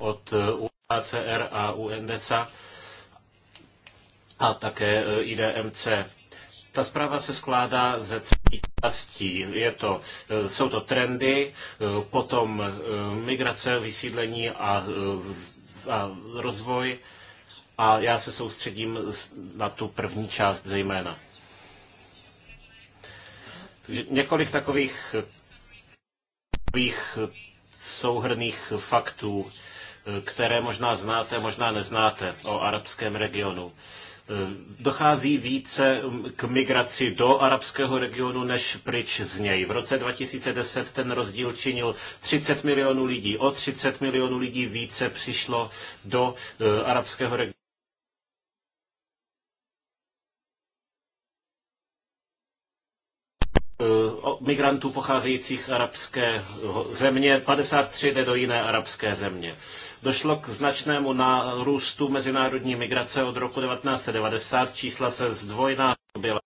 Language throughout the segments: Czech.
od eh, UACR a UNDCA a také eh, IDMC. Ta zpráva se skládá ze tří částí. Je to, eh, jsou to trendy, potom migrace, vysídlení a, a rozvoj. A já se soustředím na tu první část zejména. Takže několik takových, takových souhrných faktů Eh, které možná znáte, možná neznáte o arabském regionu. Eh, dochází více mm, k migraci do arabského regionu než pryč z něj. V roce 2010 ten rozdíl činil 30 milionů lidí. O 30 milionů lidí více přišlo do eh, arabského regionu. migrantů pocházejících z arabské země, 53 jde do jiné arabské země. Došlo k značnému nárůstu mezinárodní migrace od roku 1990, čísla se zdvojnásobila.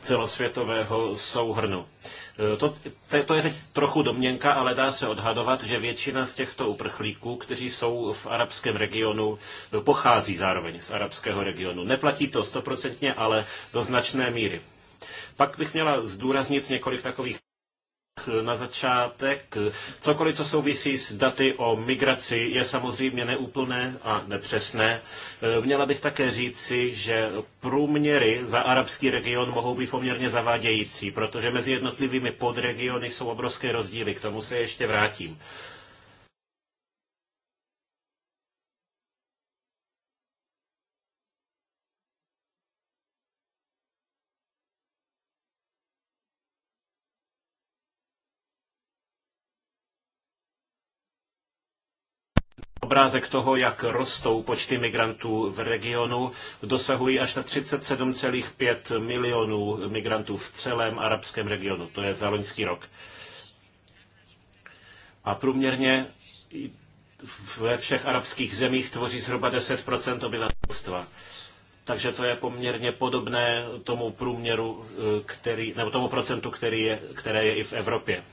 celosvětového souhrnu. E, to, to je teď trochu domněnka, ale dá se odhadovat, že většina z těchto uprchlíků, kteří jsou v arabském regionu, e, pochází zároveň z arabského regionu. Neplatí to stoprocentně, ale do značné míry. Pak bych měla zdůraznit několik takových na začátek. Cokoliv, co souvisí s daty o migraci, je samozřejmě neúplné a nepřesné. Měla bych také říci, že průměry za arabský region mohou být poměrně zavádějící, protože mezi jednotlivými podregiony jsou obrovské rozdíly. K tomu se ještě vrátím. obrázek toho, jak rostou počty migrantů v regionu. Dosahují až na 37,5 milionů migrantů v celém arabském regionu. To je za loňský rok. A průměrně ve všech arabských zemích tvoří zhruba 10 obyvatelstva. Takže to je poměrně podobné tomu průměru, eh, který, nebo tomu procentu, který je, které je i v Evropě.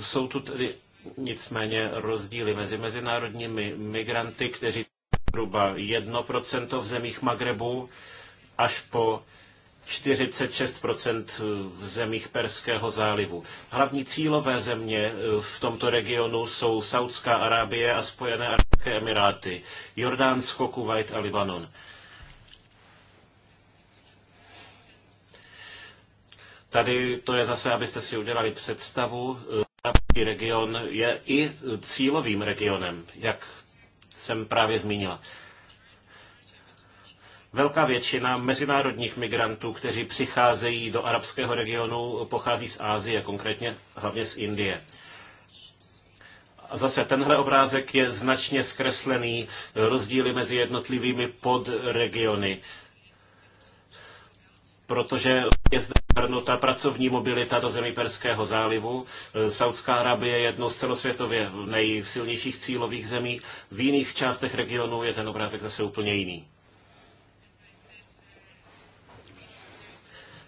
Jsou tu tedy Nicméně rozdíly mezi mezinárodními migranty, kteří zhruba 1% v zemích Magrebu, až po 46 v zemích Perského zálivu. Hlavní cílové země eh, v tomto regionu jsou Saudská Arábie a Spojené Arabské Emiráty, Jordánsko, Kuwait a Libanon. Tady to je zase, abyste si udělali představu eh, Moravský region je i cílovým regionem, jak jsem právě zmínila. Velká většina mezinárodních migrantů, kteří přicházejí do arabského regionu, pochází z Ázie, konkrétně hlavně z Indie. A zase tenhle obrázek je značně zkreslený rozdíly mezi jednotlivými podregiony protože je zde zahrnuta pracovní mobilita do zemí Perského zálivu. E, Saudská Arábie je jednou z celosvětově nejsilnějších cílových zemí. V jiných částech regionu je ten obrázek zase úplně jiný.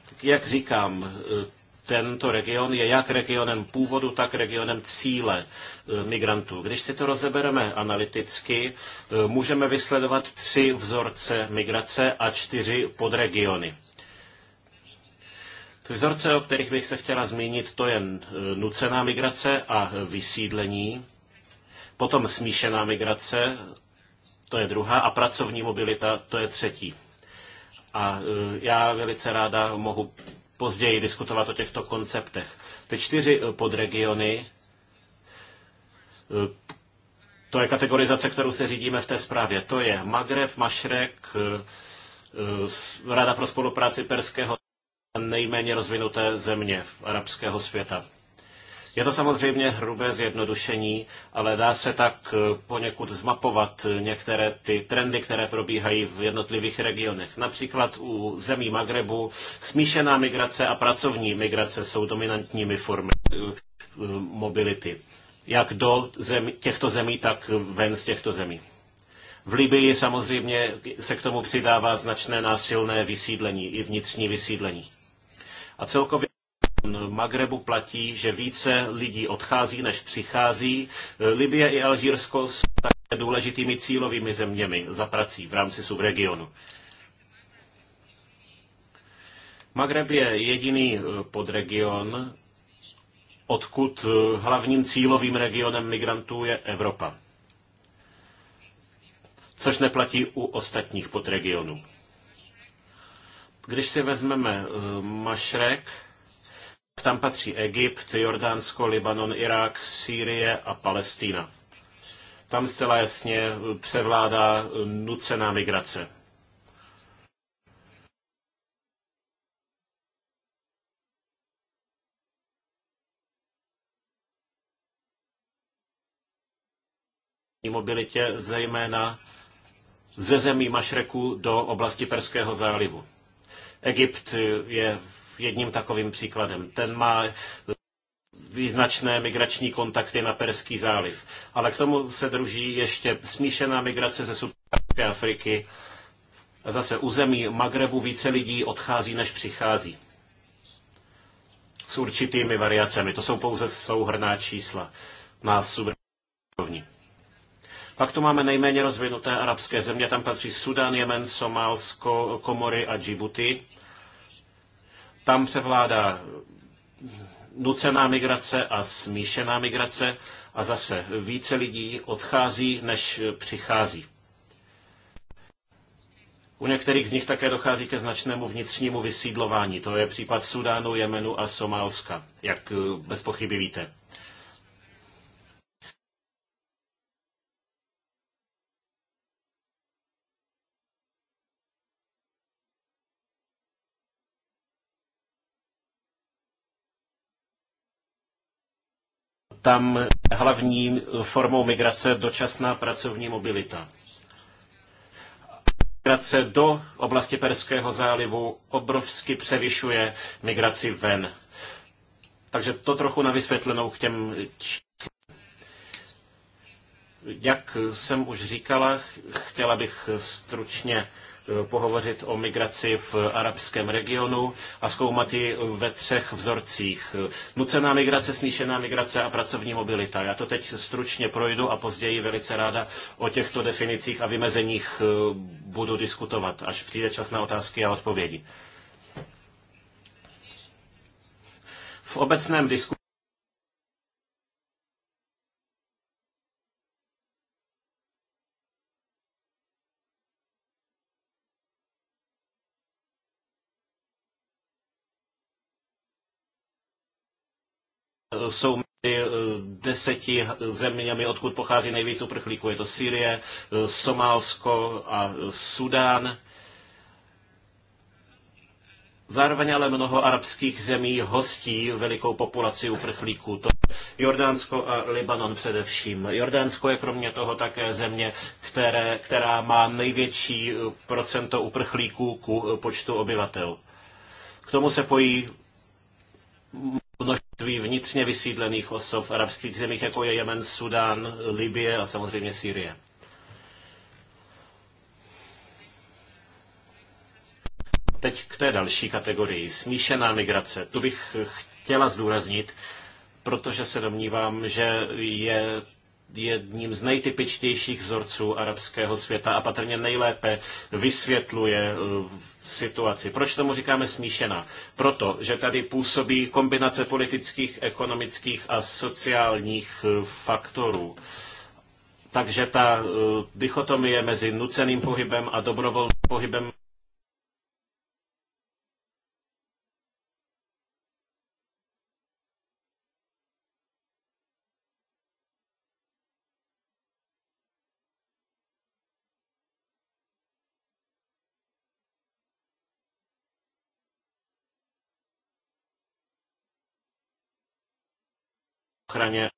Tak jak říkám, e, tento region je jak regionem původu, tak regionem cíle e, migrantů. Když si to rozebereme analyticky, můžeme vysledovat tři vzorce migrace a čtyři podregiony. Ty vzorce, o kterých bych se chtěla zmínit, to je eh, nucená migrace a eh, vysídlení, potom smíšená migrace, to je druhá, a pracovní mobilita, to je třetí. A eh, já velice ráda mohu později diskutovat o těchto konceptech. Ty čtyři podregiony, to je kategorizace, kterou se řídíme v té zprávě. To je Magreb, Mašrek, Rada pro spolupráci Perského nejméně rozvinuté země arabského světa. Je to samozřejmě hrubé zjednodušení, ale dá se tak eh, poněkud zmapovat eh, některé ty trendy, které probíhají v jednotlivých regionech. Například u zemí Magrebu smíšená migrace a pracovní migrace jsou dominantními formy eh, mobility. Jak do zem, těchto zemí, tak ven z těchto zemí. V Libii samozřejmě se k tomu přidává značné násilné vysídlení i vnitřní vysídlení. A celkově Magrebu platí, že více lidí odchází, než přichází. Libie i Alžírsko jsou také důležitými cílovými zeměmi za prací v rámci subregionu. Magreb je jediný eh, podregion, odkud eh, hlavním cílovým regionem migrantů je Evropa. Což neplatí u ostatních podregionů. Když si vezmeme eh, Mašrek, tam patří Egypt, Jordánsko, Libanon, Irák, Sýrie a Palestína. Tam zcela jasně eh, převládá eh, nucená migrace. mobilitě, zejména ze zemí Mašreku do oblasti Perského zálivu. Egypt je jedním takovým příkladem. Ten má význačné migrační kontakty na Perský záliv. Ale k tomu se druží ještě smíšená migrace ze subsaharské Afriky. A zase území Magrebu více lidí odchází, než přichází. S určitými variacemi. To jsou pouze souhrná čísla na subrovní. Pak tu máme nejméně rozvinuté arabské země, tam patří Sudan, Jemen, Somálsko, Komory a Djibouti. Tam převládá nucená migrace a smíšená migrace a zase více lidí odchází, než přichází. U některých z nich také dochází ke značnému vnitřnímu vysídlování. To je případ Sudánu, Jemenu a Somálska, jak bez pochyby víte. tam hlavní formou migrace dočasná pracovní mobilita. Migrace do oblasti Perského zálivu obrovsky převyšuje migraci ven. Takže to trochu na vysvětlenou k těm Jak jsem už říkala, chtěla bych stručně Eh, pohovořit o migraci v arabském regionu a zkoumat ji ve třech vzorcích. Nucená migrace, smíšená migrace a pracovní mobilita. Já to teď stručně projdu a později velice ráda o těchto definicích a vymezeních eh, budu diskutovat, až přijde čas na otázky a odpovědi. V obecném disku jsou mezi eh, deseti zeměmi, odkud pochází nejvíc uprchlíků. Je to Sýrie, eh, Somálsko a eh, Sudán. Zároveň ale mnoho arabských zemí hostí velikou populaci uprchlíků. To Jordánsko a Libanon především. Jordánsko je kromě toho také země, které, která má největší procento uprchlíků ku počtu obyvatel. K tomu se pojí množství vnitřně vysídlených osob v arabských zemích, jako je Jemen, Sudán, Libie a samozřejmě Sýrie. Teď k té další kategorii, smíšená migrace. Tu bych chtěla zdůraznit, protože se domnívám, že je jedním z nejtypičtějších vzorců arabského světa a patrně nejlépe vysvětluje eh, situaci. Proč tomu říkáme smíšená? Proto, že tady působí kombinace politických, ekonomických a sociálních eh, faktorů. Takže ta eh, dichotomie mezi nuceným pohybem a dobrovolným pohybem ochraně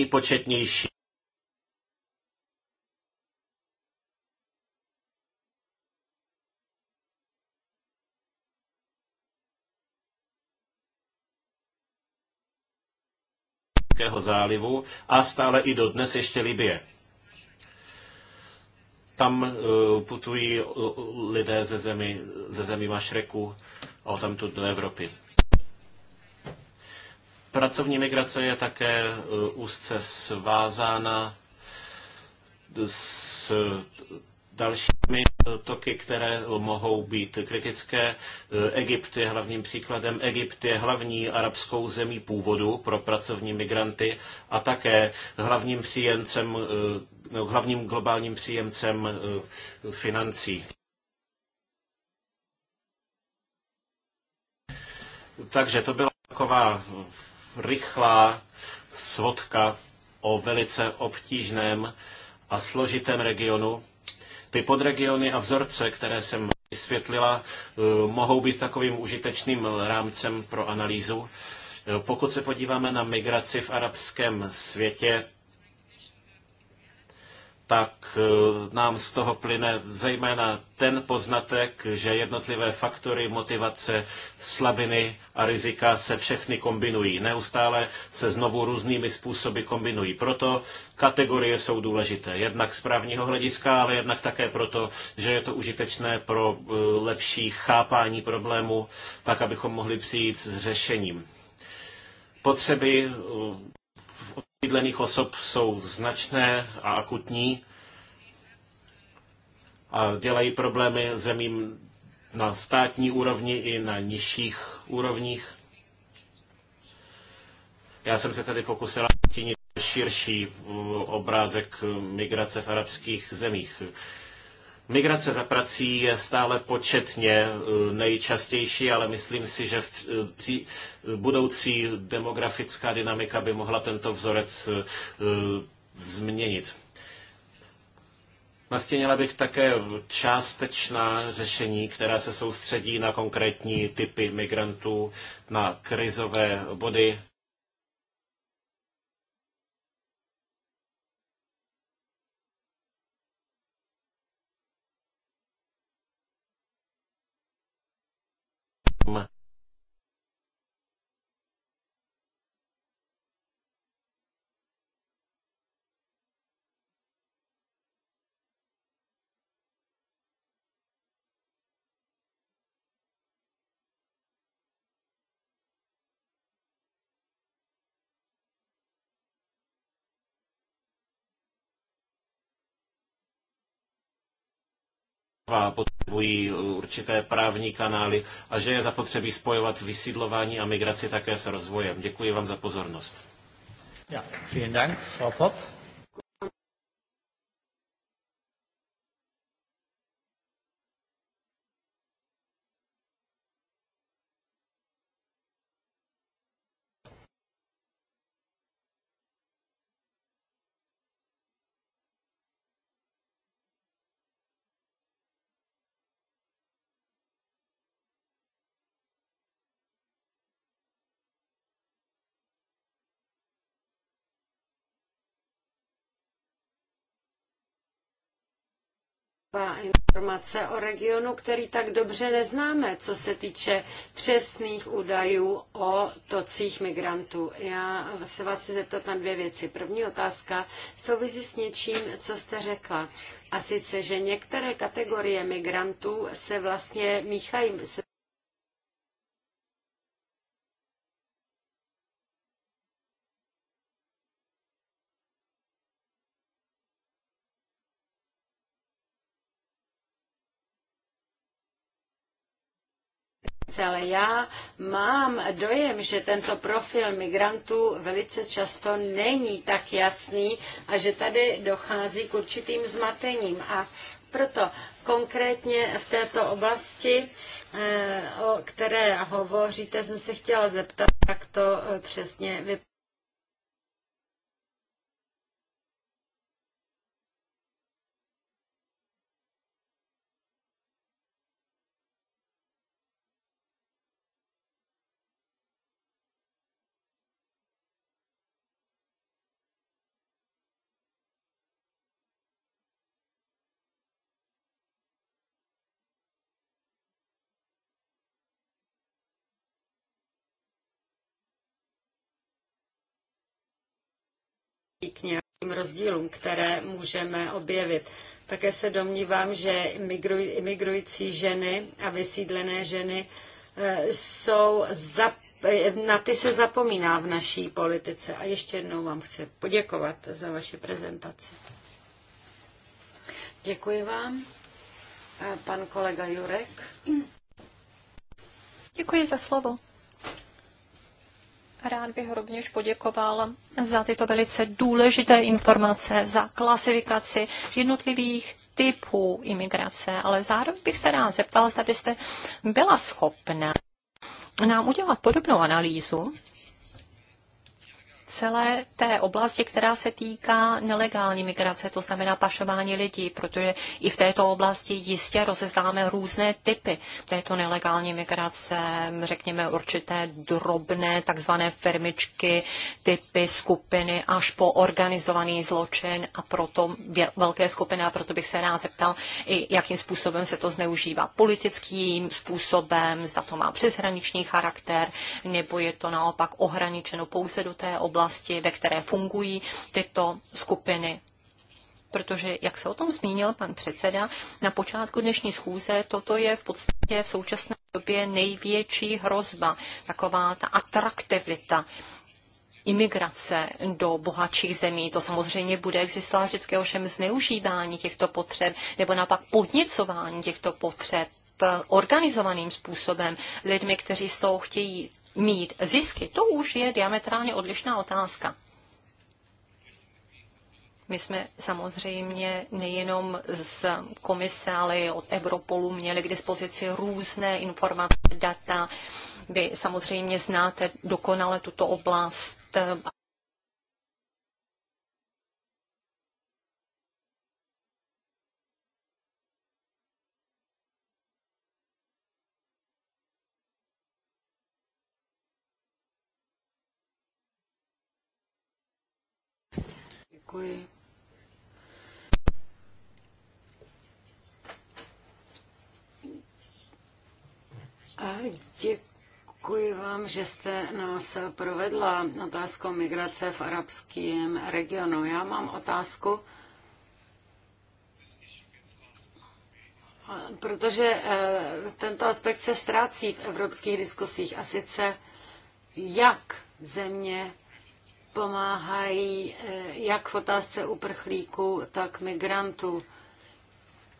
nejpočetnější zálivu a stále i dodnes ještě Libie. Tam eh, putují eh, lidé ze zemí, ze zemí Mašreku a tam do Evropy. Pracovní migrace je také uh, úzce svázána s dalšími toky, které mohou být kritické. Uh, Egypt je hlavním příkladem. Egypt je hlavní arabskou zemí původu pro pracovní migranty a také hlavním příjemcem, uh, no, hlavním globálním příjemcem financí. Takže to byla taková rychlá svodka o velice obtížném a složitém regionu. Ty podregiony a vzorce, které jsem vysvětlila, eh, mohou být takovým užitečným rámcem pro analýzu. Eh, pokud se podíváme na migraci v arabském světě, tak eh, nám z toho plyne zejména ten poznatek, že jednotlivé faktory, motivace, slabiny a rizika se všechny kombinují. Neustále se znovu různými způsoby kombinují. Proto kategorie jsou důležité. Jednak z právního hlediska, ale jednak také proto, že je to užitečné pro eh, lepší chápání problému, tak abychom mohli přijít s řešením. Potřeby eh, bydlených osob jsou značné a akutní a dělají problémy zemím na státní úrovni i na nižších úrovních. Já jsem se tady pokusila činit širší mm, obrázek migrace v arabských zemích. Migrace za prací je stále početně eh, nejčastější, ale myslím si, že v eh, eh, budoucí demografická dynamika by mohla tento vzorec změnit. Nastěnila bych také částečná řešení, která se soustředí na konkrétní typy migrantů, na krizové body potřebují určité právní kanály a že je zapotřebí spojovat vysídlování a migraci také s rozvojem. Děkuji vám za pozornost. Ja, vielen Dank, Frau zajímavá informace o regionu, který tak dobře neznáme, co se týče přesných údajů o tocích migrantů. Já se vás chci zeptat na dvě věci. První otázka souvisí s něčím, co jste řekla. A sice, že některé kategorie migrantů se vlastně míchají, se ale já mám dojem, že tento profil migrantů velice často není tak jasný a že tady dochází k určitým zmatením. A proto konkrétně v této oblasti, eh, o které hovoříte, jsem se chtěla zeptat, jak to eh, přesně vypadá. k nějakým rozdílům, které můžeme objevit. Také se domnívám, že imigrující ženy a vysídlené ženy eh, jsou za, eh, na ty se zapomíná v naší politice. A ještě jednou vám chci poděkovat za vaši prezentaci. Děkuji vám. Eh, pan kolega Jurek. Děkuji za slovo. Rád bych rovněž poděkoval za tyto velice důležité informace, za klasifikaci jednotlivých typů imigrace, ale zároveň bych se rád zeptal, zda byste byla schopna nám udělat podobnou analýzu celé té oblasti, která se týká nelegální migrace, to znamená pašování lidí, protože i v této oblasti jistě rozeznáme různé typy této nelegální migrace, řekněme určité drobné takzvané firmičky, typy, skupiny, až po organizovaný zločin a proto velké skupiny a proto bych se rád zeptal, i jakým způsobem se to zneužívá politickým způsobem, zda to má přeshraniční charakter, nebo je to naopak ohraničeno pouze do té oblasti, oblasti, ve které fungují tyto skupiny protože, jak se o tom zmínil pan předseda, na počátku dnešní schůze toto je v podstatě v současné době největší hrozba, taková ta atraktivita imigrace do bohatších zemí. To samozřejmě bude existovat vždycky ovšem zneužívání těchto potřeb nebo naopak podnicování těchto potřeb organizovaným způsobem lidmi, kteří z toho chtějí mít zisky, to už je diametrálně odlišná otázka. My jsme samozřejmě nejenom z komise, ale i od Europolu měli k dispozici různé informace, data. Vy samozřejmě znáte dokonale tuto oblast Děkuji. A děkuji vám, že jste nás provedla otázkou migrace v arabském regionu. Já mám otázku, protože eh, tento aspekt se ztrácí v evropských diskusích a sice jak země pomáhají eh, jak v otázce uprchlíků, tak migrantů.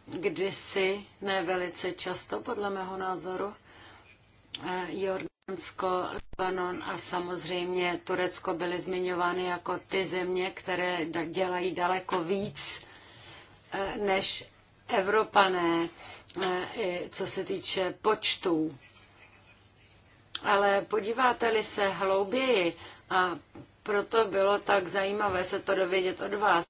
Kdysi, ne velice často, podle mého názoru, eh, Jordánsko, Libanon a samozřejmě Turecko byly zmiňovány jako ty země, které dělají daleko víc eh, než Evropané, co se týče počtů. Ale podíváte-li se hlouběji a proto bylo tak zajímavé se to dovědět od vás.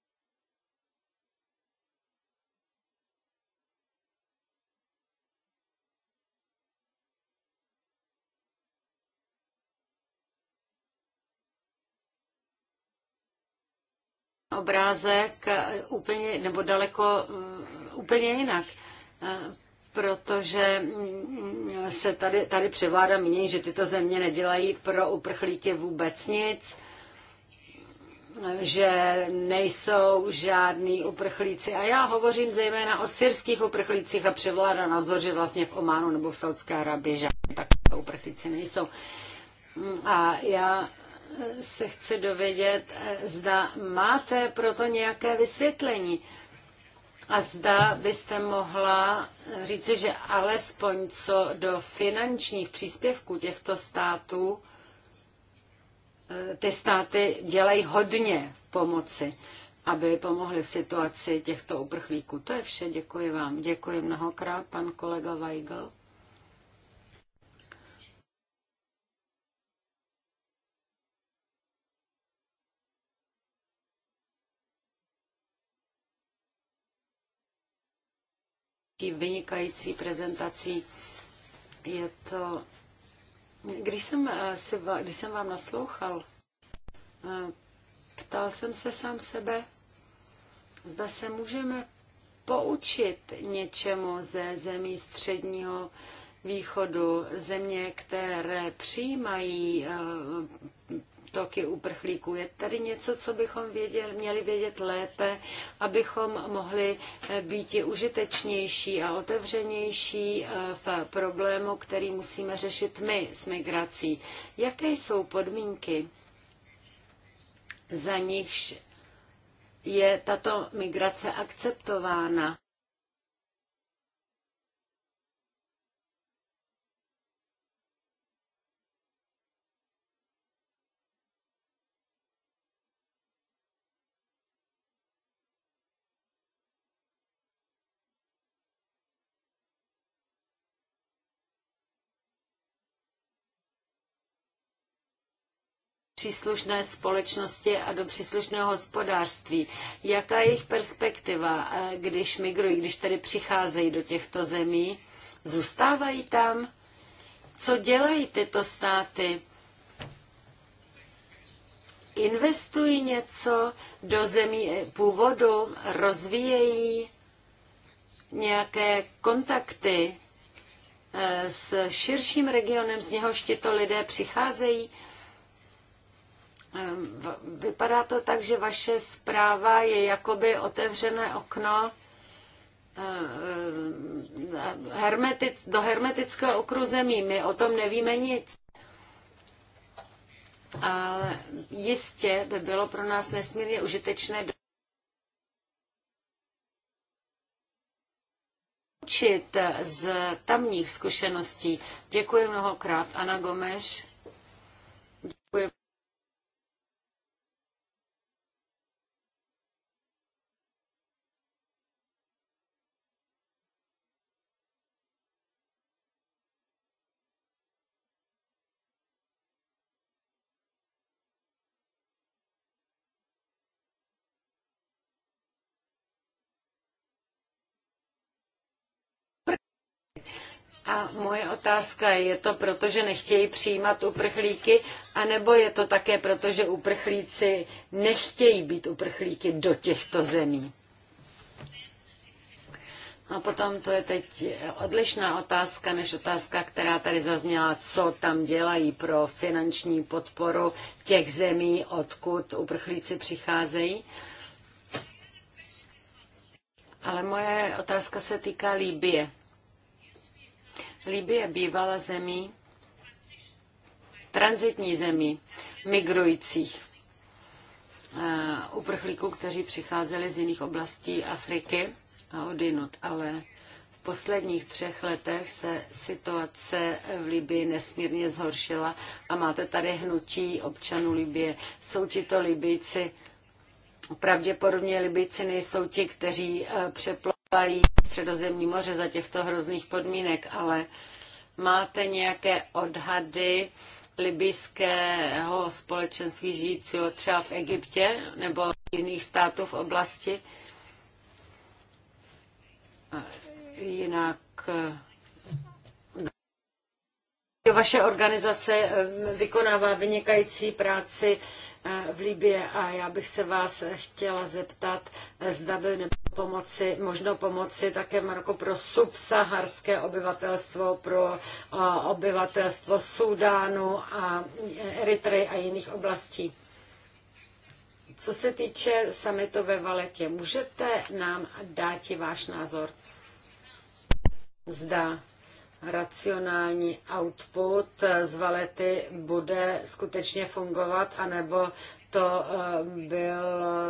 obrázek úplně, nebo daleko mm, úplně jinak. Eh, protože mm, se tady, tady převládá mění, že tyto země nedělají pro uprchlíky vůbec nic že nejsou žádní uprchlíci. A já hovořím zejména o syrských uprchlících a převládá názor, že vlastně v Ománu nebo v Saudské Arabii žádní takové uprchlíci nejsou. A já se chci dovědět, zda máte proto nějaké vysvětlení. A zda byste mohla říci, že alespoň co do finančních příspěvků těchto států, Eh, ty státy dělají hodně v pomoci, aby pomohly v situaci těchto uprchlíků. To je vše, děkuji vám. Děkuji mnohokrát, pan kolega Weigl. vynikající prezentací. Je to když jsem, eh, se, když jsem vám naslouchal, eh, ptal jsem se sám sebe, zda se můžeme poučit něčemu ze zemí středního východu, země, které přijímají eh, toky uprchlíků. Je tady něco, co bychom věděli, měli vědět lépe, abychom mohli eh, být užitečnější a otevřenější eh, v problému, který musíme řešit my s migrací. Jaké jsou podmínky, za nichž je tato migrace akceptována? příslušné společnosti a do příslušného hospodářství. Jaká je jejich perspektiva, eh, když migrují, když tedy přicházejí do těchto zemí? Zůstávají tam? Co dělají tyto státy? Investují něco do zemí eh, původu? Rozvíjejí nějaké kontakty eh, s širším regionem, z něhož tyto lidé přicházejí? Ehm, vypadá to tak, že vaše zpráva je jakoby otevřené okno ehm, hermetic, do hermetického okru zemí. My o tom nevíme nic. Ale jistě by bylo pro nás nesmírně užitečné učit z tamních zkušeností. Děkuji mnohokrát, Ana Gomeš. Děkuji. A moje otázka je, je to proto, že nechtějí přijímat uprchlíky, anebo je to také proto, že uprchlíci nechtějí být uprchlíky do těchto zemí? A potom to je teď odlišná otázka než otázka, která tady zazněla, co tam dělají pro finanční podporu těch zemí, odkud uprchlíci přicházejí. Ale moje otázka se týká Líbie. Libie bývala zemí, transitní zemí migrujících eh, uprchlíků, kteří přicházeli z jiných oblastí Afriky a odinut, ale v posledních třech letech se situace v Libii nesmírně zhoršila a máte tady hnutí občanů Libie. Jsou ti to Libijci, pravděpodobně Libijci nejsou ti, kteří eh, přeplo vyplávají středozemní moře za těchto hrozných podmínek, ale máte nějaké odhady libyského společenství žijícího třeba v Egyptě nebo v jiných států v oblasti? Jinak eh, vaše organizace eh, vykonává vynikající práci Eh, v Libě a já bych se vás chtěla zeptat, eh, zda by nebylo pomoci, možno pomoci také Marko pro subsaharské obyvatelstvo, pro eh, obyvatelstvo Súdánu a Eritreji a jiných oblastí. Co se týče samitu ve Valetě, můžete nám dát váš názor? Zda racionální output z valety bude skutečně fungovat, anebo to eh, byl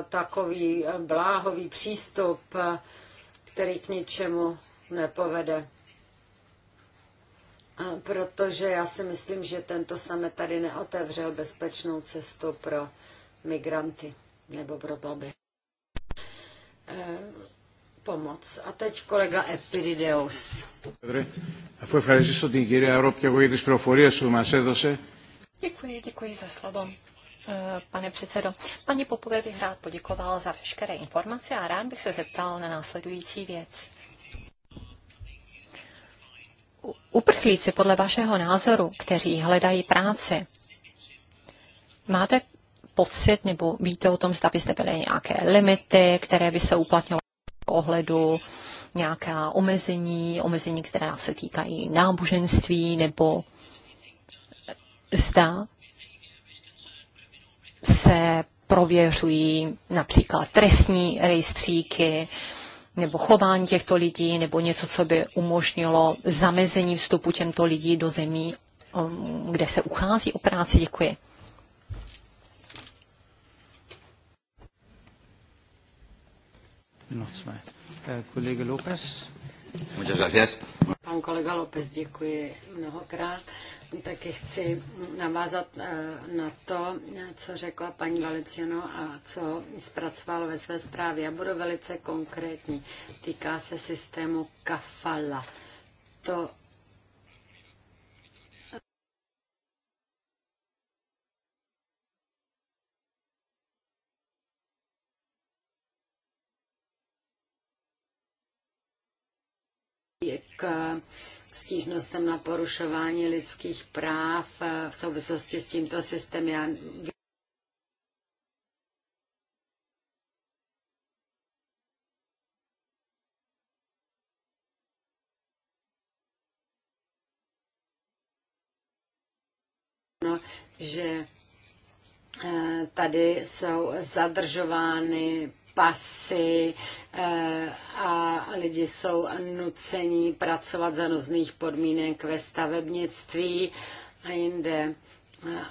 takový bláhový přístup, který k ničemu nepovede. Protože já si myslím, že tento same tady neotevřel bezpečnou cestu pro migranty, nebo pro to, aby eh, pomoc. A teď kolega Epirideus. Αφού ευχαριστήσω την κυρία Ρόπια για τις πληροφορίες που μας έδωσε. Děkuji, děkuji za slovo. Eh, pane předsedo, paní Popové bych rád poděkoval za veškeré informace a rád bych se zeptal na následující věc. Uprchlíci podle vašeho názoru, kteří hledají práci, máte pocit nebo víte o tom, zda byste byly nějaké limity, které by se uplatňovaly ohledu nějaká omezení, omezení, která se týkají náboženství nebo zda se prověřují například trestní rejstříky nebo chování těchto lidí nebo něco, co by umožnilo zamezení vstupu těmto lidí do zemí, um, kde se uchází o práci. Děkuji. Eh, López. Pan kolega López, děkuji mnohokrát. Taky chci navázat eh, na to, co řekla paní Valiciano a co zpracoval ve své zprávě. Já budu velice konkrétní. Týká se systému kafala. To k stížnostem na porušování lidských práv v souvislosti s tímto systémem. No, že eh, tady jsou zadržovány pasy eh, a lidi jsou nuceni pracovat za různých podmínek ve stavebnictví a jinde.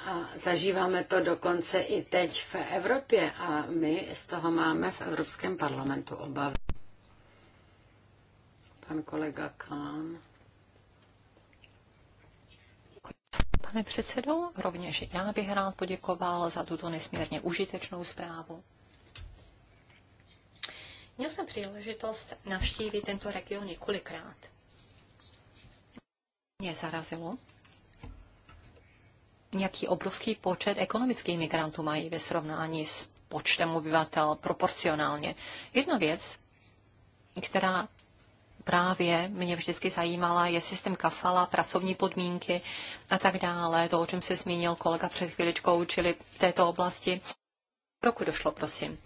A zažíváme to dokonce i teď v Evropě a my z toho máme v Evropském parlamentu obavy. Pan kolega Kán. Pane předsedo, rovněž já bych rád poděkoval za tuto nesmírně užitečnou zprávu. Měl jsem příležitost navštívit tento region několikrát. Mě zarazilo, jaký obrovský počet ekonomických migrantů mají ve srovnání s počtem obyvatel proporcionálně. Jedna věc, která právě mě vždycky zajímala, je systém kafala, pracovní podmínky a tak dále, to, o čem se zmínil kolega před chvíličkou, čili v této oblasti. Roku došlo, prosím.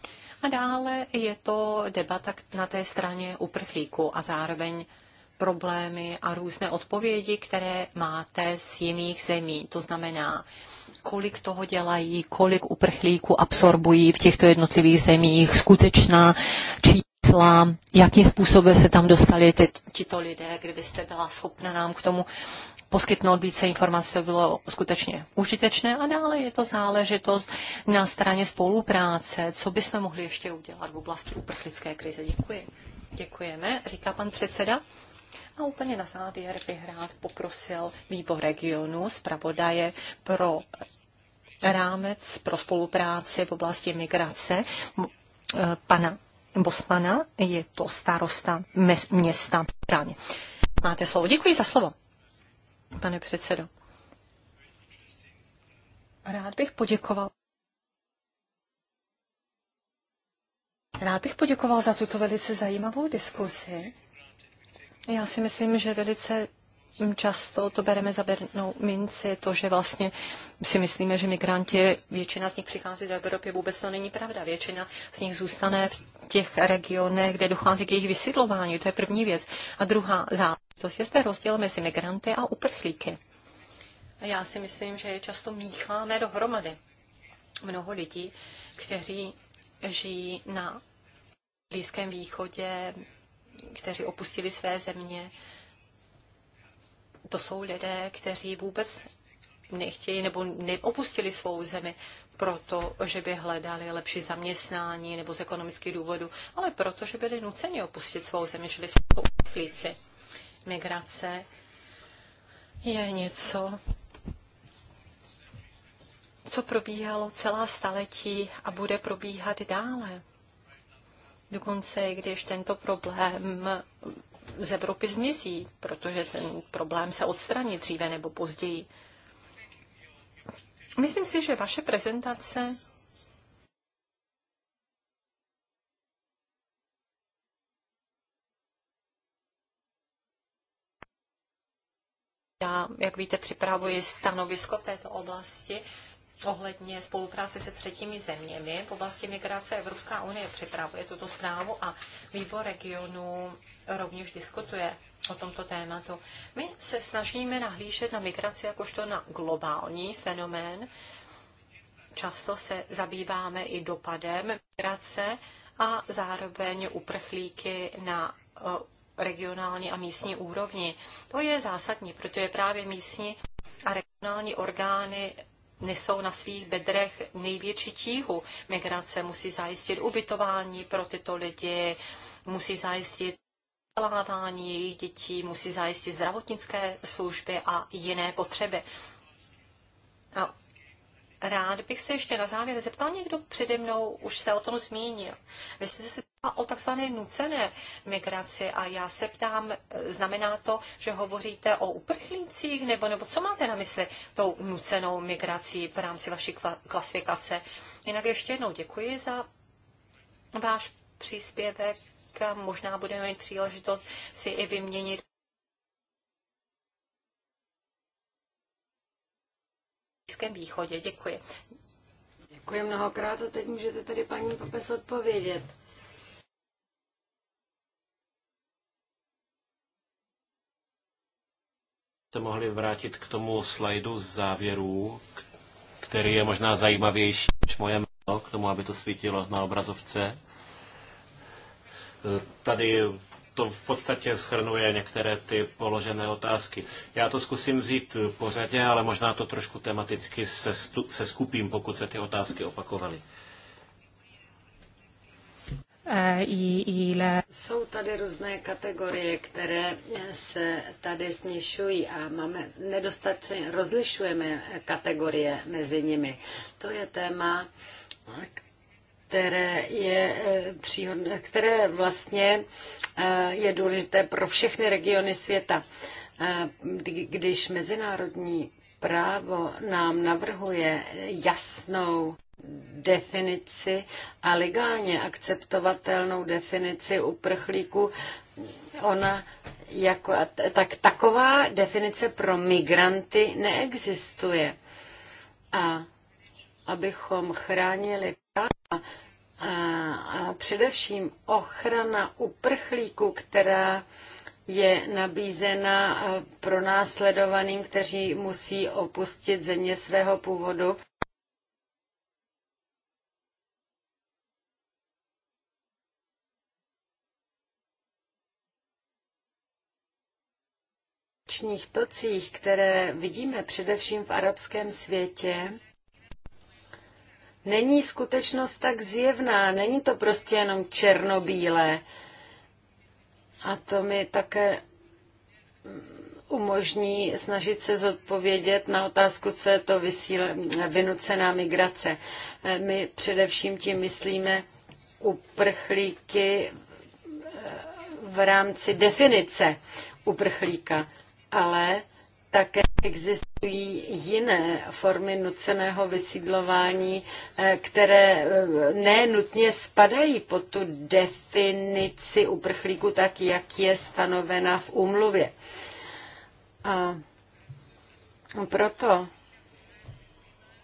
A dále je to debata na té straně uprchlíku a zároveň problémy a různé odpovědi, které máte z jiných zemí. To znamená, kolik toho dělají, kolik uprchlíků absorbují v těchto jednotlivých zemích, skutečná čísla, jakým způsobem se tam dostali tyto lidé, kdybyste byla schopna nám k tomu poskytnout více informací, to bylo skutečně užitečné. A dále je to záležitost na straně spolupráce, co bychom mohli ještě udělat v oblasti uprchlické krize. Děkuji. Děkujeme, říká pan předseda. A úplně na závěr bych rád poprosil výbor regionu, zpravodaje pro rámec pro spolupráci v oblasti migrace pana Bosmana, je to starosta města Bráně. Máte slovo. Děkuji za slovo pane předsedo. Rád bych poděkoval. Rád bych poděkoval za tuto velice zajímavou diskusi. Já si myslím, že velice často to bereme za bernou minci, to, že vlastně si myslíme, že migranti, většina z nich přichází do Evropy, vůbec to není pravda. Většina z nich zůstane v těch regionech, kde dochází k jejich vysidlování. To je první věc. A druhá záležitost je zde rozdíl mezi migranty a uprchlíky. A já si myslím, že je často mícháme dohromady. Mnoho lidí, kteří žijí na Blízkém východě, kteří opustili své země, to jsou lidé, kteří vůbec nechtějí nebo neopustili svou zemi proto, že by hledali lepší zaměstnání nebo z ekonomických důvodů, ale proto, že byli nuceni opustit svou zemi, že jsou to uprchlíci. Migrace je něco, co probíhalo celá staletí a bude probíhat dále. Dokonce, když tento problém z Evropy zmizí, protože ten problém se odstraní dříve nebo později. Myslím si, že vaše prezentace Já, jak víte, připravuji stanovisko v této oblasti ohledně spolupráce se třetími zeměmi v oblasti migrace Evropská unie připravuje tuto zprávu a výbor regionu rovněž diskutuje o tomto tématu. My se snažíme nahlížet na migraci jakožto na globální fenomén. Často se zabýváme i dopadem migrace a zároveň uprchlíky na regionální a místní úrovni. To je zásadní, protože právě místní a regionální orgány nesou na svých bedrech největší tíhu. Migrace musí zajistit ubytování pro tyto lidi, musí zajistit vzdělávání jejich dětí, musí zajistit zdravotnické služby a jiné potřeby. A rád bych se ještě na závěr zeptal, někdo přede mnou už se o tom zmínil. Vy jste se ptala o takzvané nucené migraci a já se ptám, znamená to, že hovoříte o uprchlících, nebo, nebo co máte na mysli tou nucenou migrací v rámci vaší klasifikace? Jinak ještě jednou děkuji za váš příspěvek. Možná budeme mít příležitost si i vyměnit Blízkém východě. Děkuji. Děkuji mnohokrát a teď můžete tady paní Popes odpovědět. jste mohli vrátit k tomu slajdu z závěrů, který je možná zajímavější než moje jméno, k tomu, aby to svítilo na obrazovce. Tady to v podstatě schrnuje některé ty položené otázky. Já to zkusím vzít po řadě, ale možná to trošku tematicky se, stu, se skupím, pokud se ty otázky opakovaly. E, Jsou tady různé kategorie, které se tady směšují a máme nedostatečně rozlišujeme kategorie mezi nimi. To je téma, které, je eh, příhodné, které vlastně eh, je důležité pro všechny regiony světa. Eh, když mezinárodní právo nám navrhuje jasnou definici a legálně akceptovatelnou definici uprchlíku, ona jako, tak taková definice pro migranty neexistuje. A abychom chránili práva a především ochrana uprchlíků, která je nabízena e, pro následovaným, kteří musí opustit země svého původu. tocích, které vidíme především v arabském světě, není skutečnost tak zjevná, není to prostě jenom černobílé. A to mi také mm, umožní snažit se zodpovědět na otázku, co je to vysíle, vynucená migrace. E, my především tím myslíme uprchlíky e, v rámci definice uprchlíka, ale také existují jiné formy nuceného vysídlování, eh, které eh, nenutně spadají pod tu definici uprchlíku, tak jak je stanovena v úmluvě. A proto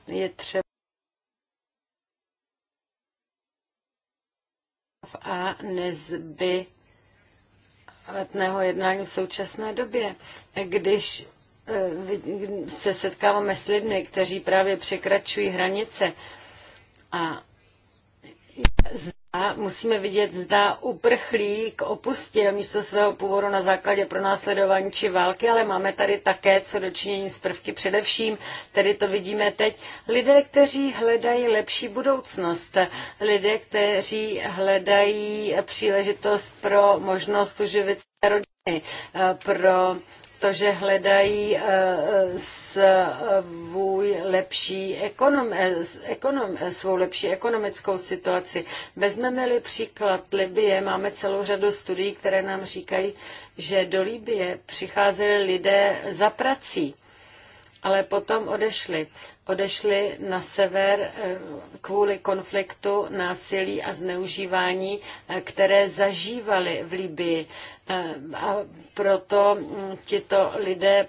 je třeba a nezbytného jednání v současné době, když Eh, se setkáváme s lidmi, kteří právě překračují hranice a zda, musíme vidět, zda uprchlík opustil místo svého původu na základě pronásledování či války, ale máme tady také co dočinění s prvky především, tedy to vidíme teď, lidé, kteří hledají lepší budoucnost, lidé, kteří hledají příležitost pro možnost uživit rodiny, eh, pro to, že hledají eh, svůj lepší ekonom, eh, ekonom, eh, svou lepší ekonomickou situaci. Vezmeme-li příklad Libie, máme celou řadu studií, které nám říkají, že do Libie přicházeli lidé za prací ale potom odešli. Odešli na sever eh, kvůli konfliktu, násilí a zneužívání, eh, které zažívali v Libii. Eh, a proto hm, tito lidé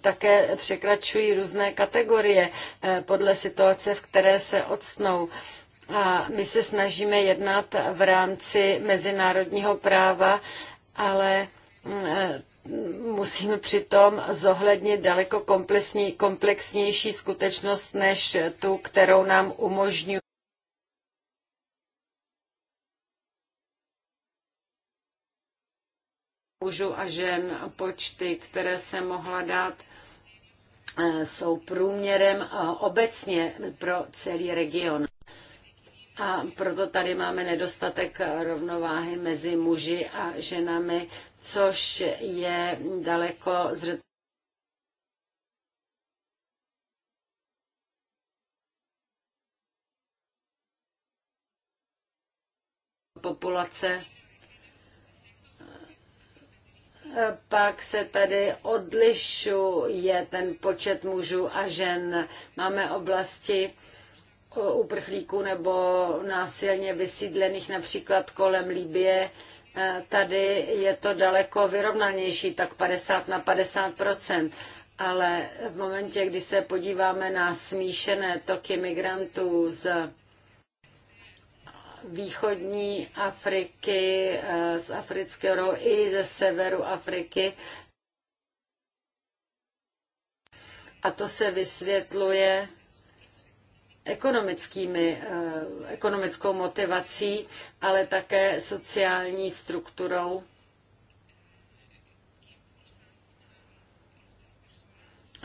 také překračují různé kategorie podle situace, v které se odstnou. A my se snažíme jednat v rámci mezinárodního práva, ale hm, musíme přitom zohlednit daleko komplexní, komplexnější skutečnost než tu, kterou nám umožňuje. mužů a žen počty, které se mohla dát, eh, jsou průměrem eh, obecně pro celý region. A proto tady máme nedostatek rovnováhy mezi muži a ženami což je daleko zřet populace. Pak se tady odlišuje ten počet mužů a žen. Máme oblasti uprchlíků nebo násilně vysídlených například kolem Libie, Eh, tady je to daleko vyrovnanější, tak 50 na 50 ale v momentě, kdy se podíváme na smíšené toky migrantů z východní Afriky, eh, z afrického rohu i ze severu Afriky, a to se vysvětluje ekonomickými, eh, ekonomickou motivací, ale také sociální strukturou.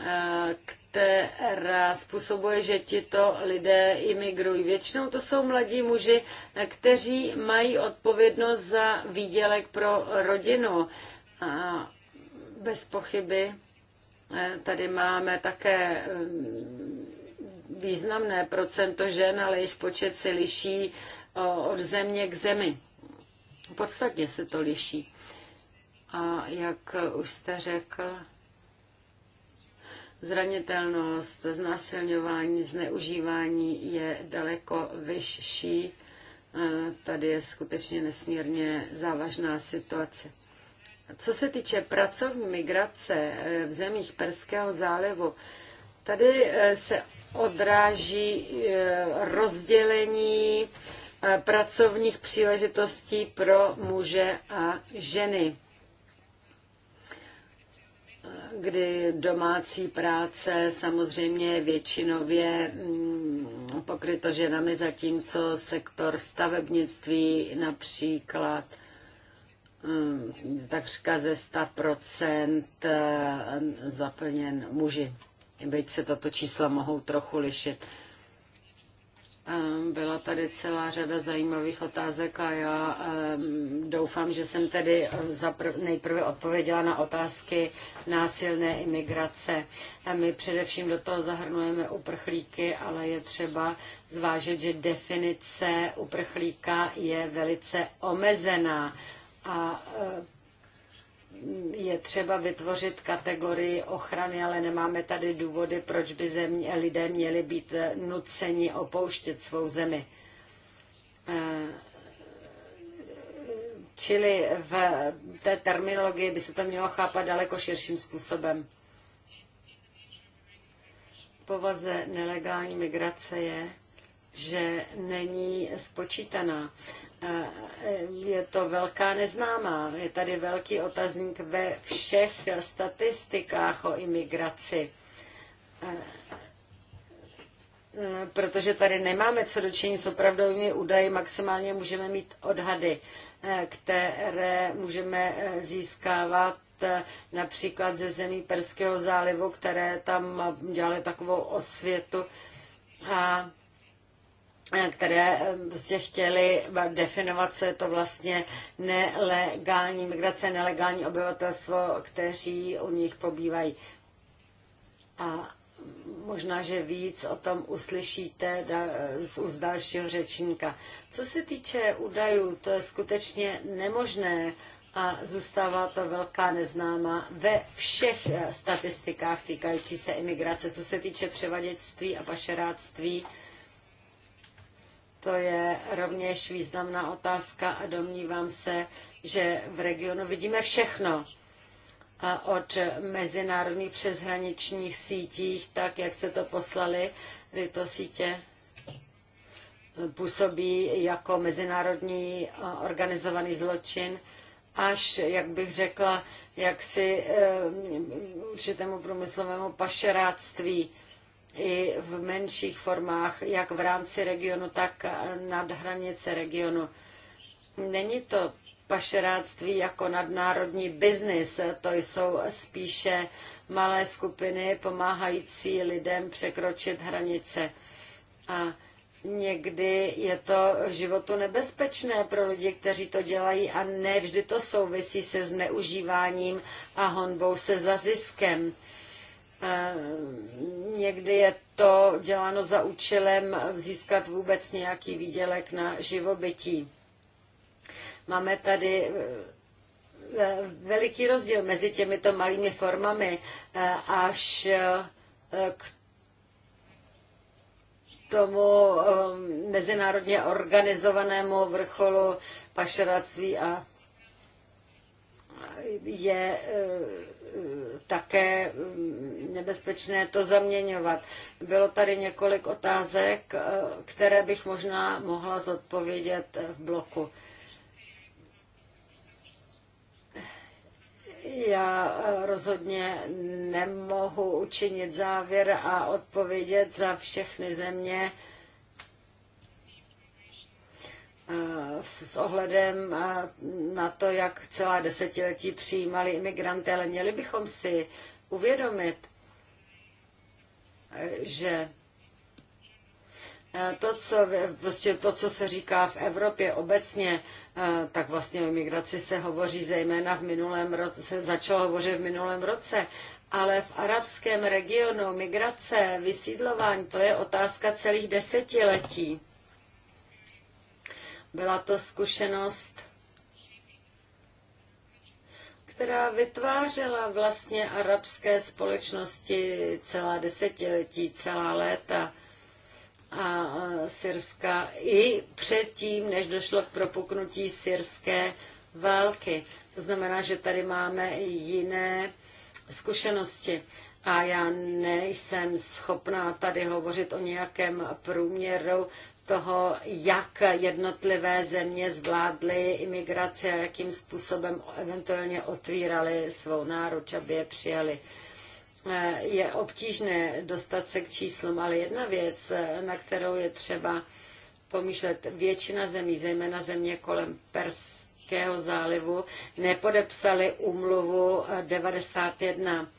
Eh, která způsobuje, že tito lidé imigrují. Většinou to jsou mladí muži, eh, kteří mají odpovědnost za výdělek pro rodinu. A bez pochyby tady máme také významné procento žen, ale jejich počet se liší od země k zemi. V podstatě se to liší. A jak už jste řekl, zranitelnost, znásilňování, zneužívání je daleko vyšší. E, tady je skutečně nesmírně závažná situace. Co se týče pracovní migrace e, v zemích Perského zálivu, tady e, se odráží eh, rozdělení eh, pracovních příležitostí pro muže a ženy kdy domácí práce samozřejmě většinově mm, pokryto ženami, zatímco sektor stavebnictví například mm, takřka ze 100% eh, zaplněn muži byť se tato čísla mohou trochu lišit. Byla tady celá řada zajímavých otázek a já doufám, že jsem tedy nejprve odpověděla na otázky násilné imigrace. My především do toho zahrnujeme uprchlíky, ale je třeba zvážit, že definice uprchlíka je velice omezená a je třeba vytvořit kategorii ochrany, ale nemáme tady důvody, proč by země, lidé měli být nuceni opouštět svou zemi. Eh, čili v té terminologii by se to mělo chápat daleko širším způsobem. Povaze nelegální migrace je, že není spočítaná. E, je to velká neznámá. Je tady velký otazník ve všech statistikách o imigraci. E, protože tady nemáme co dočení s opravdovými údaji, maximálně můžeme mít odhady, e, které můžeme získávat například ze zemí Perského zálivu, které tam dělaly takovou osvětu. A Eh, které eh, prostě chtěli definovat, co je to vlastně nelegální migrace, nelegální obyvatelstvo, kteří u nich pobývají. A možná, že víc o tom uslyšíte z úst dalšího řečníka. Co se týče údajů, to je skutečně nemožné a zůstává to velká neznáma ve všech eh, statistikách týkající se imigrace, co se týče převaděčství a pašeráctví to je rovněž významná otázka a domnívám se, že v regionu vidíme všechno. A od mezinárodních přeshraničních sítích, tak jak jste to poslali, tyto sítě působí jako mezinárodní organizovaný zločin, až, jak bych řekla, jak si eh, určitému průmyslovému pašeráctví i v menších formách, jak v rámci regionu, tak nad hranice regionu. Není to pašeráctví jako nadnárodní biznis, to jsou spíše malé skupiny pomáhající lidem překročit hranice. A Někdy je to v životu nebezpečné pro lidi, kteří to dělají a ne vždy to souvisí se zneužíváním a honbou se za ziskem. Mm, někdy je to děláno za účelem získat vůbec nějaký výdělek na živobytí. Máme tady e, e, veliký rozdíl mezi těmito malými formami e, až k tomu mezinárodně organizovanému vrcholu pašeráctví a je také mm, nebezpečné to zaměňovat. Bylo tady několik otázek, eh, které bych možná mohla zodpovědět eh, v bloku. Já eh, rozhodně nemohu učinit závěr a odpovědět za všechny země, Eh, s ohledem eh, na to, jak celá desetiletí přijímali imigranty, ale měli bychom si uvědomit, eh, že to, co, prostě to, co se říká v Evropě obecně, tak vlastně o imigraci se hovoří zejména v minulém roce, se začalo hovořit v minulém roce, ale v arabském regionu migrace, vysídlování, to je otázka celých desetiletí. Byla to zkušenost, která vytvářela vlastně arabské společnosti celá desetiletí, celá léta a syrská i předtím, než došlo k propuknutí syrské války. To znamená, že tady máme jiné zkušenosti. A já nejsem schopná tady hovořit o nějakém průměru toho, jak jednotlivé země zvládly imigraci a jakým způsobem eventuálně otvírali svou náruč, aby je přijali. Eh, je obtížné dostat se k číslům, ale jedna věc, eh, na kterou je třeba pomýšlet, většina zemí, zejména země kolem Perského zálivu, nepodepsali úmluvu 91 eh,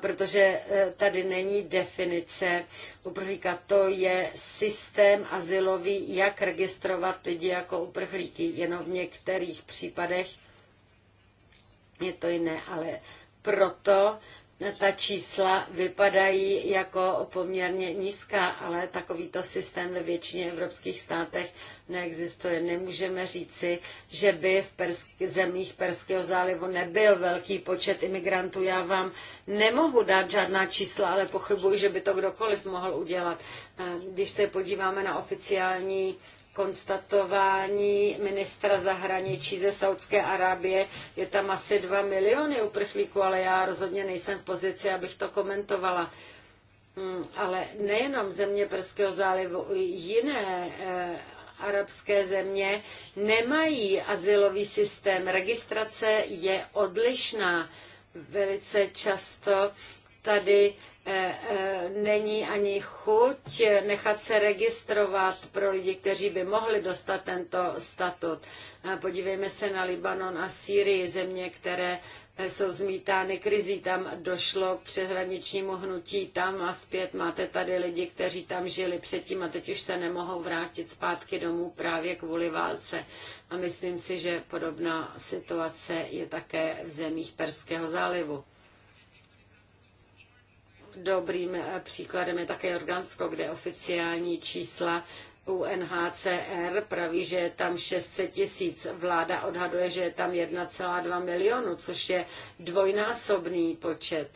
protože e, tady není definice uprchlíka. To je systém asilový, jak registrovat lidi jako uprchlíky. Jenom v některých případech je to jiné, ale proto ta čísla vypadají jako poměrně nízká, ale takovýto systém ve většině evropských státech neexistuje. Nemůžeme říci, že by v persk- zemích Perského zálivu nebyl velký počet imigrantů. Já vám nemohu dát žádná čísla, ale pochybuji, že by to kdokoliv mohl udělat. Eh, když se podíváme na oficiální konstatování ministra zahraničí ze Saudské Arábie. Je tam asi 2 miliony uprchlíků, ale já rozhodně nejsem v pozici, abych to komentovala. Mm, ale nejenom země Perského zálivu, jiné eh, arabské země nemají asilový systém. Registrace je odlišná. Velice často tady E, e, není ani chuť nechat se registrovat pro lidi, kteří by mohli dostat tento statut. E, podívejme se na Libanon a Sýrii, země, které jsou zmítány krizí. Tam došlo k přeshraničnímu hnutí tam a zpět. Máte tady lidi, kteří tam žili předtím a teď už se nemohou vrátit zpátky domů právě kvůli válce. A myslím si, že podobná situace je také v zemích Perského zálivu. Dobrým eh, příkladem je také Jordánsko, kde oficiální čísla UNHCR praví, že je tam 600 tisíc. Vláda odhaduje, že je tam 1,2 milionu, což je dvojnásobný počet.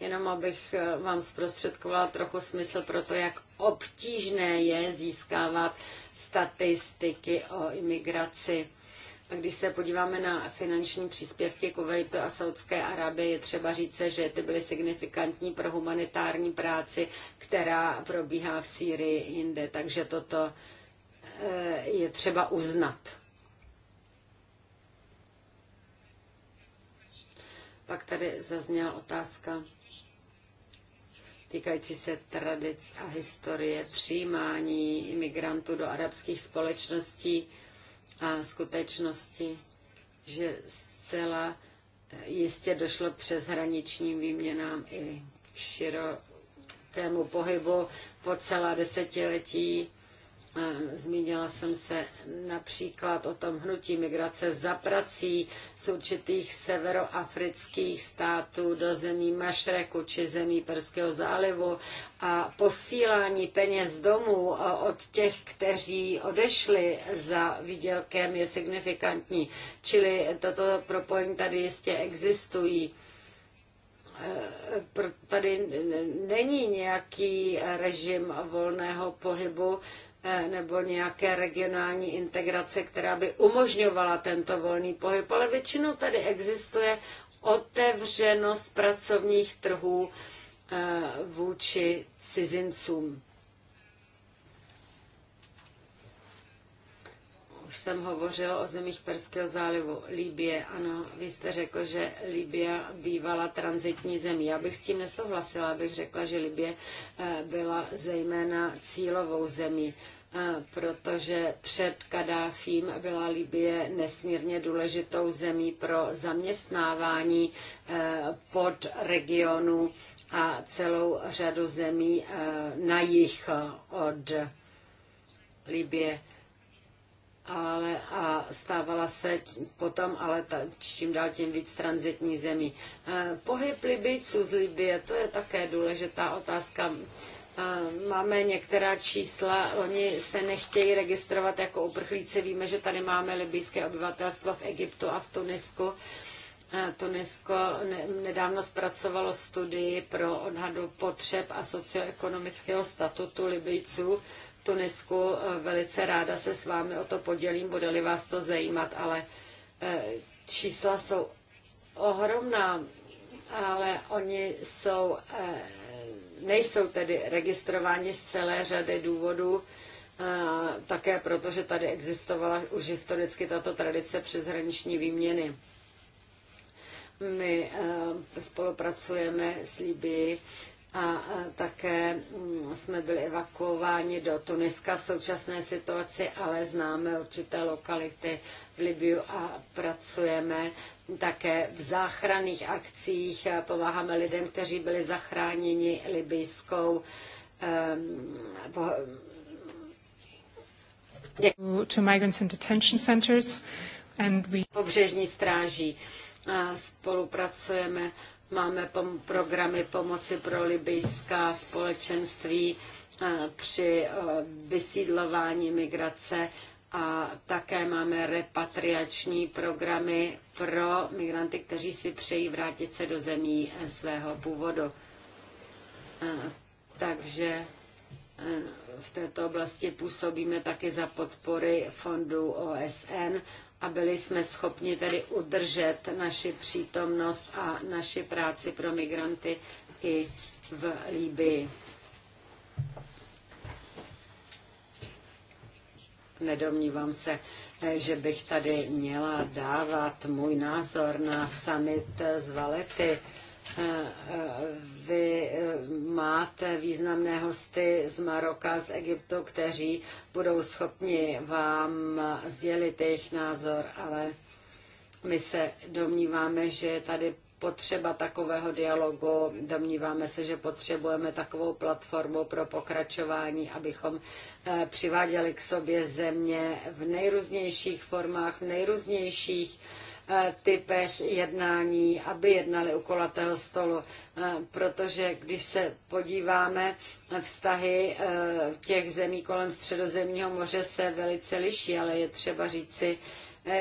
Jenom abych eh, vám zprostředkovala trochu smysl pro to, jak obtížné je získávat statistiky o imigraci když se podíváme na finanční příspěvky Kuwaitu a Saudské Arábie, je třeba říct, že ty byly signifikantní pro humanitární práci, která probíhá v Sýrii jinde. Takže toto eh, je třeba uznat. Pak tady zazněla otázka týkající se tradic a historie přijímání imigrantů do arabských společností a skutečnosti, že zcela jistě došlo k přeshraničním výměnám i k širokému pohybu po celá desetiletí Zmínila jsem se například o tom hnutí migrace za prací z určitých severoafrických států do zemí Mašreku či zemí Perského zálivu a posílání peněz domů od těch, kteří odešli za výdělkem, je signifikantní. Čili tato propojení tady jistě existují tady není nějaký režim volného pohybu, Eh, nebo nějaké regionální integrace, která by umožňovala tento volný pohyb, ale většinou tady existuje otevřenost pracovních trhů eh, vůči cizincům. Už jsem hovořil o zemích Perského zálivu. Libie. ano, vy jste řekl, že Libie bývala transitní zemí. Já bych s tím nesouhlasila, abych řekla, že Libie eh, byla zejména cílovou zemí eh, protože před Kadáfím byla Libie nesmírně důležitou zemí pro zaměstnávání eh, pod regionu a celou řadu zemí na jih od Libie ale a stávala se potom ale ta, čím dál tím víc transitní zemí. E, pohyb libyců z Libie, to je také důležitá otázka. E, máme některá čísla, oni se nechtějí registrovat jako uprchlíci. Víme, že tady máme libijské obyvatelstvo v Egyptu a v Tunisku. E, Tunisko nedávno zpracovalo studii pro odhadu potřeb a socioekonomického statutu Libijců Tunisku. Eh, velice ráda se s vámi o to podělím, bude-li vás to zajímat, ale eh, čísla jsou ohromná, ale oni jsou, eh, nejsou tedy registrováni z celé řady důvodů, také proto, že tady existovala už historicky tato tradice přeshraniční výměny. My spolupracujeme s Libii a e, také mm, jsme byli evakuováni do Tuniska v současné situaci, ale známe určité lokality v Libiu a pracujeme také v záchranných akcích, pomáháme lidem, kteří byli zachráněni libijskou to migrants in detention centers and we... pobřežní stráží. A spolupracujeme Máme pom- programy pomoci pro libijská společenství eh, při eh, vysídlování migrace a také máme repatriační programy pro migranty, kteří si přejí vrátit se do zemí svého původu. Eh, takže v této oblasti působíme taky za podpory fondů OSN a byli jsme schopni tedy udržet naši přítomnost a naši práci pro migranty i v Líbii. Nedomnívám se, že bych tady měla dávat můj názor na summit z Valety vy e, máte významné hosty z Maroka, z Egyptu, kteří budou schopni vám sdělit jejich názor, ale my se domníváme, že je tady potřeba takového dialogu. Domníváme se, že potřebujeme takovou platformu pro pokračování, abychom e, přiváděli k sobě země v nejrůznějších formách, v nejrůznějších Eh, typech jednání, aby jednali u kolatého stolu. Eh, protože když se podíváme, vztahy eh, těch zemí kolem středozemního moře se velice liší, ale je třeba říci,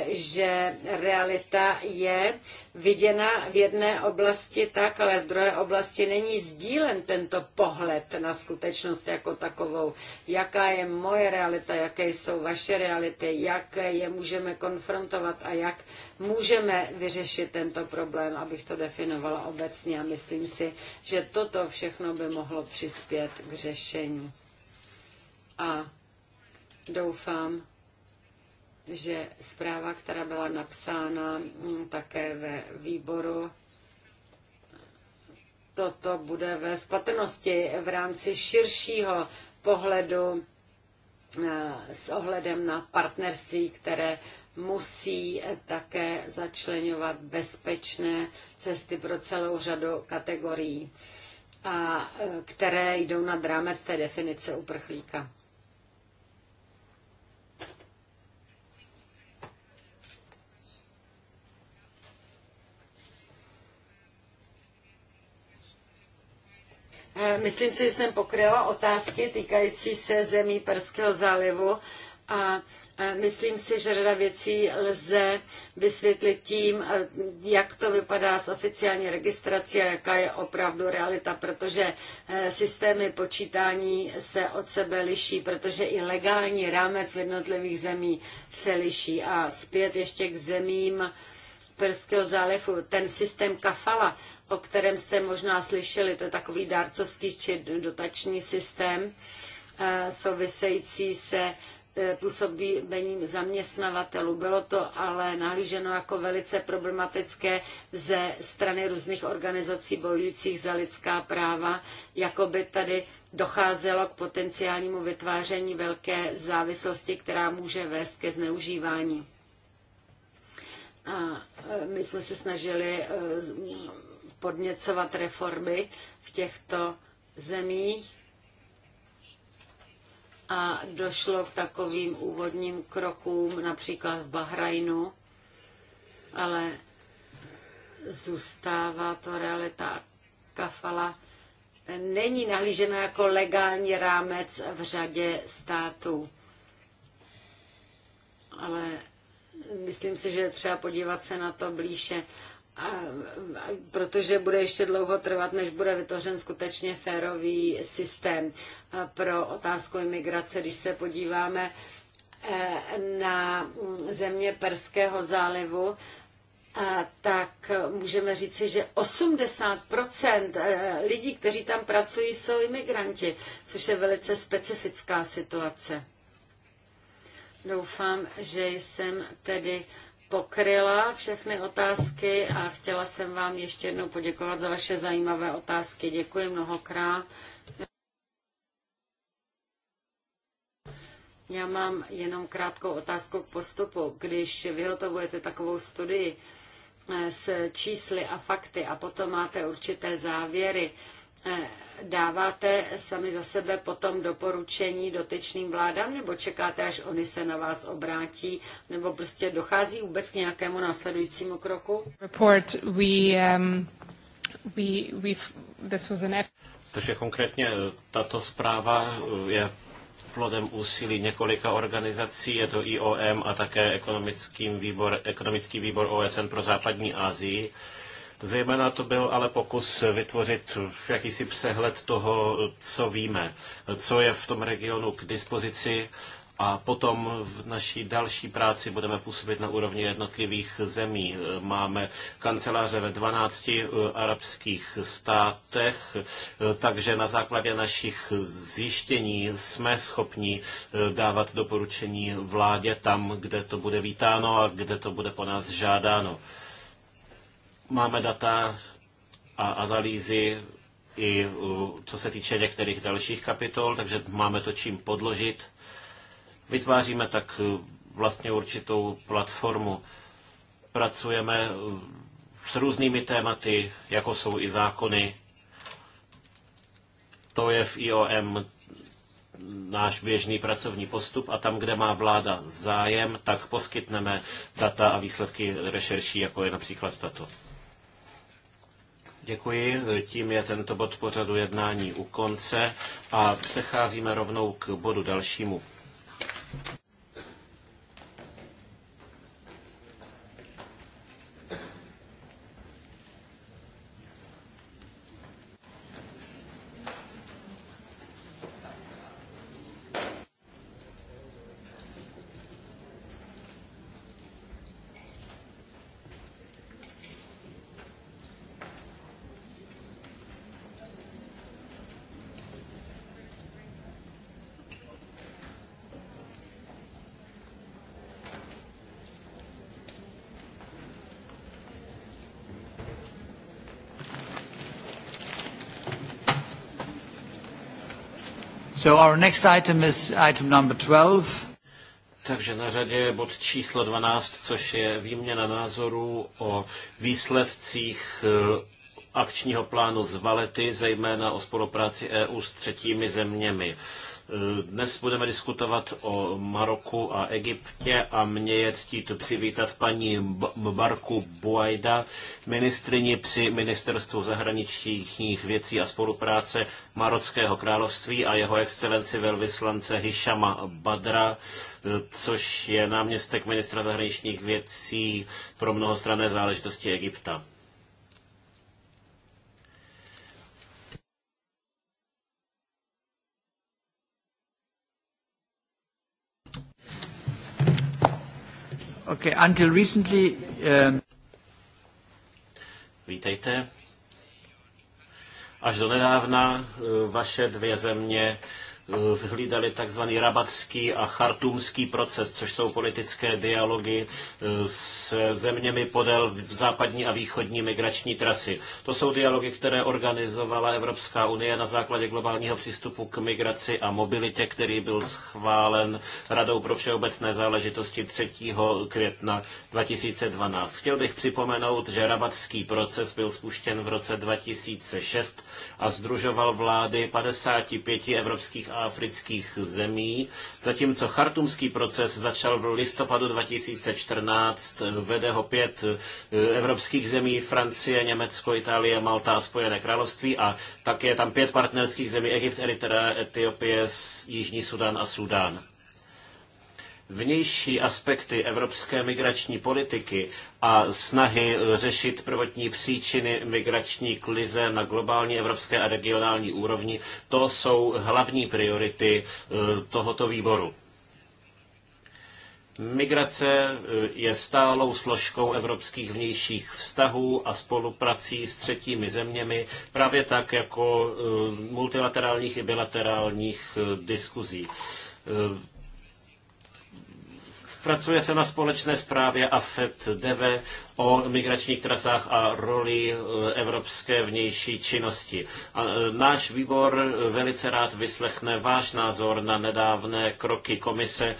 že realita je viděna v jedné oblasti tak, ale v druhé oblasti není sdílen tento pohled na skutečnost jako takovou. Jaká je moje realita, jaké jsou vaše reality, jak je můžeme konfrontovat a jak můžeme vyřešit tento problém, abych to definovala obecně a myslím si, že toto všechno by mohlo přispět k řešení. A doufám, že zpráva, která byla napsána mm, také ve výboru, toto bude ve spatrnosti v rámci širšího pohledu e, s ohledem na partnerství, které musí také začlenovat bezpečné cesty pro celou řadu kategorií, a e, které jdou nad rámec té definice uprchlíka. Myslím si, že jsem pokryla otázky týkající se zemí Perského zálivu a myslím si, že řada věcí lze vysvětlit tím, jak to vypadá s oficiální registrací a jaká je opravdu realita, protože e, systémy počítání se od sebe liší, protože i legální rámec v jednotlivých zemí se liší. A zpět ještě k zemím, Perského zálivu, ten systém kafala, o kterém jste možná slyšeli, to je takový dárcovský či dotační systém eh, související se eh, působením zaměstnavatelů. Bylo to ale nahlíženo jako velice problematické ze strany různých organizací bojujících za lidská práva, jako by tady docházelo k potenciálnímu vytváření velké závislosti, která může vést ke zneužívání. A e, my jsme se snažili e, podněcovat reformy v těchto zemích a došlo k takovým úvodním krokům, například v Bahrajnu, ale zůstává to realita kafala. Není nahlížena jako legální rámec v řadě států. Ale myslím si, že třeba podívat se na to blíže, a, a, protože bude ještě dlouho trvat, než bude vytvořen skutečně férový systém pro otázku imigrace. Když se podíváme e, na země Perského zálivu, e, tak můžeme říci, že 80% e, lidí, kteří tam pracují, jsou imigranti, což je velice specifická situace. Doufám, že jsem tedy pokryla všechny otázky a chtěla jsem vám ještě jednou poděkovat za vaše zajímavé otázky. Děkuji mnohokrát. Já mám jenom krátkou otázku k postupu. Když vyhotovujete takovou studii eh, s čísly a fakty a potom máte určité závěry, eh, dáváte sami za sebe potom doporučení dotyčným vládám, nebo čekáte, až oni se na vás obrátí, nebo prostě dochází vůbec k nějakému následujícímu kroku? Report, we, um, we, we, this was an Takže konkrétně eh, tato zpráva eh, je plodem úsilí několika organizací, je to IOM a také ekonomický výbor, ekonomický výbor OSN pro západní Asii Zejména to byl ale pokus vytvořit jakýsi přehled toho, co víme, co je v tom regionu k dispozici a potom v naší další práci budeme působit na úrovni jednotlivých zemí. Máme kanceláře ve 12 eh, arabských státech, eh, takže na základě našich zjištění jsme schopni eh, dávat doporučení vládě tam, kde to bude vítáno a kde to bude po nás žádáno. Máme data a analýzy i co se týče některých dalších kapitol, takže máme to čím podložit. Vytváříme tak vlastně určitou platformu. Pracujeme s různými tématy, jako jsou i zákony. To je v IOM náš běžný pracovní postup a tam, kde má vláda zájem, tak poskytneme data a výsledky rešerší, jako je například tato. Děkuji. Tím je tento bod pořadu jednání u konce a přecházíme rovnou k bodu dalšímu. So our next item is item number 12. Takže na řadě je bod číslo 12, což je výměna názorů o výsledcích eh, akčního plánu z Valety, zejména o spolupráci EU s třetími zeměmi. Eh, dnes budeme diskutovat o Maroku a Egyptě a mě je ctí tu přivítat paní Mbarku Buajda, ministrini při Ministerstvu zahraničních věcí a spolupráce Marockého království a jeho excelenci velvyslance Hishama Badra, eh, což je náměstek ministra zahraničních věcí pro mnohostranné záležitosti Egypta. Okay, until recently, um... Vítejte. Až do nedávna uh, vaše dvě země zhlídali tzv. rabatský a chartumský proces, což jsou politické dialogy e, s zeměmi podél západní a východní migrační trasy. To jsou dialogy, které organizovala Evropská unie na základě globálního přístupu k migraci a mobilitě, který byl schválen Radou pro všeobecné záležitosti 3. května 2012. Chtěl bych připomenout, že rabatský proces byl spuštěn v roce 2006 a združoval vlády 55 evropských afrických zemí, zatímco chartumský proces začal v listopadu 2014, vede ho pět eh, evropských zemí, Francie, Německo, Itálie, Malta, Spojené království a také tam pět partnerských zemí, Egypt, Eritrea, Etiopie, Jižní Sudan a Sudán vnější aspekty evropské migrační politiky a snahy eh, řešit prvotní příčiny migrační klize na globální, evropské a regionální úrovni, to jsou hlavní priority eh, tohoto výboru. Migrace eh, je stálou složkou evropských vnějších vztahů a spoluprací s třetími zeměmi, právě tak jako multilaterálních i bilaterálních diskuzí. Pracuje se na společné zprávě AFET DV o migračních trasách a roli e, evropské vnější činnosti. A e, náš výbor e, velice rád vyslechne váš názor na nedávné kroky komise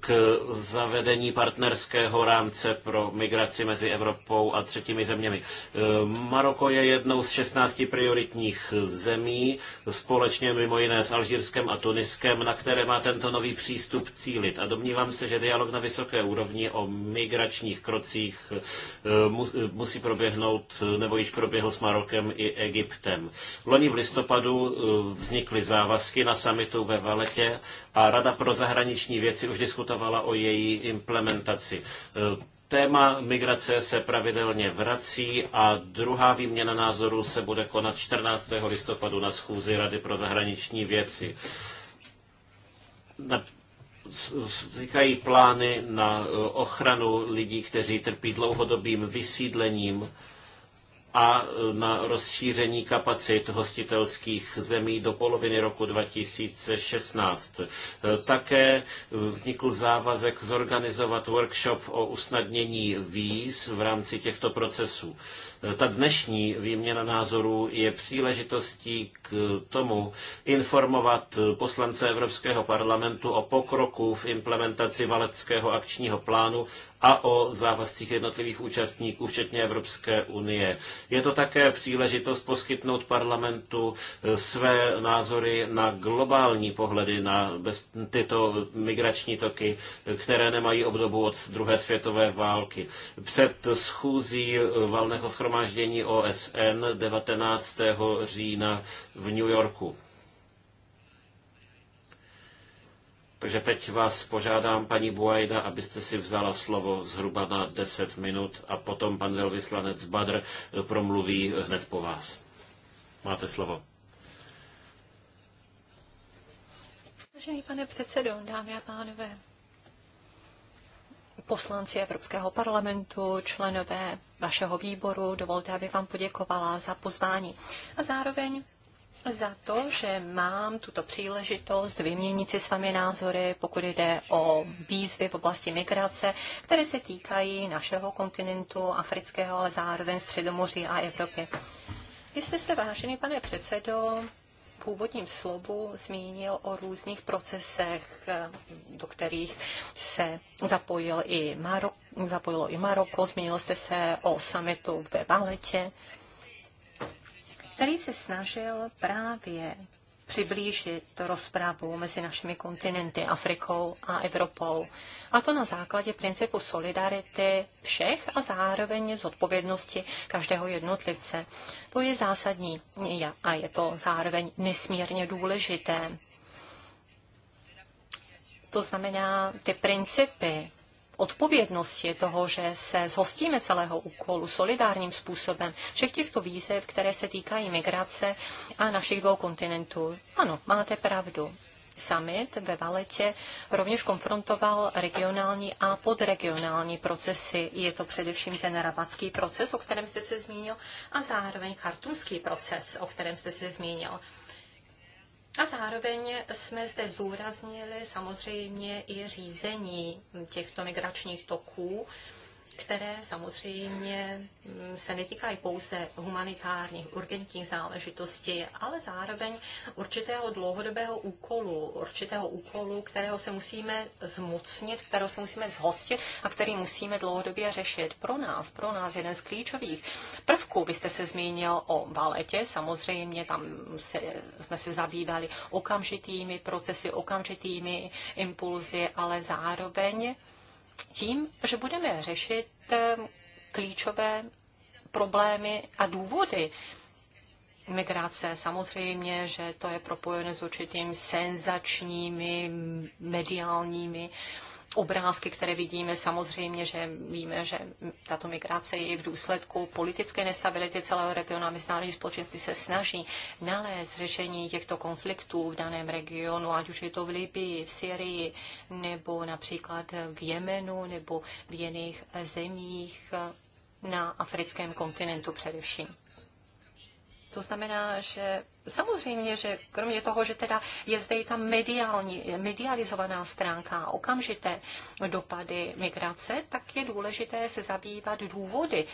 k zavedení partnerského rámce pro migraci mezi Evropou a třetími zeměmi. Maroko je jednou z 16 prioritních zemí, společně mimo jiné s Alžírskem a Tuniskem, na které má tento nový přístup cílit. A domnívám se, že dialog na na vysoké úrovni o migračních krocích eh, eh, musí proběhnout, eh, nebo již proběhl s Marokem i Egyptem. Loni v listopadu vznikly závazky na samitu ve Valetě a Rada pro zahraniční věci už diskutovala o její implementaci. Téma migrace se pravidelně vrací a druhá výměna názorů se bude konat 14. listopadu na schůzi Rady pro zahraniční věci vznikají plány na e, ochranu lidí, kteří trpí dlouhodobým vysídlením a e, na rozšíření kapacit hostitelských zemí do poloviny roku 2016. E, také vznikl závazek zorganizovat workshop o usnadnění víz v rámci těchto procesů. Eh, ta dnešní výměna názorů je příležitostí k tomu informovat eh, poslance Evropského parlamentu o pokroku v implementaci Valeckého akčního plánu a o závazcích jednotlivých účastníků, včetně Evropské unie. Je to také příležitost poskytnout parlamentu eh, své názory na globální pohledy na bez, tyto migrační toky, které nemají obdobu od druhé světové války. Před schůzí valného schromáždění schromáždění OSN 19. října v New Yorku. Takže teď vás požádám, paní Buajda, abyste si vzala slovo zhruba na 10 minut a potom pan velvyslanec Badr promluví hned po vás. Máte slovo. Vážený pane předsedo, dámy a pánové, poslanci Evropského parlamentu, členové vašeho výboru. Dovolte, abych vám poděkovala za pozvání. A zároveň za to, že mám tuto příležitost vyměnit si s vámi názory, pokud jde o výzvy v oblasti migrace, které se týkají našeho kontinentu, afrického, ale zároveň Středomoří a Evropy. Vy jste se, vážený pane předsedo, úvodním slovu zmínil o různých procesech, do kterých se zapojil i Marok, zapojilo i Maroko. Zmínil jste se o summitu ve Valetě, který se snažil právě přiblížit rozprávu mezi našimi kontinenty, Afrikou a Evropou. A to na základě principu solidarity všech a zároveň zodpovědnosti každého jednotlivce. To je zásadní a je to zároveň nesmírně důležité. To znamená, ty principy odpovědnosti toho, že se zhostíme celého úkolu solidárním způsobem všech těchto výzev, které se týkají migrace a našich dvou kontinentů. Ano, máte pravdu. Summit ve Valetě rovněž konfrontoval regionální a podregionální procesy. Je to především ten rabatský proces, o kterém jste se zmínil, a zároveň kartumský proces, o kterém jste se zmínil. A zároveň jsme zde zdůraznili samozřejmě i řízení těchto migračních toků, které samozřejmě mm, se netýkají pouze humanitárních, urgentních záležitostí, ale zároveň určitého dlouhodobého úkolu, určitého úkolu, kterého se musíme zmocnit, kterého se musíme zhostit a který musíme dlouhodobě řešit. Pro nás, pro nás jeden z klíčových prvků, vy jste se zmínil o valetě, samozřejmě tam se, jsme se zabývali okamžitými procesy, okamžitými impulzy, ale zároveň tím, že budeme řešit eh, klíčové problémy a důvody migrace. Samozřejmě, že to je propojené s určitými senzačními mediálními uh, obrázky, které vidíme, samozřejmě, že víme, že tato migrace je v důsledku politické nestability celého regionu a mezinárodní společenství se snaží nalézt řešení těchto konfliktů v daném regionu, ať už je to v Libii, v Syrii, nebo například v Jemenu, nebo v jiných zemích na africkém kontinentu především. To znamená, že samozřejmě, že kromě toho, že teda je zde i ta mediální, medializovaná stránka okamžité dopady migrace, tak je důležité se zabývat důvody,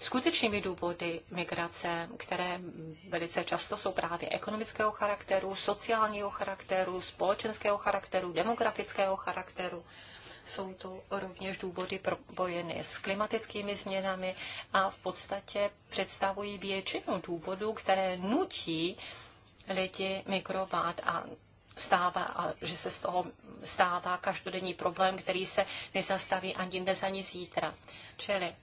skutečnými důvody migrace, které velice často jsou právě ekonomického charakteru, sociálního charakteru, společenského charakteru, demografického charakteru jsou to rovněž důvody propojeny s klimatickými změnami a v podstatě představují většinu důvodů, které nutí lidi migrovat a stává a že se z toho stává každodenní problém, který se nezastaví ani dnes, ani zítra. Čili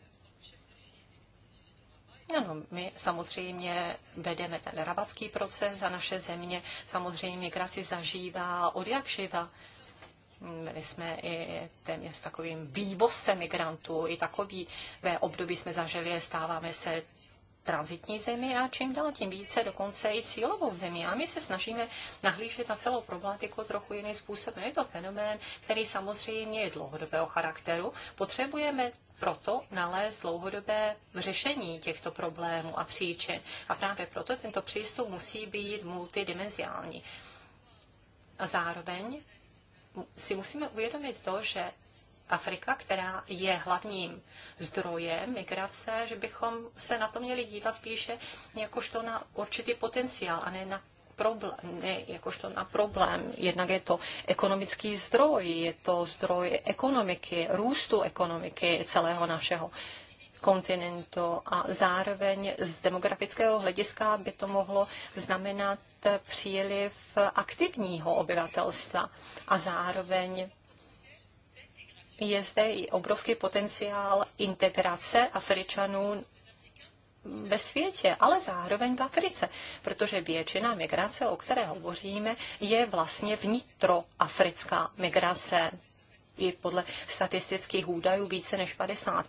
Ano, my samozřejmě vedeme ten rabatský proces a naše země samozřejmě migraci zažívá od jak živa byli jsme i téměř takovým vývozcem migrantů, i takový ve období jsme zažili, stáváme se transitní zemi a čím dál tím více dokonce i cílovou zemi. A my se snažíme nahlížet na celou problematiku trochu jiným způsobem. Je to fenomén, který samozřejmě je dlouhodobého charakteru. Potřebujeme proto nalézt dlouhodobé řešení těchto problémů a příčin. A právě proto tento přístup musí být multidimenziální. A zároveň si musíme uvědomit to, že Afrika, která je hlavním zdrojem migrace, že bychom se na to měli dívat spíše jakožto na určitý potenciál a ne na problém, ne jakožto na problém. Jednak je to ekonomický zdroj, je to zdroj ekonomiky, růstu ekonomiky celého našeho kontinentu a zároveň z demografického hlediska by to mohlo znamenat příliv aktivního obyvatelstva a zároveň je zde i obrovský potenciál integrace Afričanů ve světě, ale zároveň v Africe, protože většina migrace, o které hovoříme, je vlastně vnitroafrická migrace i podle statistických údajů více než 50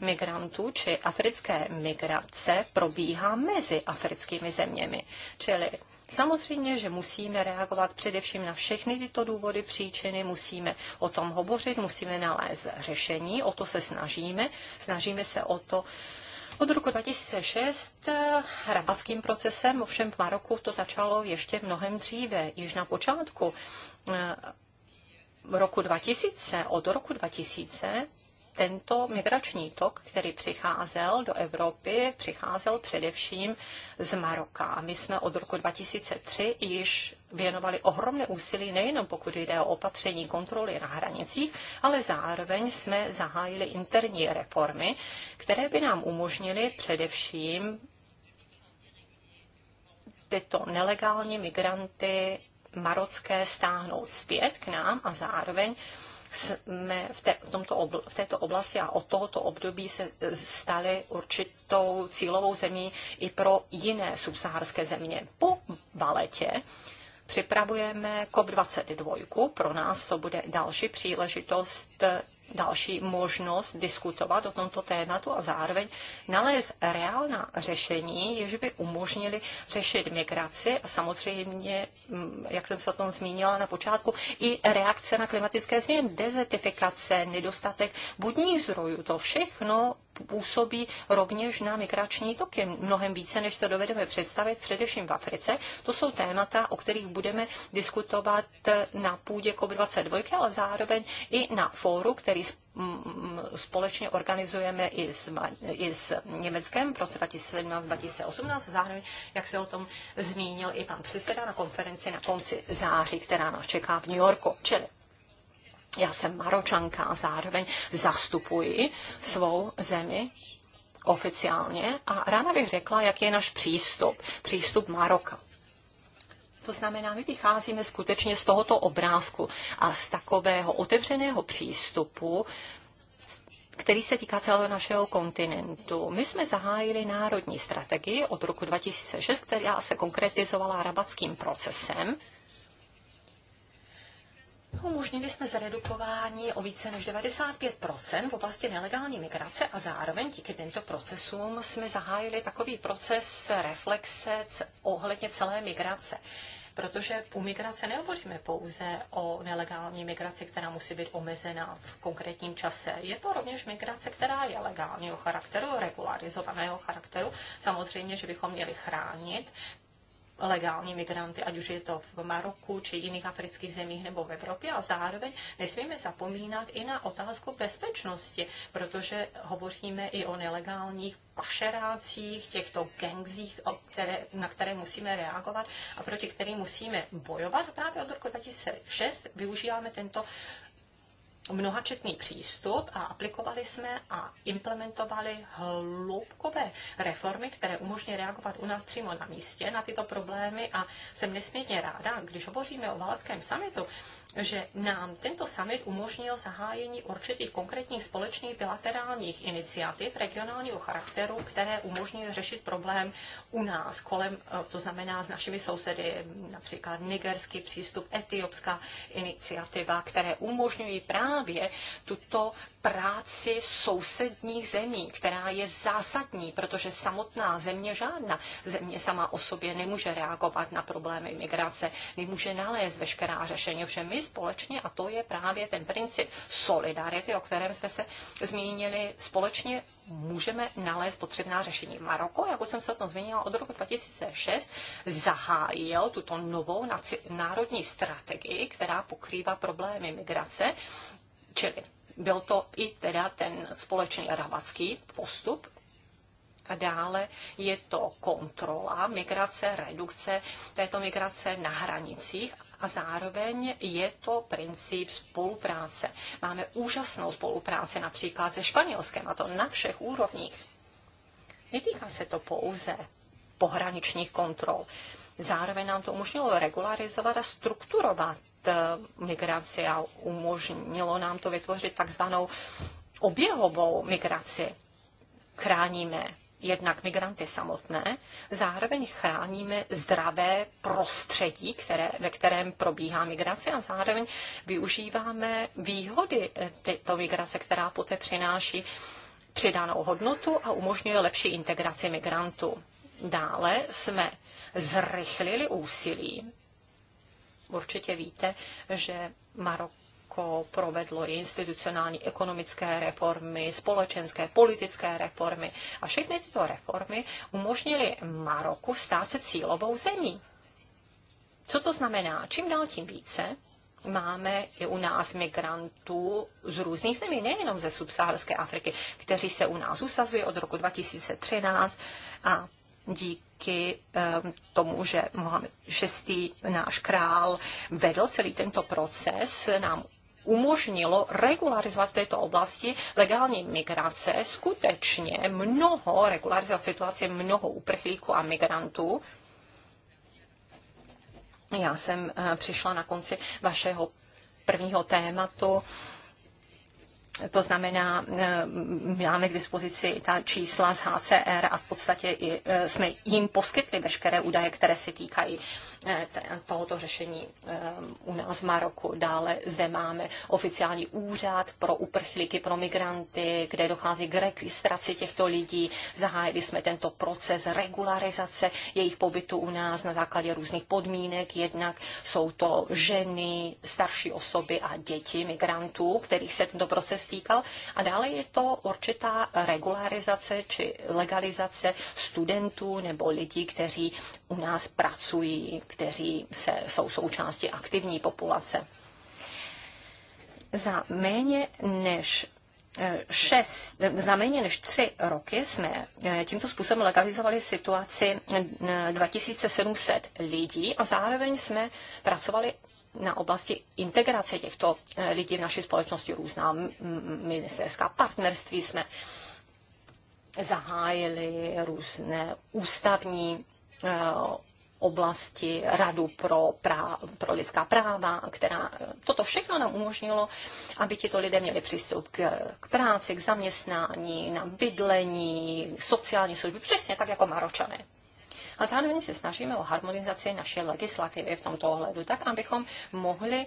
migrantů či africké migrace probíhá mezi africkými zeměmi. Čili Samozřejmě, že musíme reagovat především na všechny tyto důvody, příčiny, musíme o tom hovořit, musíme nalézt řešení, o to se snažíme, snažíme se o to od roku 2006 eh, rabatským procesem, ovšem v Maroku to začalo ještě mnohem dříve, již na počátku eh, roku 2000, od roku 2000 tento migrační tok, který přicházel do Evropy, přicházel především z Maroka. A my jsme od roku 2003 již věnovali ohromné úsilí nejenom pokud jde o opatření kontroly na hranicích, ale zároveň jsme zahájili interní reformy, které by nám umožnily především tyto nelegální migranty marocké stáhnout zpět k nám a zároveň jsme v, té, v, tomto obl, v této oblasti a od tohoto období se eh, staly určitou cílovou zemí i pro jiné subsaharské země. Po Valetě připravujeme COP22. Pro nás to bude další příležitost další možnost diskutovat o tomto tématu a zároveň nalézt reálná řešení, jež by umožnili řešit migraci a samozřejmě, mm, jak jsem se o tom zmínila na počátku, i reakce na klimatické změny, dezertifikace, nedostatek vodních zdrojů, to všechno působí rovněž na migrační toky mnohem více, než se dovedeme představit, především v Africe. To jsou témata, o kterých budeme diskutovat na půdě COP22, ale zároveň i na fóru, který společně organizujeme i s, i s Německem v roce 2017-2018. Zároveň, jak se o tom zmínil i pan předseda na konferenci na konci září, která nás čeká v New Yorku. Čili já jsem Maročanka a zároveň zastupuji svou zemi oficiálně a ráda bych řekla, jak je náš přístup, přístup Maroka. To znamená, my vycházíme skutečně z tohoto obrázku a z takového otevřeného přístupu, který se týká celého našeho kontinentu. My jsme zahájili národní strategii od roku 2006, která se konkretizovala arabackým procesem, Umožnili jsme zredukování o více než 95 v oblasti nelegální migrace a zároveň díky těmto procesům jsme zahájili takový proces reflexe ohledně celé migrace. Protože u migrace nehovoříme pouze o nelegální migraci, která musí být omezena v konkrétním čase. Je to rovněž migrace, která je legálního charakteru, regularizovaného charakteru. Samozřejmě, že bychom měli chránit legální migranty, ať už je to v Maroku či jiných afrických zemích nebo v Evropě. A zároveň nesmíme zapomínat i na otázku bezpečnosti, protože hovoříme i o nelegálních pašerácích, těchto gangzích, které, na které musíme reagovat a proti kterým musíme bojovat. Právě od roku 2006 využíváme tento mnohačetný přístup a aplikovali jsme a implementovali hloubkové reformy, které umožní reagovat u nás přímo na místě na tyto problémy a jsem nesmírně ráda, když hovoříme o Valackém samitu, že nám tento summit umožnil zahájení určitých konkrétních společných bilaterálních iniciativ regionálního charakteru, které umožňují řešit problém u nás, kolem, e, to znamená s našimi sousedy, například nigerský přístup, etiopská iniciativa, které umožňují právě tuto práci sousedních zemí, která je zásadní, protože samotná země žádná země sama o sobě nemůže reagovat na problémy migrace, nemůže nalézt veškerá řešení. Ovšem my společně, a to je právě ten princip solidarity, o kterém jsme se zmínili, společně můžeme nalézt potřebná řešení. Maroko, jak jsem se o tom zmínila, od roku 2006 zahájil tuto novou národní strategii, která pokrývá problémy migrace, čili byl to i teda ten společný rabatský postup. A dále je to kontrola migrace, redukce této migrace na hranicích a zároveň je to princip spolupráce. Máme úžasnou spolupráci například se Španělskem a to na všech úrovních. Netýká se to pouze pohraničních kontrol. Zároveň nám to umožnilo regularizovat a strukturovat Eh, migraci a umožnilo nám to vytvořit takzvanou oběhovou migraci. Chráníme jednak migranty samotné, zároveň chráníme zdravé prostředí, které, ve kterém probíhá migrace a zároveň využíváme výhody eh, této migrace, která poté přináší přidanou hodnotu a umožňuje lepší integraci migrantů. Dále jsme zrychlili úsilí Určitě víte, že Marok Maroko provedlo institucionální ekonomické reformy, společenské, politické reformy. A všechny tyto reformy umožnily Maroku stát se cílovou zemí. Co to znamená? Čím dál tím více máme i u nás migrantů z různých zemí, nejenom ze subsaharské Afriky, kteří se u nás usazují od roku 2013 a díky tomu, že Mohamed VI, náš král, vedl celý tento proces, nám umožnilo regularizovat této oblasti legální migrace skutečně mnoho, regularizovat situace mnoho uprchlíků a migrantů. Já jsem eh, přišla na konci vašeho prvního tématu to znamená, eh, máme k dispozici ta čísla z HCR a v podstatě i eh, jsme jim poskytli veškeré údaje, které se týkají Eh, tohoto řešení eh, u nás v Maroku. Dále zde máme oficiální úřad pro uprchlíky, pro migranty, kde dochází k registraci těchto lidí. Zahájili jsme tento proces regularizace jejich pobytu u nás na základě různých podmínek. Jednak jsou to ženy, starší osoby a děti migrantů, kterých se tento proces týkal. A dále je to určitá regularizace či legalizace studentů nebo lidí, kteří u nás pracují kteří se, jsou součástí aktivní populace. Za méně než eh, šest, eh, za méně než tři roky jsme eh, tímto způsobem legalizovali situaci 2700 lidí a zároveň jsme pracovali na oblasti integrace těchto lidí v naší společnosti různá ministerská partnerství jsme zahájili různé ústavní oblasti, radu pro, prá, pro lidská práva, která eh, toto všechno nám umožnilo, aby tito lidé měli přístup k, k práci, k zaměstnání, na bydlení, sociální služby, přesně tak jako Maročané a zároveň se snažíme o harmonizaci naší legislativy v tomto ohledu, tak abychom mohli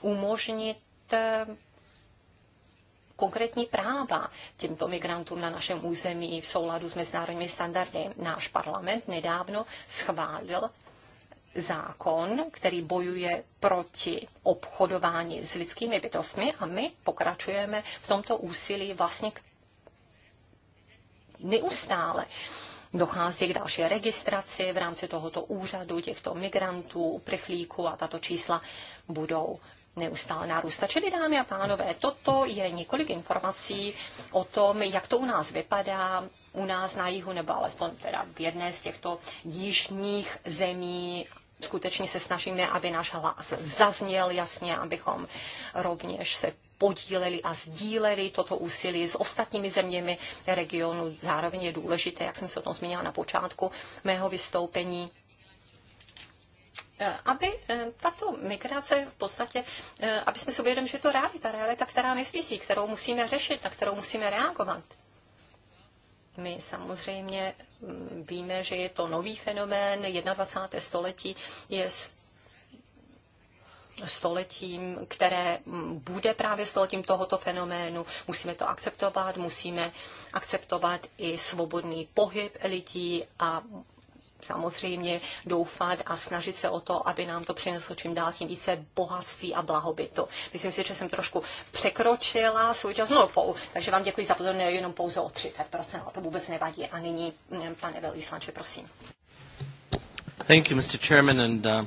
umožnit eh, konkrétní práva těmto migrantům na našem území v souladu s mezinárodními standardy. Náš parlament nedávno schválil zákon, který bojuje proti obchodování s lidskými bytostmi a my pokračujeme v tomto úsilí vlastně neustále. Dochází k další registraci v rámci tohoto úřadu těchto migrantů, uprchlíků a tato čísla budou neustále narůstat. Čili dámy a pánové, toto je několik informací o tom, jak to u nás vypadá u nás na jihu, nebo alespoň teda v jedné z těchto jižních zemí skutečně se snažíme, aby náš hlas zazněl jasně, abychom rovněž se podíleli a sdíleli toto úsilí s ostatními zeměmi regionu. Zároveň je důležité, jak jsem se o tom zmínila na počátku mého vystoupení, Eh, aby eh, tato migrace v podstatě, eh, aby jsme si uvědomili, že je to realita, realita, která nesmizí, kterou musíme řešit, na kterou musíme reagovat. My samozřejmě mm, víme, že je to nový fenomén, 21. století je stoletím, které mm, bude právě stoletím tohoto fenoménu. Musíme to akceptovat, musíme akceptovat i svobodný pohyb lidí a samozřejmě doufat a snažit se o to, aby nám to přineslo čím dál tím více bohatství a blahobytu. Myslím si, že jsem trošku překročila svůj čas, no, pou, takže vám děkuji za pozornost, jenom pouze o 30%, a to vůbec nevadí. A nyní, mm, pane velvyslanče, prosím. Thank you, Mr. Chairman, and, uh...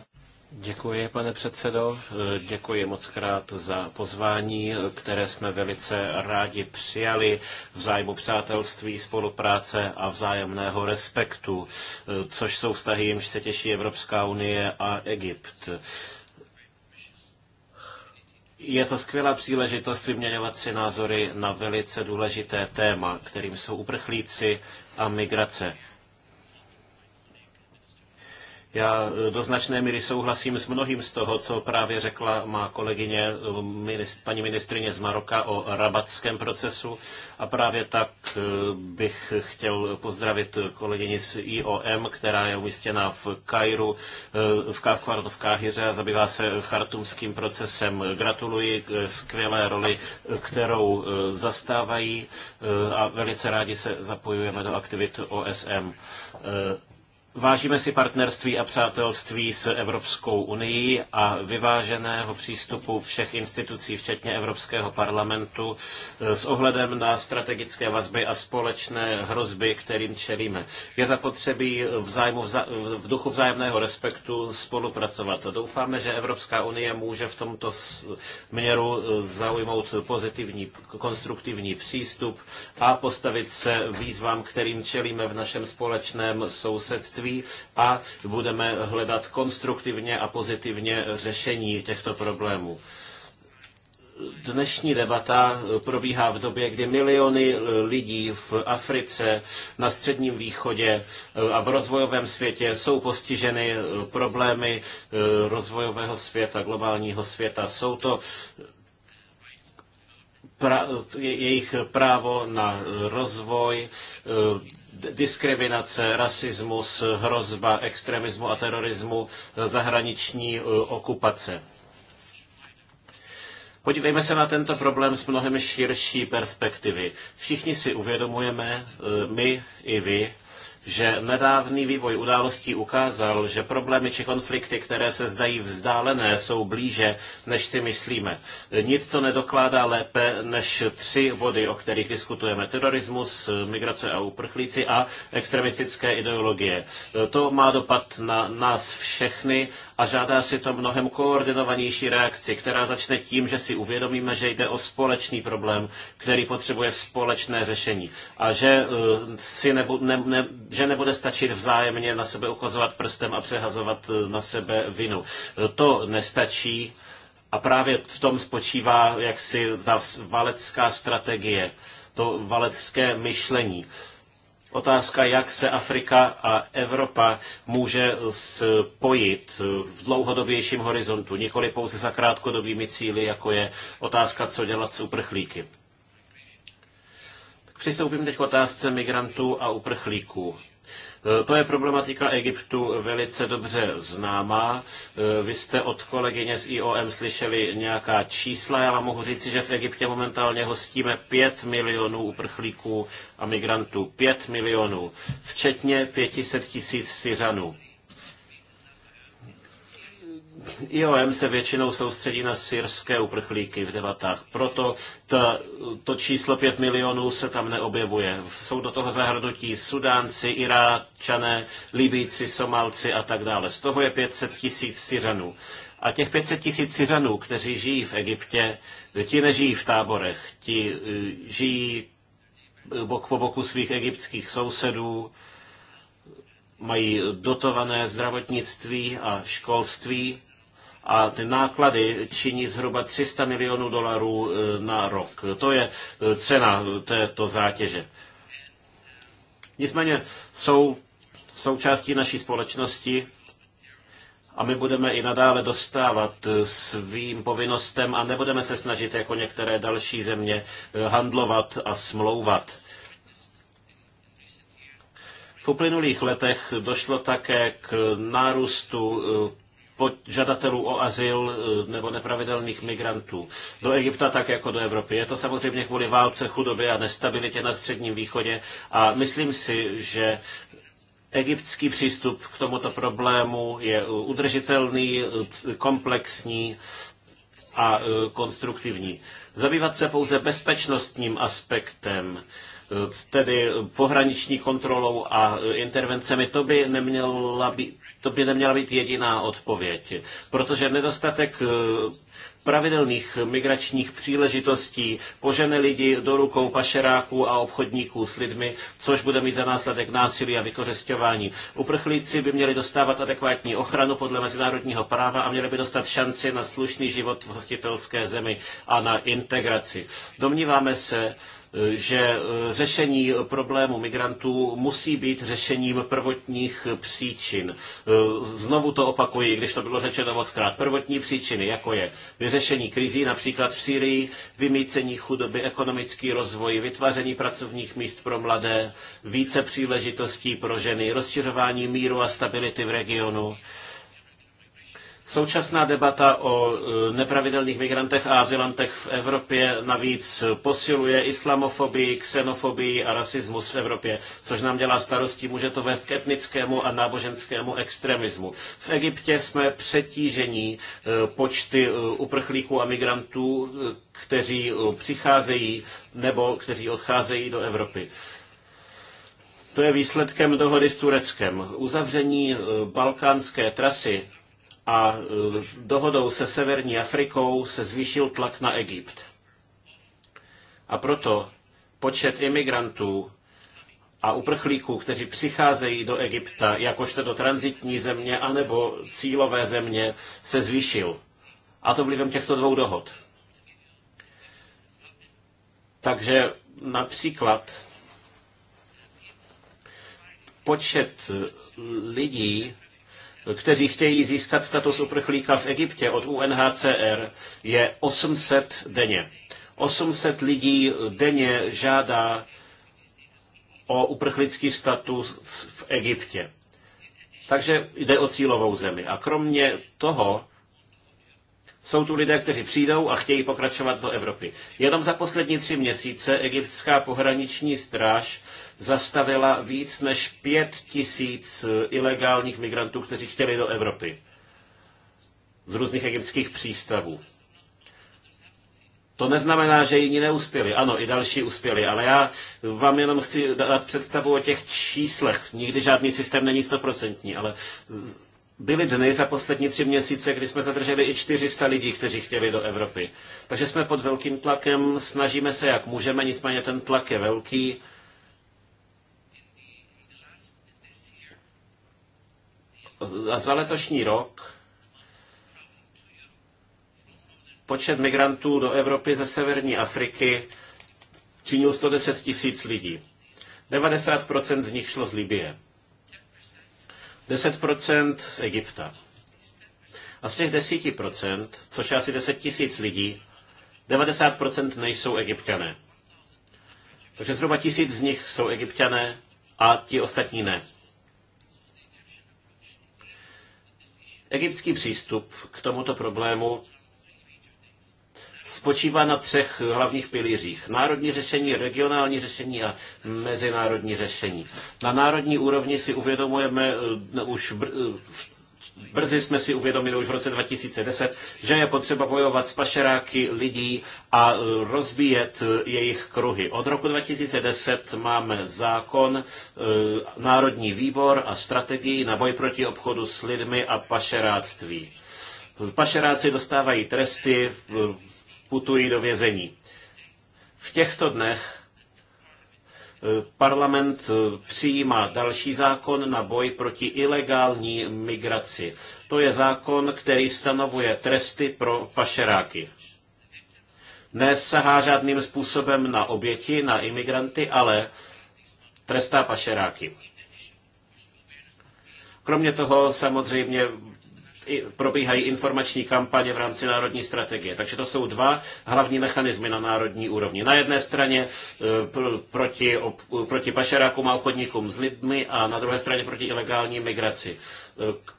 Děkuji, pane předsedo. Děkuji moc krát za pozvání, které jsme velice rádi přijali v zájmu přátelství, spolupráce a vzájemného respektu, což jsou vztahy, jimž se těší Evropská unie a Egypt. Je to skvělá příležitost vyměňovat si názory na velice důležité téma, kterým jsou uprchlíci a migrace. Já do značné míry souhlasím s mnohým z toho, co právě řekla má kolegyně paní ministrině z Maroka o rabatském procesu a právě tak eh, bych chtěl pozdravit kolegyni z IOM, která je umístěna v Kairu, eh, v Kávkvartu v Káhyře a zabývá se chartumským procesem. Gratuluji k skvělé roli, kterou eh, zastávají a velice rádi se zapojujeme do aktivit OSM. Vážíme si partnerství a přátelství s Evropskou unii a vyváženého přístupu všech institucí, včetně Evropského parlamentu, s ohledem na strategické vazby a společné hrozby, kterým čelíme. Je zapotřebí v, zájmu, v duchu vzájemného respektu spolupracovat. Doufáme, že Evropská unie může v tomto směru eh, zaujmout pozitivní, konstruktivní přístup a postavit se výzvám, kterým čelíme v našem společném sousedství školství a budeme hledat konstruktivně a pozitivně řešení těchto problémů dnešní debata probíhá v době, kdy miliony lidí v Africe, na Středním východě a v rozvojovém světě jsou postiženy problémy eh, rozvojového světa, globálního světa. Jsou to pra, jejich právo na rozvoj, eh, diskriminace, rasismus, hrozba extremismu a terorismu, eh, zahraniční eh, okupace. Podívejme se na tento problém z mnohem širší perspektivy. Všichni si uvědomujeme, eh, my i vy, že nedávný vývoj událostí ukázal, že problémy či konflikty, které se zdají vzdálené, jsou blíže, než si myslíme. Nic to nedokládá lépe než tři body, o kterých diskutujeme. Terorismus, migrace a uprchlíci a extremistické ideologie. To má dopad na nás všechny a žádá si to mnohem koordinovanější reakci, která začne tím, že si uvědomíme, že jde o společný problém, který potřebuje společné řešení a že eh, si nebu, ne, ne, že nebude stačit vzájemně na sebe ukazovat prstem a přehazovat eh, na sebe vinu. Eh, to nestačí a právě v tom spočívá jaksi ta valecká strategie, to valecké myšlení. Otázka, jak se Afrika a Evropa může spojit eh, v dlouhodobějším horizontu, nikoli pouze za krátkodobými cíly, jako je otázka, co dělat s uprchlíky. Přistoupím teď k otázce migrantů a uprchlíků. E, to je problematika Egyptu velice dobře známá. E, vy jste od kolegyně z IOM slyšeli nějaká čísla. Já vám mohu říci, že v Egyptě momentálně hostíme 5 milionů uprchlíků a migrantů. 5 milionů, včetně 500 tisíc Syřanů. IOM se většinou soustředí na syrské uprchlíky v debatách, proto ta, to číslo 5 milionů se tam neobjevuje. Jsou do toho zahrnutí Sudánci, Iráčané, Libíci, Somálci a tak dále. Z toho je 500 tisíc Syřanů. A těch 500 tisíc Syřanů, kteří žijí v Egyptě, ti nežijí v táborech, ti e, žijí e, bok po boku svých egyptských sousedů, mají dotované zdravotnictví a školství a ty náklady činí zhruba 300 milionů dolarů e, na rok. To je e, cena této zátěže. Nicméně jsou součástí naší společnosti a my budeme i nadále dostávat e, svým povinnostem a nebudeme se snažit jako některé další země handlovat a smlouvat. V uplynulých letech došlo také k nárůstu žadatelů o azyl eh, nebo nepravidelných migrantů do Egypta, tak jako do Evropy. Je to samozřejmě kvůli válce, chudobě a nestabilitě na Středním východě a myslím si, že egyptský přístup k tomuto problému je eh, udržitelný, komplexní a eh, konstruktivní. Zabývat se pouze bezpečnostním aspektem, tedy pohraniční kontrolou a intervencemi, to by neměla být, to by neměla být jediná odpověď, protože nedostatek eh, pravidelných migračních příležitostí požene lidi do rukou pašeráků a obchodníků s lidmi, což bude mít za následek násilí a vykořišťování. Uprchlíci by měli dostávat adekvátní ochranu podle mezinárodního práva a měli by dostat šanci na slušný život v hostitelské zemi a na integraci. Domníváme se, že e, řešení problému migrantů musí být řešením prvotních příčin. E, znovu to opakuji, když to bylo řečeno moc krát. Prvotní příčiny, jako je vyřešení krizí, například v Syrii, vymícení chudoby, ekonomický rozvoj, vytváření pracovních míst pro mladé, více příležitostí pro ženy, rozšiřování míru a stability v regionu Současná debata o e, nepravidelných migrantech a azylantech v Evropě navíc posiluje islamofobii, xenofobii a rasismus v Evropě, což nám dělá starosti, může to vést k etnickému a náboženskému extremismu. V Egyptě jsme přetížení e, počty e, uprchlíků a migrantů, kteří přicházejí nebo kteří odcházejí do Evropy. To je výsledkem dohody s Tureckem. Uzavření balkánské trasy a e, s dohodou se Severní Afrikou se zvýšil tlak na Egypt. A proto počet imigrantů a uprchlíků, kteří přicházejí do Egypta jakožto do transitní země anebo cílové země, se zvýšil. A to vlivem těchto dvou dohod. Takže například počet lidí, kteří chtějí získat status uprchlíka v Egyptě od UNHCR, je 800 denně. 800 lidí denně žádá o uprchlický status v Egyptě. Takže jde o cílovou zemi. A kromě toho jsou tu lidé, kteří přijdou a chtějí pokračovat do Evropy. Jenom za poslední tři měsíce egyptská pohraniční stráž zastavila víc než pět tisíc eh, ilegálních migrantů, kteří chtěli do Evropy z různých egyptských přístavů. To neznamená, že jiní neuspěli. Ano, i další uspěli, ale já vám jenom chci dát představu o těch číslech. Nikdy žádný systém není stoprocentní, ale byly dny za poslední tři měsíce, kdy jsme zadrželi i 400 lidí, kteří chtěli do Evropy. Takže jsme pod velkým tlakem, snažíme se, jak můžeme, nicméně ten tlak je velký. za letošní rok počet migrantů do Evropy ze severní Afriky činil 110 tisíc lidí. 90% z nich šlo z Libie. 10% z Egypta. A z těch 10%, což je asi 10 tisíc lidí, 90% nejsou egyptiané. Takže zhruba tisíc z nich jsou egyptiané a ti ostatní ne. Egyptský přístup k tomuto problému spočívá na třech hlavních pilířích. Národní řešení, regionální řešení a mezinárodní řešení. Na národní úrovni si uvědomujeme eh, už eh, Brzy jsme si uvědomili už v roce 2010, že je potřeba bojovat s pašeráky lidí a e, rozbíjet e, jejich kruhy. Od roku 2010 máme zákon, e, Národní výbor a strategii na boj proti obchodu s lidmi a pašeráctví. Pašeráci dostávají tresty, putují do vězení. V těchto dnech Parlament eh, přijímá další zákon na boj proti ilegální migraci. To je zákon, který stanovuje tresty pro pašeráky nesahá žádným způsobem na oběti, na imigranty, ale trestá pašeráky. Kromě toho samozřejmě probíhají informační kampaně v rámci národní strategie. Takže to jsou dva hlavní mechanismy na národní úrovni. Na jedné straně e, proti, proti pašerákům a obchodníkům s lidmi a na druhé straně proti ilegální migraci. E,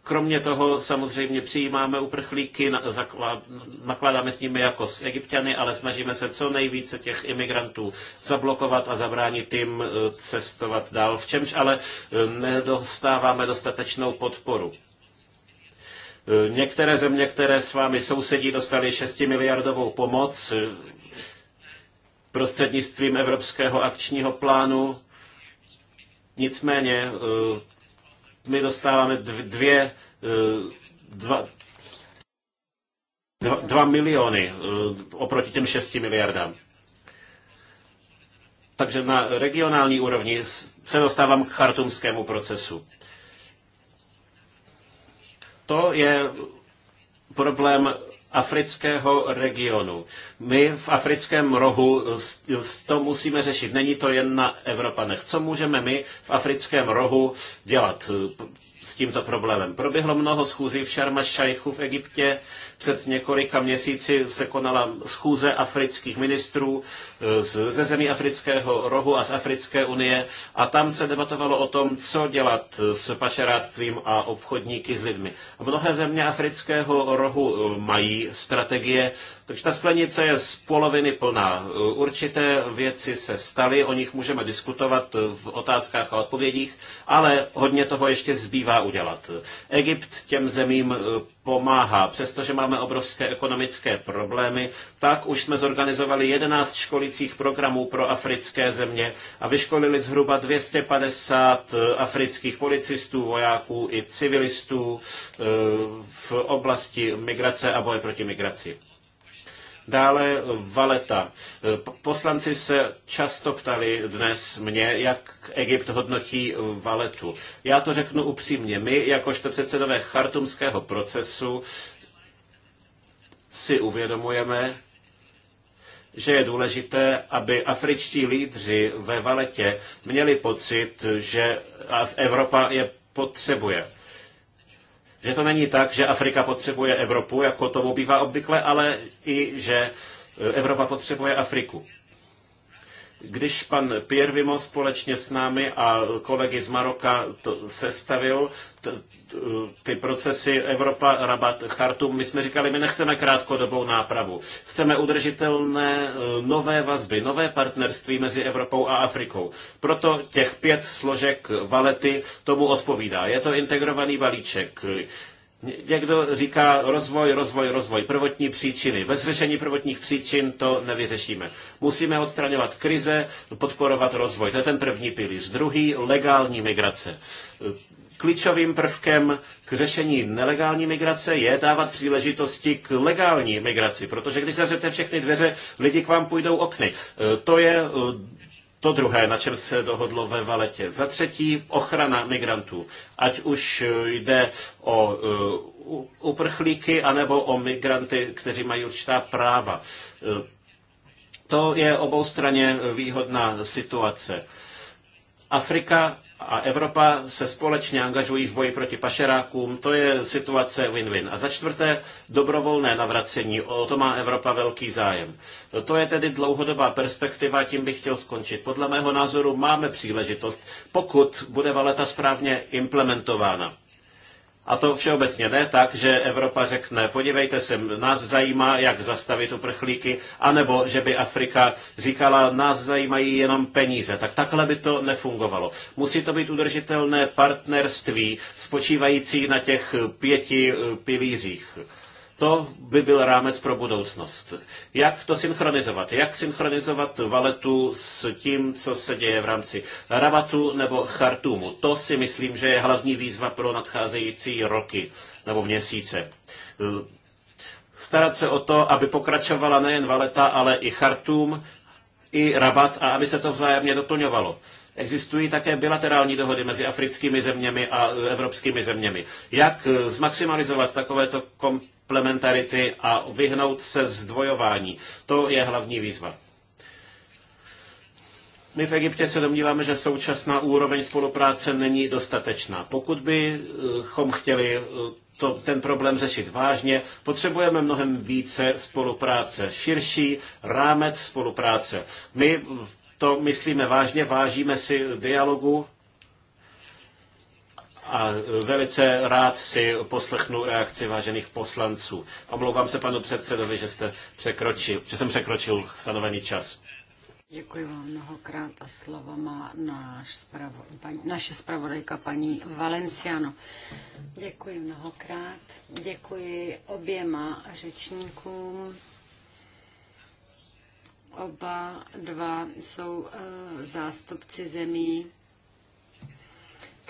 kromě toho samozřejmě přijímáme uprchlíky, nakládáme s nimi jako s egyptiany, ale snažíme se co nejvíce těch imigrantů zablokovat a zabránit jim e, cestovat dál, v čemž ale nedostáváme dostatečnou podporu. Eh, některé země, které s vámi sousedí, dostaly 6 miliardovou pomoc eh, prostřednictvím Evropského akčního plánu. Nicméně eh, my dostáváme dvě, dva, dva, dva miliony oproti těm 6 miliardám. Takže na regionální úrovni se dostávám k chartumskému procesu. To je problém afrického regionu. My v africkém rohu to musíme řešit. Není to jen na Evropanech. Co můžeme my v africkém rohu dělat eh, s tímto problémem? Proběhlo mnoho schůzí v Sharm v Egyptě, před několika měsíci se konala schůze afrických ministrů eh, ze zemí afrického rohu a z Africké unie a tam se debatovalo o tom, co dělat eh, s pašeráctvím a obchodníky s lidmi. mnohé země afrického rohu eh, mají strategie, takže ta sklenice je z poloviny plná. Určité věci se staly, o nich můžeme diskutovat v otázkách a odpovědích, ale hodně toho ještě zbývá udělat. Egypt těm zemím pomáhá. Přestože máme obrovské ekonomické problémy, tak už jsme zorganizovali 11 školicích programů pro africké země a vyškolili zhruba 250 eh, afrických policistů, vojáků i civilistů eh, v oblasti migrace a boje proti migraci. Dále Valeta. Eh, poslanci se často ptali dnes mě, jak Egypt hodnotí Valetu. Já to řeknu upřímně. My, jakožto předsedové chartumského procesu, si uvědomujeme, že je důležité, aby afričtí lídři ve Valetě měli pocit, že Evropa je potřebuje. Že to není tak, že Afrika potřebuje Evropu, jako tomu bývá obvykle, ale i, že e, Evropa potřebuje Afriku. Když pan Pierre Vimo společně s námi a kolegy z Maroka to sestavil ty procesy Evropa, Rabat, Chartum, my jsme říkali, my nechceme krátkodobou nápravu. Chceme udržitelné eh, nové vazby, nové partnerství mezi Evropou a Afrikou. Proto těch pět složek valety tomu odpovídá. Je to integrovaný balíček. Někdo říká rozvoj, rozvoj, rozvoj, prvotní příčiny. Bez řešení prvotních příčin to nevyřešíme. Musíme odstraňovat krize, podporovat rozvoj. To je ten první pilíř. Druhý, legální migrace. Klíčovým prvkem k řešení nelegální migrace je dávat příležitosti k legální migraci, protože když zavřete všechny dveře, lidi k vám půjdou okny. E, to je e, to druhé, na čem se dohodlo ve Valetě. Za třetí, ochrana migrantů. Ať už e, jde o e, uprchlíky, anebo o migranty, kteří mají určitá práva. E, to je oboustranně výhodná situace. Afrika a Evropa se společně angažují v boji proti pašerákům, to je situace win-win. A za čtvrté, dobrovolné navracení, o to má Evropa velký zájem. To je tedy dlouhodobá perspektiva, tím bych chtěl skončit. Podle mého názoru máme příležitost, pokud bude valeta správně implementována. A to všeobecně ne tak, že Evropa řekne, podívejte se, nás zajímá, jak zastavit uprchlíky, anebo že by Afrika říkala, nás zajímají jenom peníze. Tak takhle by to nefungovalo. Musí to být udržitelné partnerství spočívající na těch pěti eh, pilířích. To by byl rámec pro budoucnost. Jak to synchronizovat? Jak synchronizovat valetu s tím, co se děje v rámci Rabatu nebo Chartumu? To si myslím, že je hlavní výzva pro nadcházející roky nebo měsíce starat se o to, aby pokračovala nejen Valeta, ale i Chartum, i Rabat a aby se to vzájemně doplňovalo. Existují také bilaterální dohody mezi africkými zeměmi a evropskými zeměmi. Jak eh, zmaximalizovat takovéto kom- komplementarity a vyhnout se zdvojování. To je hlavní výzva. My v Egyptě se domníváme, že současná úroveň spolupráce není dostatečná. Pokud bychom chtěli eh, to, ten problém řešit vážně, potřebujeme mnohem více spolupráce, širší rámec spolupráce. My to myslíme vážně, vážíme si dialogu a velice rád si poslechnu reakci vážených poslanců. Omlouvám se panu předsedovi, že, jste překročil, že jsem překročil stanovený čas. Děkuji vám mnohokrát a slovo má náš spravo, paní, naše spravodajka paní Valenciano. Děkuji mnohokrát. Děkuji oběma řečníkům. Oba dva jsou uh, zástupci zemí,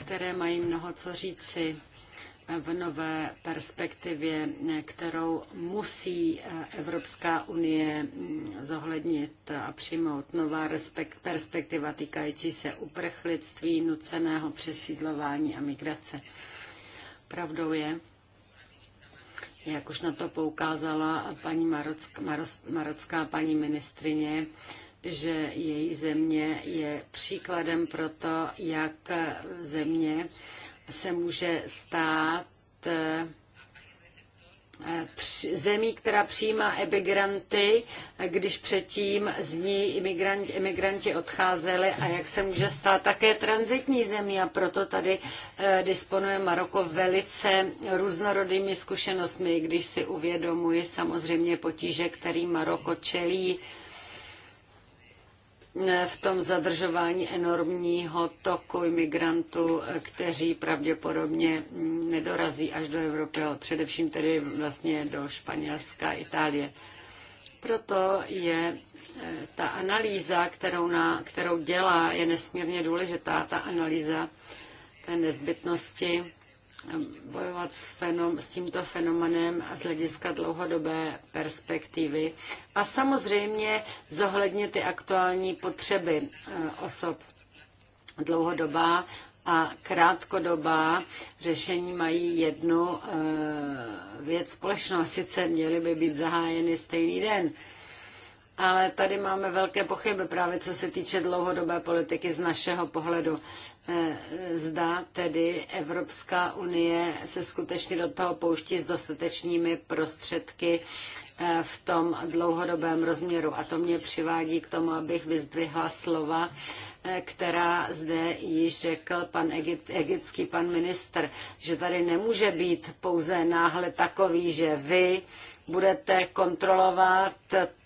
které mají mnoho co říci v nové perspektivě, kterou musí eh, Evropská unie mm, zohlednit a přijmout. Nová perspektiva týkající se uprchlictví, nuceného přesídlování a migrace. Pravdou je, jak už na to poukázala paní Marocká, Marocká paní ministrině, že její země je příkladem pro to, jak země se může stát eh, zemí, která přijímá emigranty, když předtím z ní imigranti, imigranti odcházeli a jak se může stát také transitní zemí. A proto tady eh, disponuje Maroko velice různorodými zkušenostmi, když si uvědomuje samozřejmě potíže, který Maroko čelí v tom zadržování enormního toku imigrantů, kteří pravděpodobně nedorazí až do Evropy, ale především tedy vlastně do Španělska, Itálie. Proto je eh, ta analýza, kterou, na, kterou dělá, je nesmírně důležitá, ta analýza té nezbytnosti Ehm, bojovat s, fenom, s tímto fenomenem z hlediska dlouhodobé perspektivy a samozřejmě zohlednit ty aktuální potřeby eh, osob. Dlouhodobá a krátkodobá řešení mají jednu eh, věc společnou, sice měly by být zahájeny stejný den. Ale tady máme velké pochyby právě co se týče dlouhodobé politiky z našeho pohledu. Eh, zda tedy Evropská unie se skutečně do toho pouští s dostatečnými prostředky eh, v tom dlouhodobém rozměru. A to mě přivádí k tomu, abych vyzdvihla slova, eh, která zde již řekl pan egypt, egyptský pan ministr, že tady nemůže být pouze náhle takový, že vy budete kontrolovat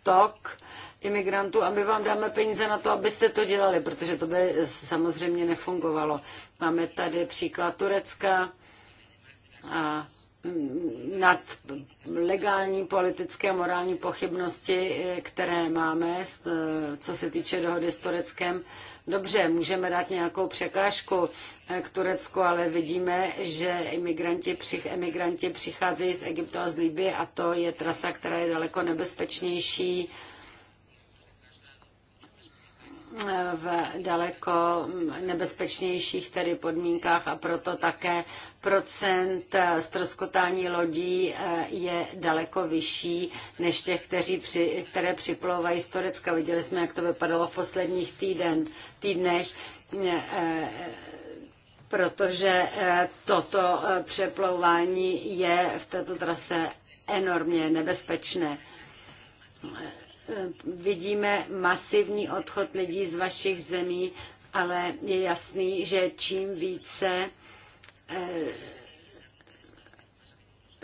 tok imigrantů a my vám dáme peníze na to, abyste to dělali, protože to by samozřejmě nefungovalo. Máme tady příklad Turecka a mm, nad legální politické a morální pochybnosti, které máme, e, co se týče dohody s Tureckem. Dobře, můžeme dát nějakou překážku e, k Turecku, ale vidíme, že imigranti, emigranti přicházejí z Egypta a z Libie a to je trasa, která je daleko nebezpečnější v daleko nebezpečnějších tedy podmínkách a proto také procent stroskotání lodí eh, je daleko vyšší než těch, kteří při, které připlouvají z Turecka. Viděli jsme, jak to vypadalo v posledních týden, týdnech eh, protože eh, toto přeplouvání je v této trase enormně nebezpečné vidíme masivní odchod lidí z vašich zemí, ale je jasný, že čím více eh,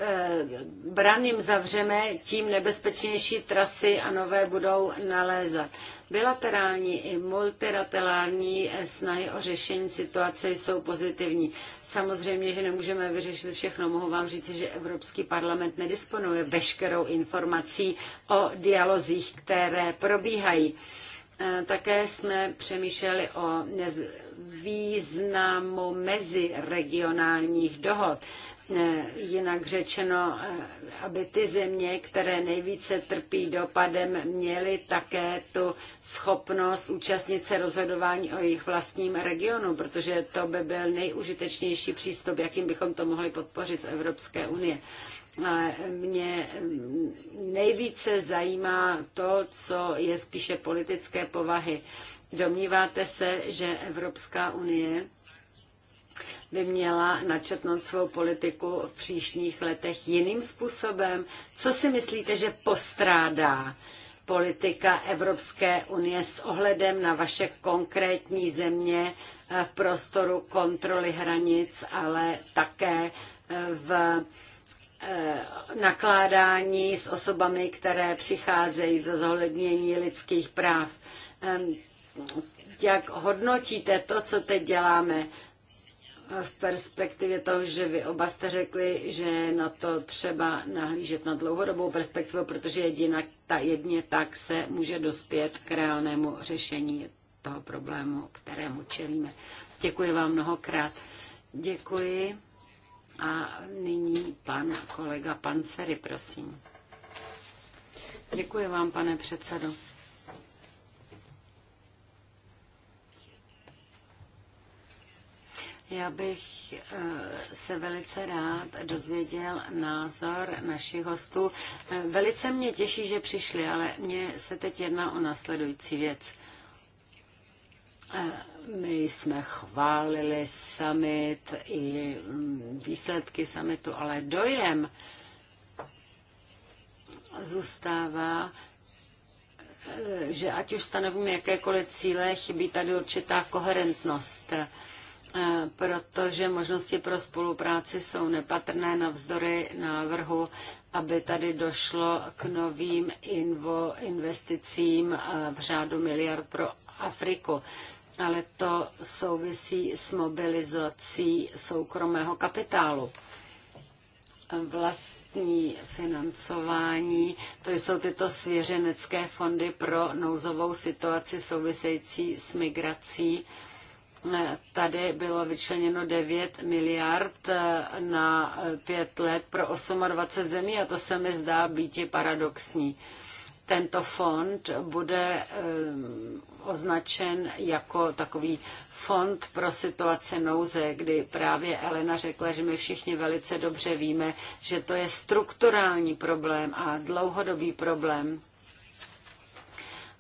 Eh, Braným zavřeme, tím nebezpečnější trasy a nové budou nalézat. Bilaterální i multilaterální eh, snahy o řešení situace jsou pozitivní. Samozřejmě, že nemůžeme vyřešit všechno. Mohu vám říct, že Evropský parlament nedisponuje veškerou informací o dialozích, které probíhají. Eh, také jsme přemýšleli o významu meziregionálních dohod. Eh, jinak řečeno, eh, aby ty země, které nejvíce trpí dopadem, měly také tu schopnost účastnit se rozhodování o jejich vlastním regionu, protože to by byl nejužitečnější přístup, jakým bychom to mohli podpořit z Evropské unie. mě mm, nejvíce zajímá to, co je spíše politické povahy. Domníváte se, že Evropská unie by měla načetnout svou politiku v příštích letech jiným způsobem? Co si myslíte, že postrádá politika Evropské unie s ohledem na vaše konkrétní země eh, v prostoru kontroly hranic, ale také eh, v eh, nakládání s osobami, které přicházejí ze zohlednění lidských práv. Jak hodnotíte to, co teď děláme? v perspektivě toho, že vy oba jste řekli, že na to třeba nahlížet na dlouhodobou perspektivu, protože jedina, ta, jedně tak se může dospět k reálnému řešení toho problému, kterému čelíme. Děkuji vám mnohokrát. Děkuji. A nyní pan kolega Pancery, prosím. Děkuji vám, pane předsedo. Já bych eh, se velice rád dozvěděl názor našich hostů. Eh, velice mě těší, že přišli, ale mně se teď jedná o následující věc. Eh, my jsme chválili summit i mm, výsledky summitu, ale dojem zůstává, že ať už stanovíme jakékoliv cíle, chybí tady určitá koherentnost. Eh, protože možnosti pro spolupráci jsou nepatrné navzdory návrhu, aby tady došlo k novým investicím eh, v řádu miliard pro Afriku. Ale to souvisí s mobilizací soukromého kapitálu. Vlastní financování, to jsou tyto svěřenecké fondy pro nouzovou situaci související s migrací Tady bylo vyčleněno 9 miliard eh, na eh, pět let pro 28 zemí a to se mi zdá být je paradoxní. Tento fond bude eh, označen jako takový fond pro situace nouze, kdy právě Elena řekla, že my všichni velice dobře víme, že to je strukturální problém a dlouhodobý problém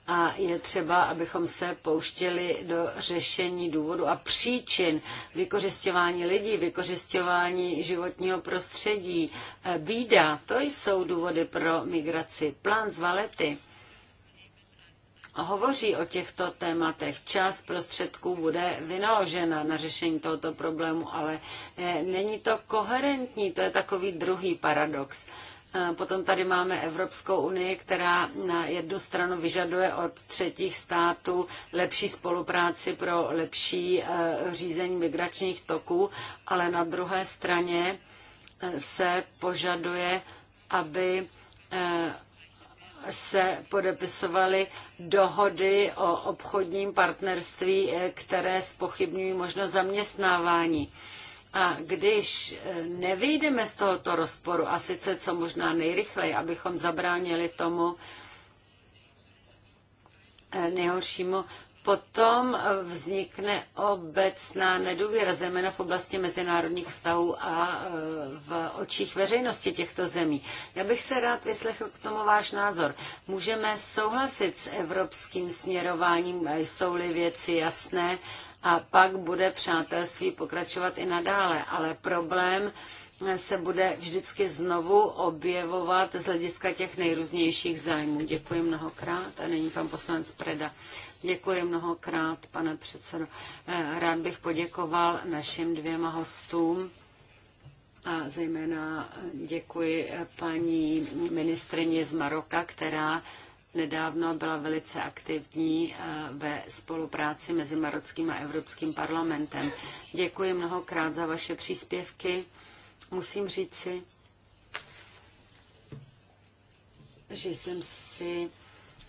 a je třeba, abychom se pouštěli do řešení důvodu a příčin vykořišťování lidí, vykořišťování životního prostředí, e, bída. To jsou důvody pro migraci. Plán z Valety hovoří o těchto tématech. Část prostředků bude vynaložena na řešení tohoto problému, ale e, není to koherentní. To je takový druhý paradox. Potom tady máme Evropskou unii, která na jednu stranu vyžaduje od třetích států lepší spolupráci pro lepší eh, řízení migračních toků, ale na druhé straně eh, se požaduje, aby eh, se podepisovaly dohody o obchodním partnerství, které spochybňují možnost zaměstnávání. A když eh, nevyjdeme z tohoto rozporu, a sice co možná nejrychleji, abychom zabránili tomu eh, nejhoršímu, potom eh, vznikne obecná nedůvěra, zejména v oblasti mezinárodních vztahů a v očích veřejnosti těchto zemí. Já bych se rád vyslechl k tomu váš názor. Můžeme souhlasit s evropským směrováním, jsou-li věci jasné, a pak bude přátelství pokračovat i nadále. Ale problém se bude vždycky znovu objevovat z hlediska těch nejrůznějších zájmů. Děkuji mnohokrát a není pan poslanec Preda. Děkuji mnohokrát, pane předsedo. Eh, rád bych poděkoval našim dvěma hostům a zejména děkuji eh, paní ministrině z Maroka, která nedávno byla velice aktivní eh, ve spolupráci mezi Marockým a Evropským parlamentem. Děkuji mnohokrát za vaše příspěvky. Musím říci, že jsem si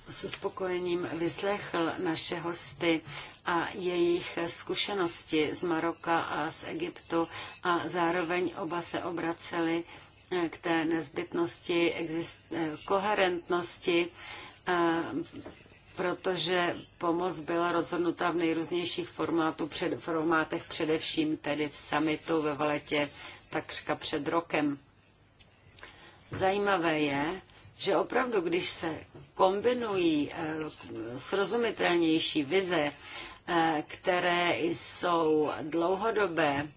s uspokojením vyslechl naše hosty a jejich zkušenosti z Maroka a z Egyptu a zároveň oba se obraceli eh, k té nezbytnosti, exist- eh, koherentnosti protože pomoc byla rozhodnuta v nejrůznějších formátů, před, formátech, především tedy v summitu ve Valetě takřka před rokem. Zajímavé je, že opravdu, když se kombinují eh, srozumitelnější vize, eh, které jsou dlouhodobé,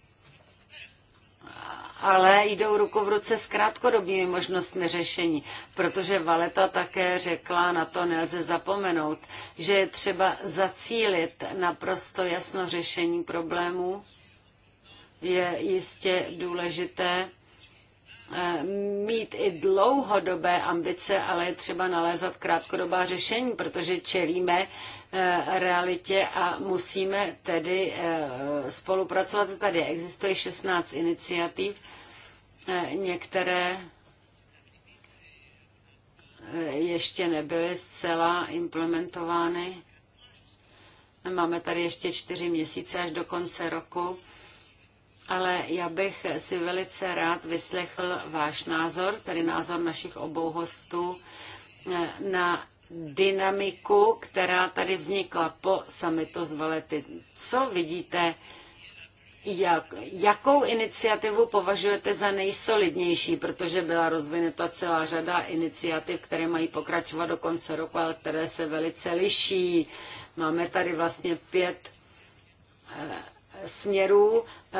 ale jdou ruku v ruce s krátkodobými možnostmi řešení, protože Valeta také řekla, na to nelze zapomenout, že je třeba zacílit naprosto jasno řešení problémů, je jistě důležité Eh, mít i dlouhodobé ambice, ale je třeba nalézat krátkodobá řešení, protože čelíme eh, realitě a musíme tedy eh, spolupracovat. Tady existuje 16 iniciativ, některé ještě nebyly zcela implementovány. Máme tady ještě čtyři měsíce až do konce roku ale já bych si velice rád vyslechl váš názor, tedy názor našich obou hostů, eh, na dynamiku, která tady vznikla po samitu z Valety. Co vidíte, jak, jakou iniciativu považujete za nejsolidnější, protože byla rozvinuta celá řada iniciativ, které mají pokračovat do konce roku, ale které se velice liší. Máme tady vlastně pět eh, směrů, eh,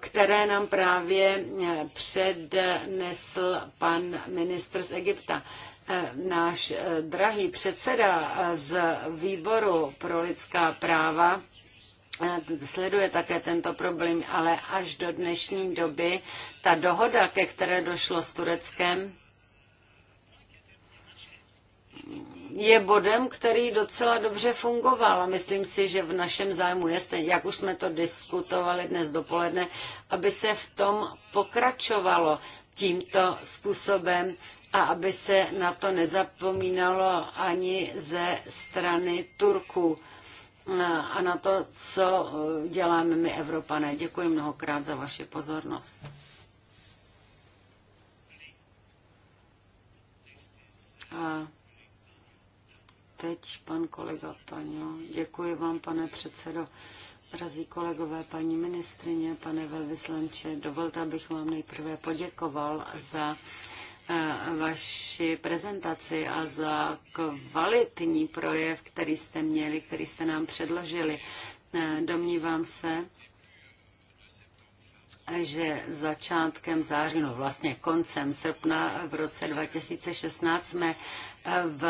které nám právě eh, přednesl pan ministr z Egypta. Eh, náš drahý předseda z výboru pro lidská práva sleduje také tento problém, ale až do dnešní doby ta dohoda, ke které došlo s Tureckem, je bodem, který docela dobře fungoval a myslím si, že v našem zájmu je, jak už jsme to diskutovali dnes dopoledne, aby se v tom pokračovalo tímto způsobem a aby se na to nezapomínalo ani ze strany Turků a na to, co eh, děláme my Evropané. Děkuji mnohokrát za vaši pozornost. Uh teď pan kolega Paňo. Děkuji vám, pane předsedo. Drazí kolegové, paní ministrině, pane velvyslanče, dovolte, abych vám nejprve poděkoval za eh, vaši prezentaci a za kvalitní projev, který jste měli, který jste nám předložili. Eh, domnívám se, že začátkem září, no vlastně koncem srpna v roce 2016 jsme v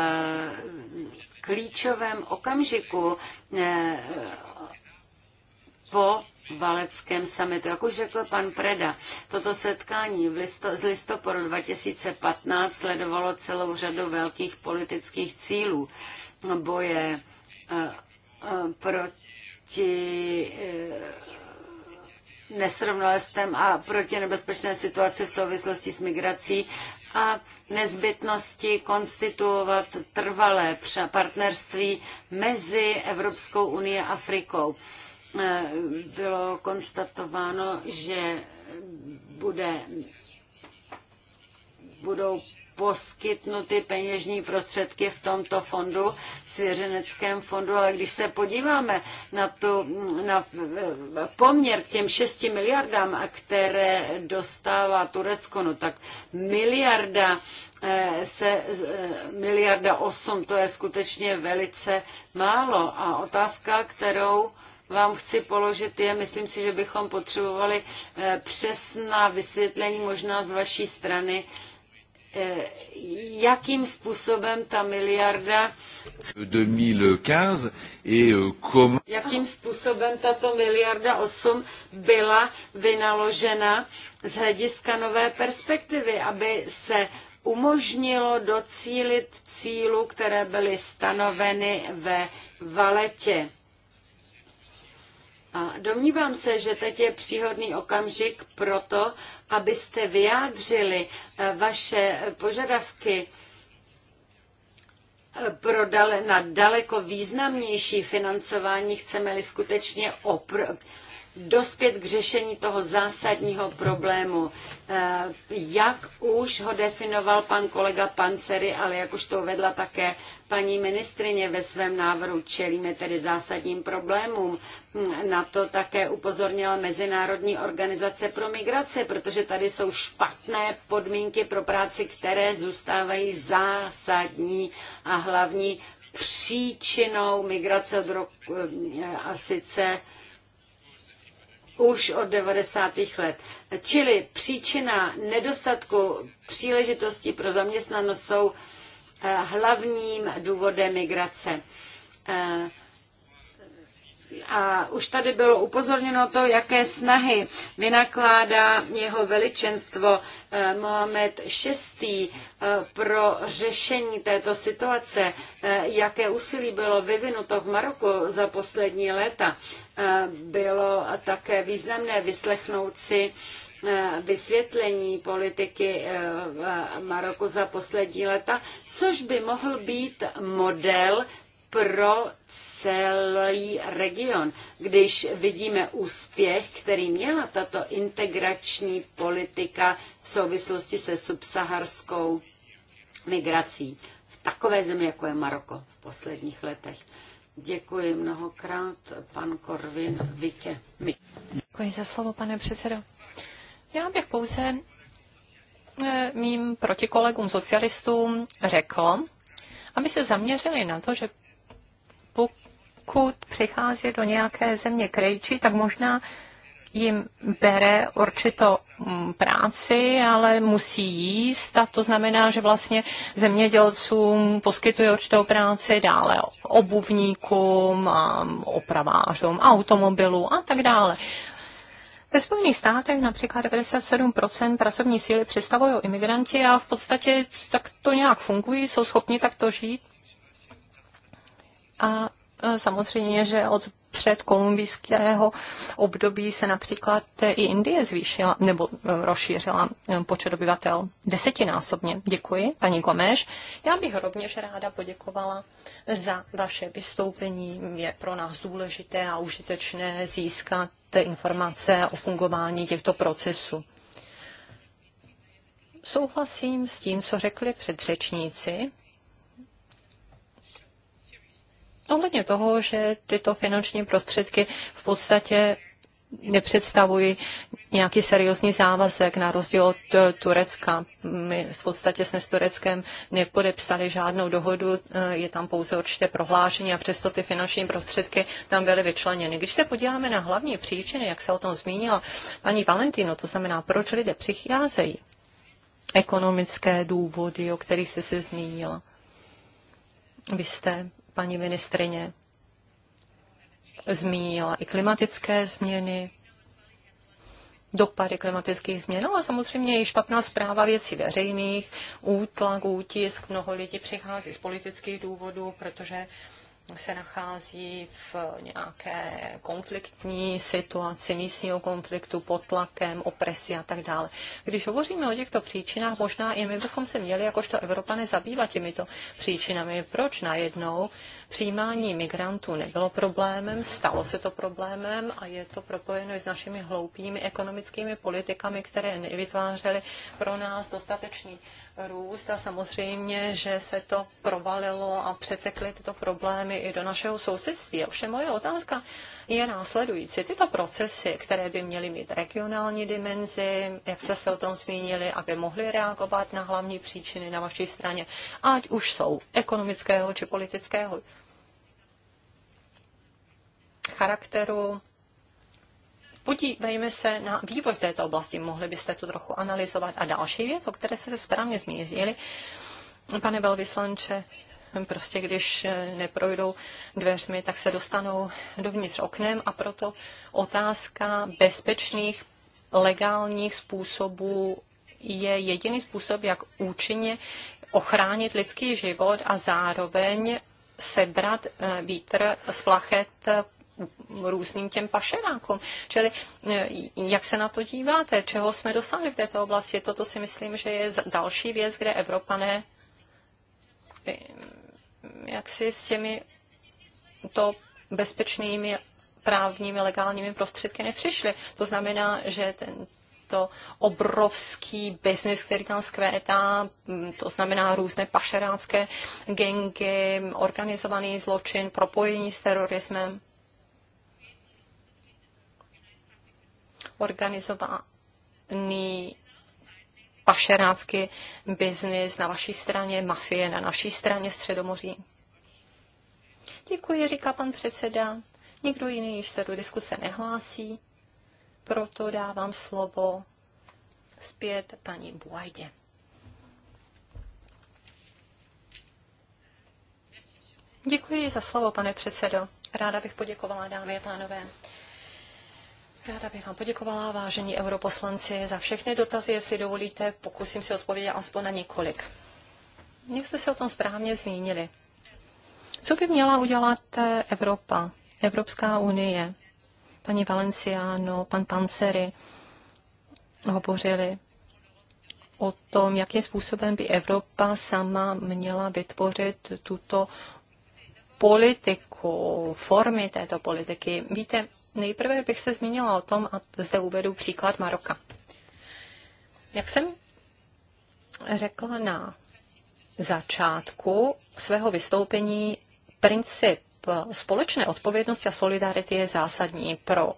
klíčovém okamžiku eh, po Valeckém summitu. Jak už řekl pan Preda, toto setkání v listo, z listopadu 2015 sledovalo celou řadu velkých politických cílů boje eh, eh, proti nesrovnalostem a proti nebezpečné situaci v souvislosti s migrací a nezbytnosti konstituovat trvalé partnerství mezi Evropskou unii a Afrikou. Eh, bylo konstatováno, že bude, budou poskytnuty peněžní prostředky v tomto fondu, svěřeneckém fondu, ale když se podíváme na, tu, na eh, poměr k těm 6 miliardám, které dostává Turecko, no tak miliarda eh, se eh, miliarda osm, to je skutečně velice málo. A otázka, kterou vám chci položit, je, myslím si, že bychom potřebovali přesná vysvětlení možná z vaší strany, Eh, jakým způsobem ta miliarda 2015 et euh, Jakým způsobem tato miliarda 8 byla vynaložena z hlediska nové perspektivy, aby se umožnilo docílit cílu, které byly stanoveny ve Valetě. A domnívám se, že teď je příhodný okamžik pro to, abyste vyjádřili eh, vaše požadavky eh, pro dale, na daleko významnější financování, chceme-li skutečně opr- dospět k řešení toho zásadního problému. Eh, jak už ho definoval pan kolega Pancery, ale jak už to uvedla také paní ministrině ve svém návrhu, čelíme tedy zásadním problémům. Hm, na to také upozornila Mezinárodní organizace pro migrace, protože tady jsou špatné podmínky pro práci, které zůstávají zásadní a hlavní příčinou migrace od roku eh, a sice už od 90. let. Čili příčina nedostatku příležitostí pro zaměstnanost jsou eh, hlavním důvodem migrace. Eh, a už tady bylo upozorněno to, jaké snahy vynakládá jeho veličenstvo eh, Mohamed VI eh, pro řešení této situace, eh, jaké úsilí bylo vyvinuto v Maroku za poslední léta. Bylo také významné vyslechnout si vysvětlení politiky Maroku za poslední leta, což by mohl být model pro celý region. Když vidíme úspěch, který měla tato integrační politika v souvislosti se subsaharskou migrací v takové zemi, jako je Maroko v posledních letech. Děkuji mnohokrát, pan Korvin Vike. Děkuji za slovo, pane předsedo. Já bych pouze eh, mým protikolegům socialistům řekl, aby se zaměřili na to, že pokud přichází do nějaké země krejčí, tak možná jim bere určitou mm, práci, ale musí jíst a to znamená, že vlastně zemědělcům poskytuje určitou práci dále obuvníkům, mm, opravářům, automobilů a tak dále. Ve Spojených státech například 97% pracovní síly představují imigranti a v podstatě tak to nějak fungují, jsou schopni takto žít, a e, samozřejmě, že od před kolumbijského období se například i Indie zvýšila nebo e, rozšířila e, počet obyvatel desetinásobně. Děkuji, paní Gomeš. Já bych rovněž ráda poděkovala za vaše vystoupení. Je pro nás důležité a užitečné získat informace o fungování těchto procesů. Souhlasím s tím, co řekli předřečníci Ohledně toho, že tyto finanční prostředky v podstatě nepředstavují nějaký seriózní závazek na rozdíl od eh, Turecka. My v podstatě jsme s Tureckem nepodepsali žádnou dohodu, eh, je tam pouze určité prohlášení a přesto ty finanční prostředky tam byly vyčleněny. Když se podíváme na hlavní příčiny, jak se o tom zmínila paní Valentino, to znamená, proč lidé přicházejí, ekonomické důvody, o kterých jste se zmínila. Vy jste paní ministrině zmínila i klimatické změny, dopady klimatických změn, ale samozřejmě i špatná zpráva věcí veřejných, útlak, útisk. Mnoho lidí přichází z politických důvodů, protože se nachází v nějaké konfliktní situaci místního konfliktu, pod tlakem, opresi a tak dále. Když hovoříme o těchto příčinách, možná i my bychom se měli jakožto Evropané zabývat těmito příčinami. Proč najednou přijímání migrantů nebylo problémem, stalo se to problémem a je to propojeno i s našimi hloupými ekonomickými politikami, které nevytvářely pro nás dostatečný růst a samozřejmě, že se to provalilo a přetekly tyto problémy i do našeho sousedství. Ovšem moje otázka je následující. Tyto procesy, které by měly mít regionální dimenzi, jak jste se o tom zmínili, aby mohly reagovat na hlavní příčiny na vaší straně, ať už jsou ekonomického či politického charakteru, Podívejme se na vývoj této oblasti, mohli byste to trochu analyzovat. A další věc, o které jste se správně zmínili, pane velvyslanče, prostě když eh, neprojdou dveřmi, tak se dostanou dovnitř oknem a proto otázka bezpečných legálních způsobů je jediný způsob, jak účinně ochránit lidský život a zároveň sebrat eh, vítr z plachet různým těm pašerákům. Čili e, jak se na to díváte, čeho jsme dosáhli v této oblasti, toto si myslím, že je další věc, kde Evropané e, jak si s těmi to bezpečnými právními legálními prostředky nepřišli. To znamená, že ten, to obrovský biznis, který tam zkvétá, to znamená různé pašeránské gengy, organizovaný zločin, propojení s terorismem. organizovaný pašerácký biznis na vaší straně, mafie na naší straně Středomoří. Děkuji, říká pan předseda. Nikdo jiný již se do diskuse nehlásí, proto dávám slovo zpět paní Buajdě. Děkuji za slovo, pane předsedo. Ráda bych poděkovala dámy a pánové Ráda bych vám poděkovala, vážení europoslanci, za všechny dotazy. Jestli dovolíte, pokusím se odpovědět aspoň na několik. Jak jste se o tom správně zmínili? Co by měla udělat eh, Evropa, Evropská unie? Paní Valenciano, pan Panseri hovořili o tom, jakým způsobem by Evropa sama měla vytvořit tuto politiku, formy této politiky. Víte, Nejprve bych se zmínila o tom, a zde uvedu příklad Maroka. Jak jsem řekla na začátku svého vystoupení, princip společné odpovědnosti a solidarity je zásadní pro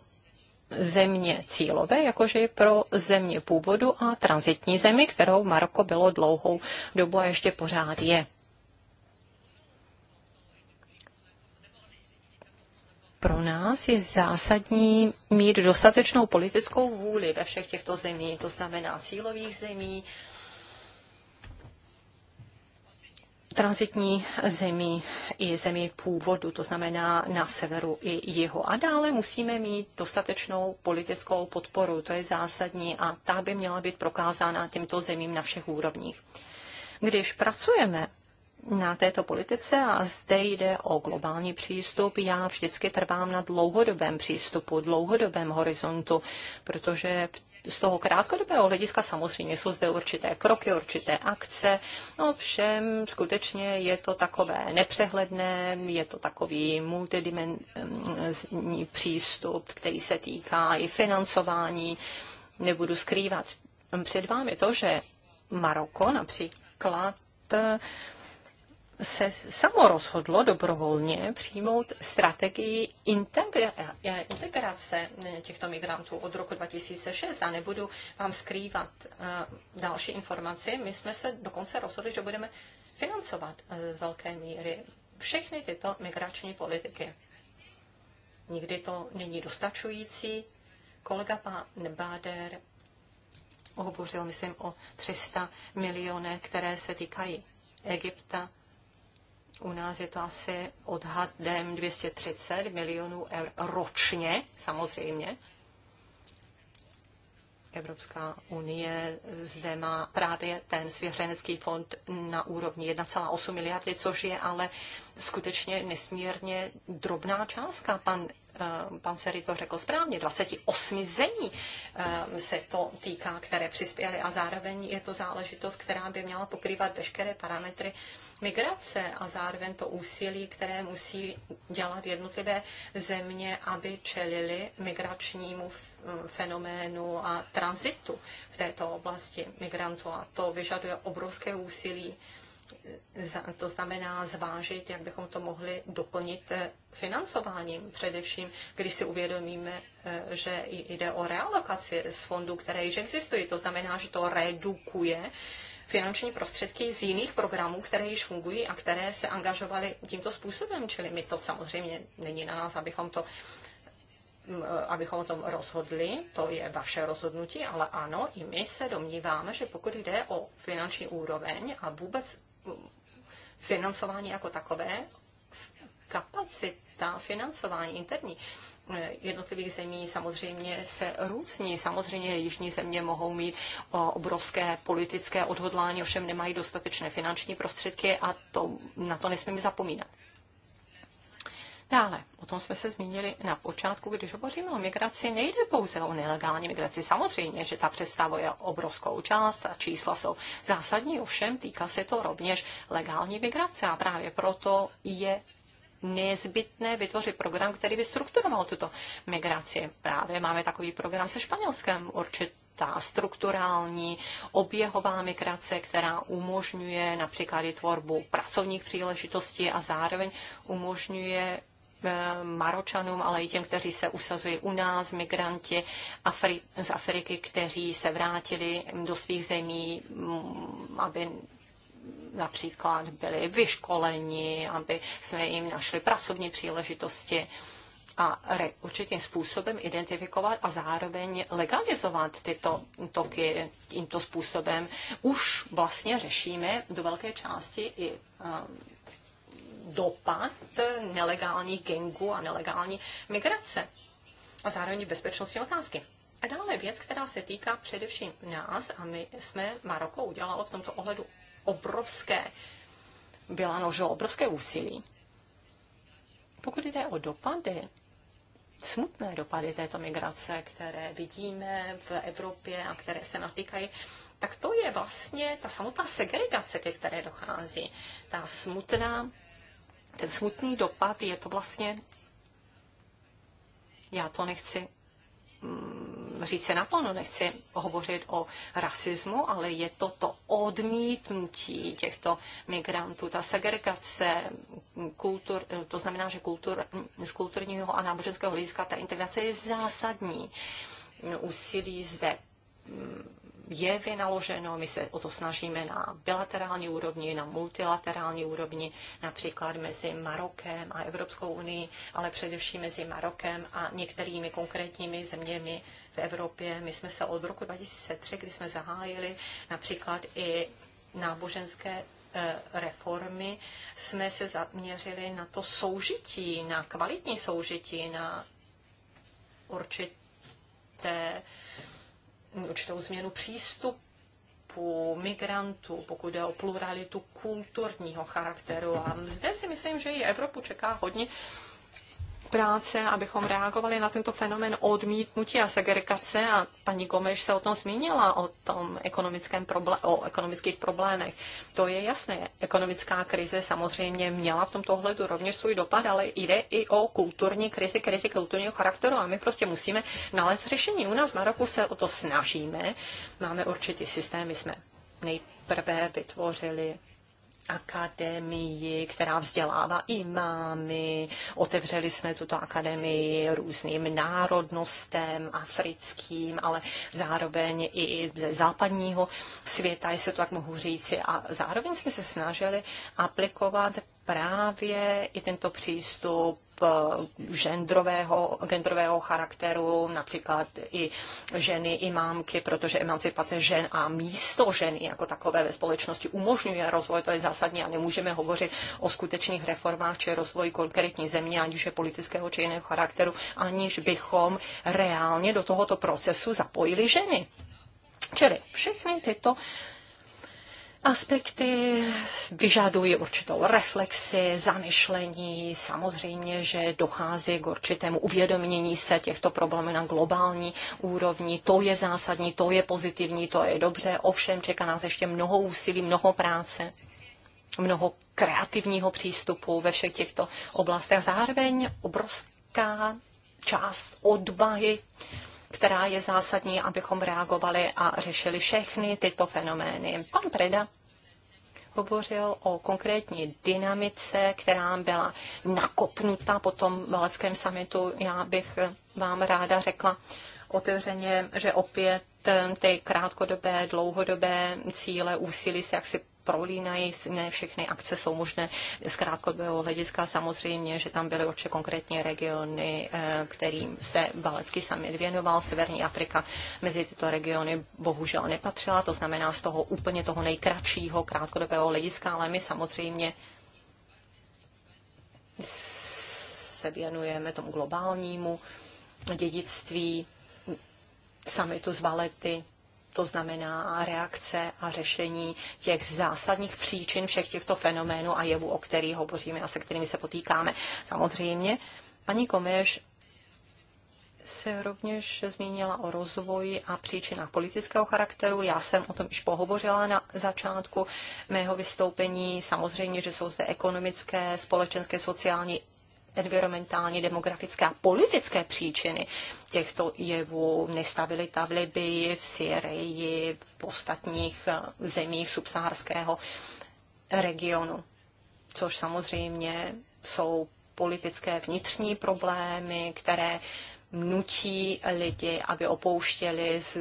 země cílové, jakože i pro země původu a transitní zemi, kterou Maroko bylo dlouhou dobu a ještě pořád je. pro nás je zásadní mít dostatečnou politickou vůli ve všech těchto zemích. to znamená cílových zemí, transitní zemí i zemí původu, to znamená na severu i jihu. A dále musíme mít dostatečnou politickou podporu, to je zásadní a ta by měla být prokázána těmto zemím na všech úrovních. Když pracujeme na této politice a zde jde o globální přístup. Já vždycky trvám na dlouhodobém přístupu, dlouhodobém horizontu, protože z toho krátkodobého hlediska samozřejmě jsou zde určité kroky, určité akce, no všem skutečně je to takové nepřehledné, je to takový multidimenzní přístup, který se týká i financování. Nebudu skrývat před vámi to, že Maroko například se samo rozhodlo dobrovolně přijmout strategii eh, integrace eh, těchto migrantů od roku 2006 a nebudu vám skrývat eh, další informaci. My jsme se dokonce rozhodli, že budeme financovat z velké míry všechny tyto migrační politiky. Nikdy to není dostačující. Kolega pan nebáder. hovořil, myslím, o 300 milionech, které se týkají Egypta, u nás je to asi odhadem 230 milionů eur ročně, samozřejmě. Evropská unie zde má právě ten svěřenecký fond na úrovni 1,8 miliardy, což je ale skutečně nesmírně drobná částka. Pan, eh, pan Seri to řekl správně, 28 zemí eh, se to týká, které přispěly a zároveň je to záležitost, která by měla pokrývat veškeré parametry migrace a zároveň to úsilí, které musí dělat jednotlivé země, aby čelili migračnímu fenoménu a tranzitu v této oblasti migrantů. A to vyžaduje obrovské úsilí. To znamená zvážit, jak bychom to mohli doplnit eh, financováním, především když si uvědomíme, eh, že jde o realokaci z fondů, které již existují. To znamená, že to redukuje finanční prostředky z jiných programů, které již fungují a které se angažovaly tímto způsobem. Čili my to samozřejmě není na nás, abychom to mm, eh, abychom o tom rozhodli, to je vaše rozhodnutí, ale ano, i my se domníváme, že pokud jde o finanční úroveň a vůbec mm, financování jako takové, kapacita financování interní, jednotlivých zemí samozřejmě se různí. Samozřejmě jižní země mohou mít eh, obrovské politické odhodlání, ovšem nemají dostatečné finanční prostředky a to, na to nesmíme zapomínat. Dále, o tom jsme se zmínili na počátku, když hovoříme o migraci, nejde pouze o nelegální migraci. Samozřejmě, že ta představuje obrovskou část a čísla jsou zásadní, ovšem týká se to rovněž legální migrace a právě proto je nezbytné vytvořit program, který by strukturoval tuto migraci. Právě máme takový program se Španělskem určitě ta strukturální oběhová migrace, která umožňuje například i tvorbu pracovních příležitostí a zároveň umožňuje eh, Maročanům, ale i těm, kteří se usazují u nás, migranti Afri- z Afriky, kteří se vrátili do svých zemí, mm, aby například byli vyškoleni, aby jsme jim našli pracovní příležitosti a re, určitým způsobem identifikovat a zároveň legalizovat tyto toky tímto způsobem, už vlastně řešíme do velké části i um, dopad nelegálních gengů a nelegální migrace a zároveň bezpečnostní otázky. A dále věc, která se týká především nás a my jsme Maroko udělalo v tomto ohledu obrovské, byla nožil obrovské úsilí. Pokud jde o dopady, smutné dopady této migrace, které vidíme v Evropě a které se natýkají, tak to je vlastně ta samotná segregace, ke které dochází. Ta smutná, ten smutný dopad je to vlastně, já to nechci Mm, říct se naplno, nechci hovořit o rasismu, ale je to to odmítnutí těchto migrantů, ta segregace, kultur, to znamená, že kultur, z kulturního a náboženského hlediska ta integrace je zásadní. Úsilí zde mm, je vynaloženo, my se o to snažíme na bilaterální úrovni, na multilaterální úrovni, například mezi Marokem a Evropskou unii, ale především mezi Marokem a některými konkrétními zeměmi v Evropě. My jsme se od roku 2003, kdy jsme zahájili například i náboženské eh, reformy jsme se zaměřili na to soužití, na kvalitní soužití, na určité určitou změnu přístupu migrantů, pokud jde o pluralitu kulturního charakteru. A zde si myslím, že i Evropu čeká hodně práce, abychom reagovali na tento fenomen odmítnutí a segregace. A paní Gomeš se o tom zmínila, o tom ekonomickém problé- o ekonomických problémech. To je jasné. Ekonomická krize samozřejmě měla v tomto ohledu rovněž svůj dopad, ale jde i o kulturní krizi, krizi kulturního charakteru a my prostě musíme nalézt řešení. U nás v Maroku se o to snažíme. Máme určitý systém, my jsme nejprve vytvořili akademii, která vzdělává imámy. Otevřeli jsme tuto akademii různým národnostem, africkým, ale zároveň i ze západního světa, jestli to tak mohu říci. A zároveň jsme se snažili aplikovat právě i tento přístup eh, Žendrového, genderového charakteru, například i ženy, i mámky, protože emancipace žen a místo ženy jako takové ve společnosti umožňuje rozvoj, to je zásadní a nemůžeme hovořit o skutečných reformách či rozvoji konkrétní země, ať už je politického či jiného charakteru, aniž bychom reálně do tohoto procesu zapojili ženy. Čili všechny tyto aspekty vyžadují určitou reflexi, zamyšlení. Samozřejmě, že dochází k určitému uvědomění se těchto problémů na globální úrovni. To je zásadní, to je pozitivní, to je dobře. Ovšem čeká nás ještě mnoho úsilí, mnoho práce, mnoho kreativního přístupu ve všech těchto oblastech. Zároveň obrovská část odvahy která je zásadní, abychom reagovali a řešili všechny tyto fenomény. Pan Preda hovořil o konkrétní dynamice, která byla nakopnuta po tom Valeckém samitu. Já bych vám ráda řekla otevřeně, že opět ty krátkodobé, dlouhodobé cíle, úsilí se jaksi prolínají, ne všechny akce jsou možné z krátkodobého hlediska. Samozřejmě, že tam byly určitě konkrétní regiony, eh, kterým se Balecký sami věnoval. Severní Afrika mezi tyto regiony bohužel nepatřila, to znamená z toho úplně toho nejkratšího krátkodobého hlediska, ale my samozřejmě se věnujeme tomu globálnímu dědictví, samitu z Valety, to znamená reakce a řešení těch zásadních příčin všech těchto fenoménů a jevů, o kterých hovoříme a se kterými se potýkáme. Samozřejmě, paní Komeš se rovněž zmínila o rozvoji a příčinách politického charakteru. Já jsem o tom již pohovořila na začátku mého vystoupení. Samozřejmě, že jsou zde ekonomické, společenské, sociální environmentální, demografické a politické příčiny těchto jevů, nestabilita v Libii, v Syrii, v ostatních eh, zemích subsaharského regionu. Což samozřejmě jsou politické vnitřní problémy, které nutí lidi, aby opouštěli z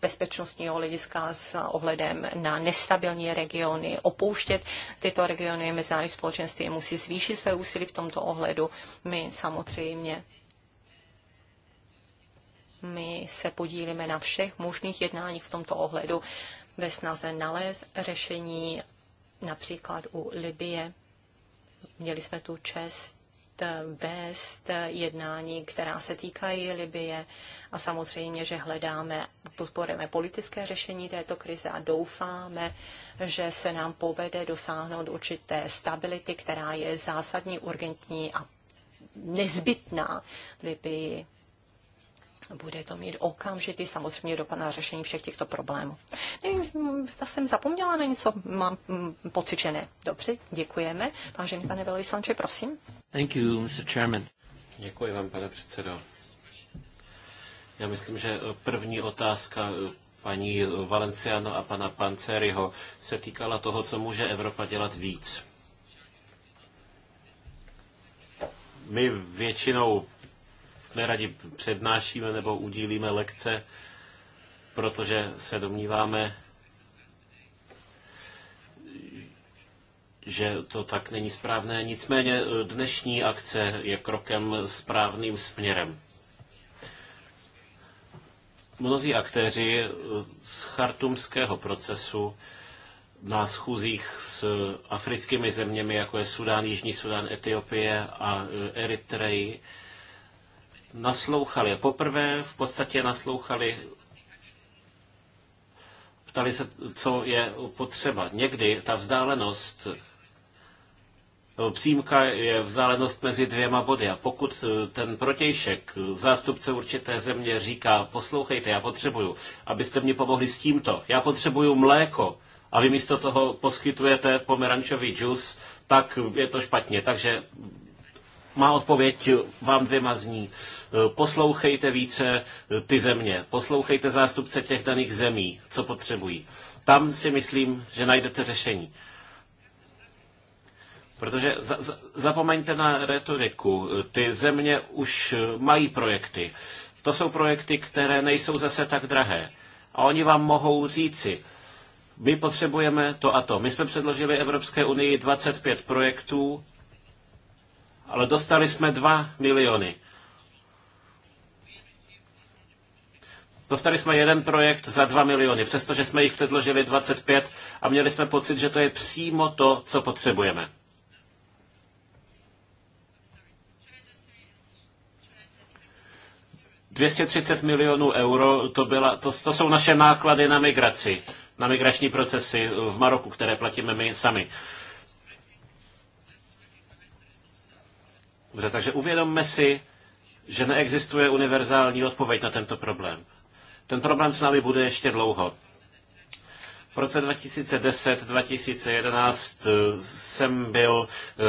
bezpečnostního hlediska s ohledem na nestabilní regiony, opouštět tyto regiony mezinárodní společenství, musí zvýšit své úsilí v tomto ohledu. My samozřejmě my se podílíme na všech možných jednáních v tomto ohledu ve snaze nalézt řešení například u Libie. Měli jsme tu čest Eh, vést eh, jednání, která se týkají Libie a samozřejmě, že hledáme a podporujeme politické řešení této krize a doufáme, že se nám povede dosáhnout určité stability, která je zásadní, urgentní a nezbytná Libii bude to mít okamžitý samozřejmě dopad na řešení všech těchto problémů. Nevím, zda jsem zapomněla na něco, mám mm, pocit, že ne. Dobře, děkujeme. Vážený pane velvyslanče, prosím. Thank you, Mr. Chairman. Děkuji vám, pane předsedo. Já myslím, že první otázka eh, paní Valenciano a pana Panceriho se týkala toho, co může Evropa dělat víc. My většinou neradi přednášíme nebo udílíme lekce, protože se domníváme, že to tak není správné. Nicméně eh, dnešní akce je krokem správným směrem. Mnozí aktéři eh, z chartumského procesu na schůzích s africkými zeměmi, jako je Sudán, Jižní Sudán, Etiopie a eh, Eritreji, naslouchali poprvé, v podstatě naslouchali ptali se, co je potřeba. Někdy ta vzdálenost no, Přímka je vzdálenost mezi dvěma body a pokud eh, ten protějšek, zástupce určité země říká, poslouchejte, já potřebuju, abyste mě pomohli s tímto, já potřebuju mléko a vy místo toho poskytujete pomerančový džus, tak je to špatně. Takže má odpověď vám dvěma zní. Eh, poslouchejte více eh, ty země, poslouchejte zástupce těch daných zemí, co potřebují. Tam si myslím, že najdete řešení. Protože za, za, zapomeňte na retoriku. Eh, ty země už mají projekty. To jsou projekty, které nejsou zase tak drahé. A oni vám mohou říci, my potřebujeme to a to. My jsme předložili Evropské unii 25 projektů, ale dostali jsme 2 miliony. Dostali jsme jeden projekt za 2 miliony, přestože jsme jich předložili 25 a měli jsme pocit, že to je přímo to, co potřebujeme. ...230 milionů euro, to, byla, to, to jsou naše náklady na migraci, na migrační procesy v Maroku, které platíme my sami. Dobře, takže uvědomme si, že neexistuje univerzální odpověď na tento problém. Ten problém s námi bude ještě dlouho. V roce 2010-2011 eh, jsem byl eh,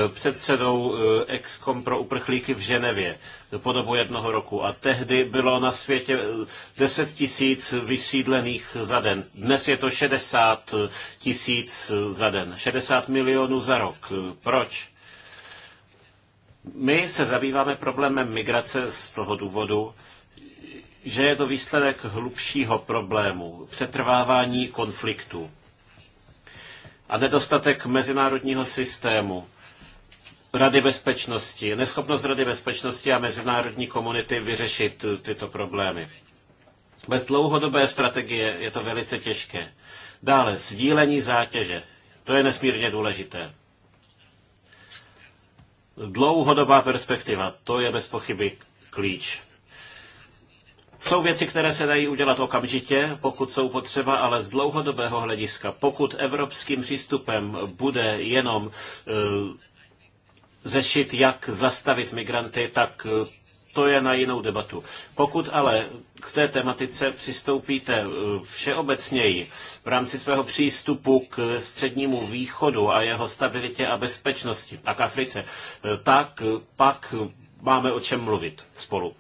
předsedou Excom eh, pro uprchlíky v Ženevě po dobu jednoho roku a tehdy bylo na světě 10 tisíc vysídlených za den. Dnes je to 60 tisíc za den, 60 milionů za rok. Proč? My se zabýváme problémem migrace z toho důvodu, že je to výsledek hlubšího problému, přetrvávání konfliktu a nedostatek mezinárodního systému, Rady bezpečnosti, neschopnost Rady bezpečnosti a mezinárodní komunity vyřešit tyto problémy. Bez dlouhodobé strategie je to velice těžké. Dále, sdílení zátěže. To je nesmírně důležité. Dlouhodobá perspektiva, to je bez pochyby klíč. Jsou věci, které se dají udělat okamžitě, pokud jsou potřeba, ale z dlouhodobého hlediska, pokud evropským přístupem bude jenom e, řešit, jak zastavit migranty, tak e, to je na jinou debatu. Pokud ale k té tematice přistoupíte e, všeobecněji v rámci svého přístupu k střednímu východu a jeho stabilitě a bezpečnosti a k Africe, tak pak máme o čem mluvit spolu.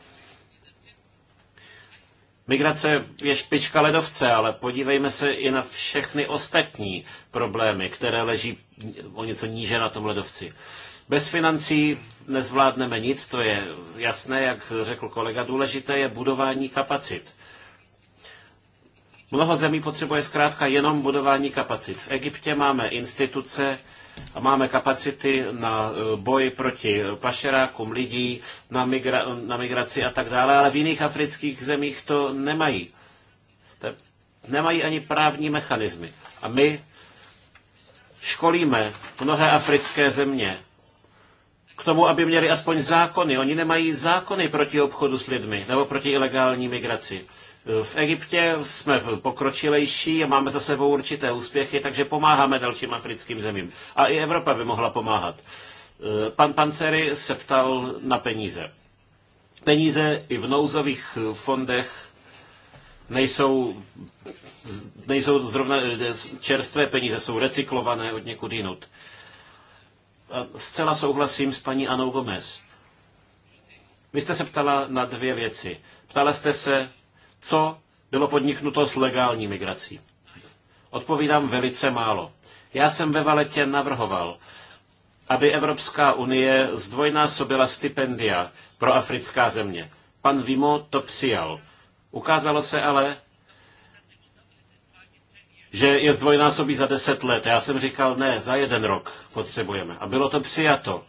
Migrace je špička ledovce, ale podívejme se i na všechny ostatní problémy, které leží o něco níže na tom ledovci. Bez financí nezvládneme nic, to je jasné, jak řekl kolega, důležité je budování kapacit. Mnoho zemí potřebuje zkrátka jenom budování kapacit. V Egyptě máme instituce, máme kapacity na e, boj proti pašerákům lidí, na, migra- na migraci a tak dále, ale v jiných afrických zemích to nemají. To nemají ani právní mechanismy. A my školíme mnohé africké země k tomu, aby měli aspoň zákony. Oni nemají zákony proti obchodu s lidmi nebo proti ilegální migraci. V Egyptě jsme pokročilejší a máme za sebou určité úspěchy, takže pomáháme dalším africkým zemím. A i Evropa by mohla pomáhat. Eh, pan Panceri se ptal na peníze. Peníze i v nouzových fondech nejsou, nejsou zrovna eh, čerstvé peníze, jsou recyklované od někud jinut. A zcela souhlasím s paní Anou Gomez. Vy jste se ptala na dvě věci. Ptala jste se, co bylo podniknuto s legální migrací? Odpovídám velice málo. Já jsem ve Valetě navrhoval, aby Evropská unie zdvojnásobila stipendia pro africká země. Pan Vimo to přijal. Ukázalo se ale, že je zdvojnásobí za deset let. Já jsem říkal, ne, za jeden rok potřebujeme. A bylo to přijato.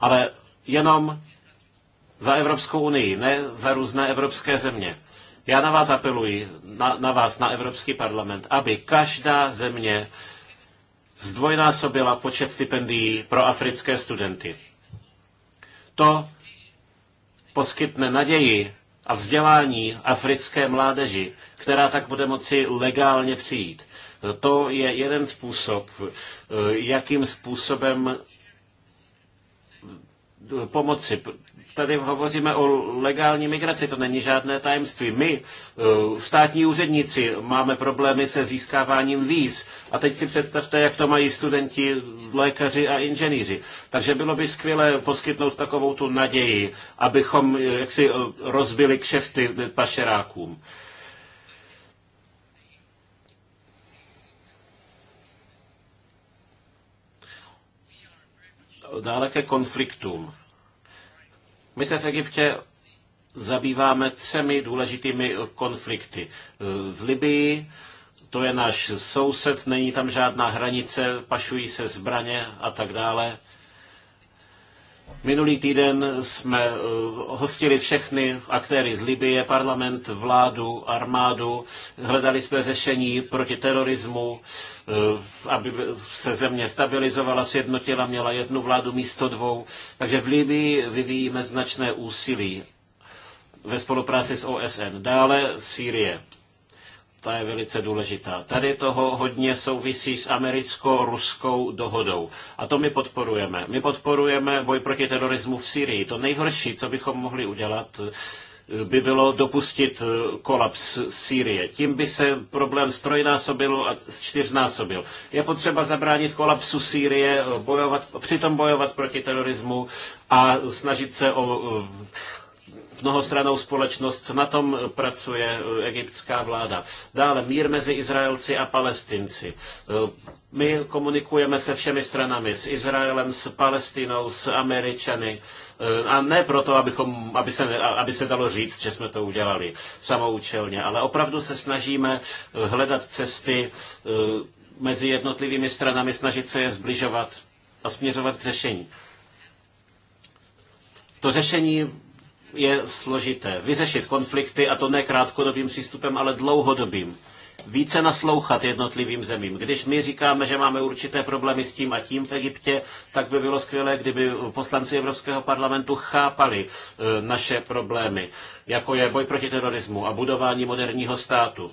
Ale jenom za Evropskou unii, ne za různé evropské země. Já na vás apeluji, na, na vás, na Evropský parlament, aby každá země zdvojnásobila počet stipendií pro africké studenty. To poskytne naději a vzdělání africké mládeži, která tak bude moci legálně přijít. To je jeden způsob, eh, jakým způsobem pomoci tady hovoříme o legální migraci, to není žádné tajemství. My, eh, státní úředníci, máme problémy se získáváním víz. A teď si představte, jak to mají studenti, lékaři a inženýři. Takže bylo by skvělé poskytnout takovou tu naději, abychom eh, jaksi eh, rozbili kšefty pašerákům. Dále ke konfliktům. My se v Egyptě zabýváme třemi důležitými konflikty. V Libii, to je náš soused, není tam žádná hranice, pašují se zbraně a tak dále. Minulý týden jsme eh, hostili všechny aktéry z Libie, parlament, vládu, armádu, hledali jsme řešení proti terorismu, Eh, aby se země stabilizovala, sjednotila, měla jednu vládu místo dvou. Takže v Libii vyvíjíme značné úsilí ve spolupráci s OSN. Dále Sýrie. Ta je velice důležitá. Tady toho hodně souvisí s americko-ruskou dohodou. A to my podporujeme. My podporujeme boj proti terorismu v Sýrii. To nejhorší, co bychom mohli udělat, by bylo dopustit eh, kolaps Sýrie. Tím by se problém strojnásobil a čtyřnásobil. Je potřeba zabránit kolapsu Sýrie, eh, bojovat, přitom bojovat proti terorismu a snažit se o eh, mnohostranou společnost, na tom pracuje egyptská vláda. Dále mír mezi Izraelci a Palestinci. My komunikujeme se všemi stranami, s Izraelem, s Palestinou, s Američany Eh, a ne proto, abychom, aby, se, aby se dalo říct, že jsme to udělali samoučelně, ale opravdu se snažíme eh, hledat cesty eh, mezi jednotlivými stranami, snažit se je zbližovat a směřovat k řešení. To řešení je složité. Vyřešit konflikty, a to ne krátkodobým přístupem, ale dlouhodobým více naslouchat jednotlivým zemím. Když my říkáme, že máme určité problémy s tím a tím v Egyptě, tak by bylo skvělé, kdyby poslanci Evropského parlamentu chápali e, naše problémy, jako je boj proti terorismu a budování moderního státu.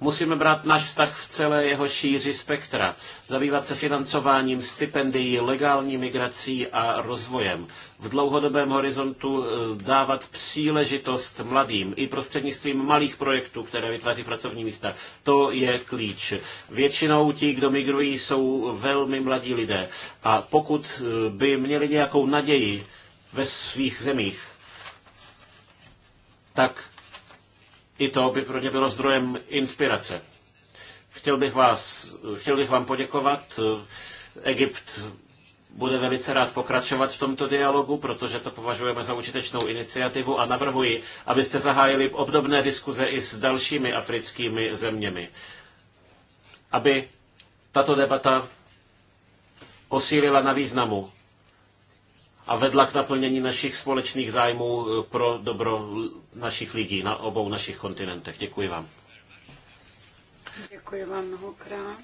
Musíme brát náš vztah v celé jeho šíři spektra, zabývat se financováním, stipendií, legální migrací a rozvojem. V dlouhodobém horizontu eh, dávat příležitost mladým i prostřednictvím malých projektů, které vytváří pracovní místa. To je klíč. Většinou ti, kdo migrují, jsou velmi mladí lidé. A pokud eh, by měli nějakou naději ve svých zemích, tak i to by pro ně bylo zdrojem inspirace. Chtěl bych, vás, chtěl bych vám poděkovat. Egypt bude velice rád pokračovat v tomto dialogu, protože to považujeme za užitečnou iniciativu a navrhuji, abyste zahájili obdobné diskuze i s dalšími africkými zeměmi. Aby tato debata posílila na významu a vedla k naplnění našich společných zájmů eh, pro dobro našich lidí na obou našich kontinentech. Děkuji vám. Děkuji vám mnohokrát.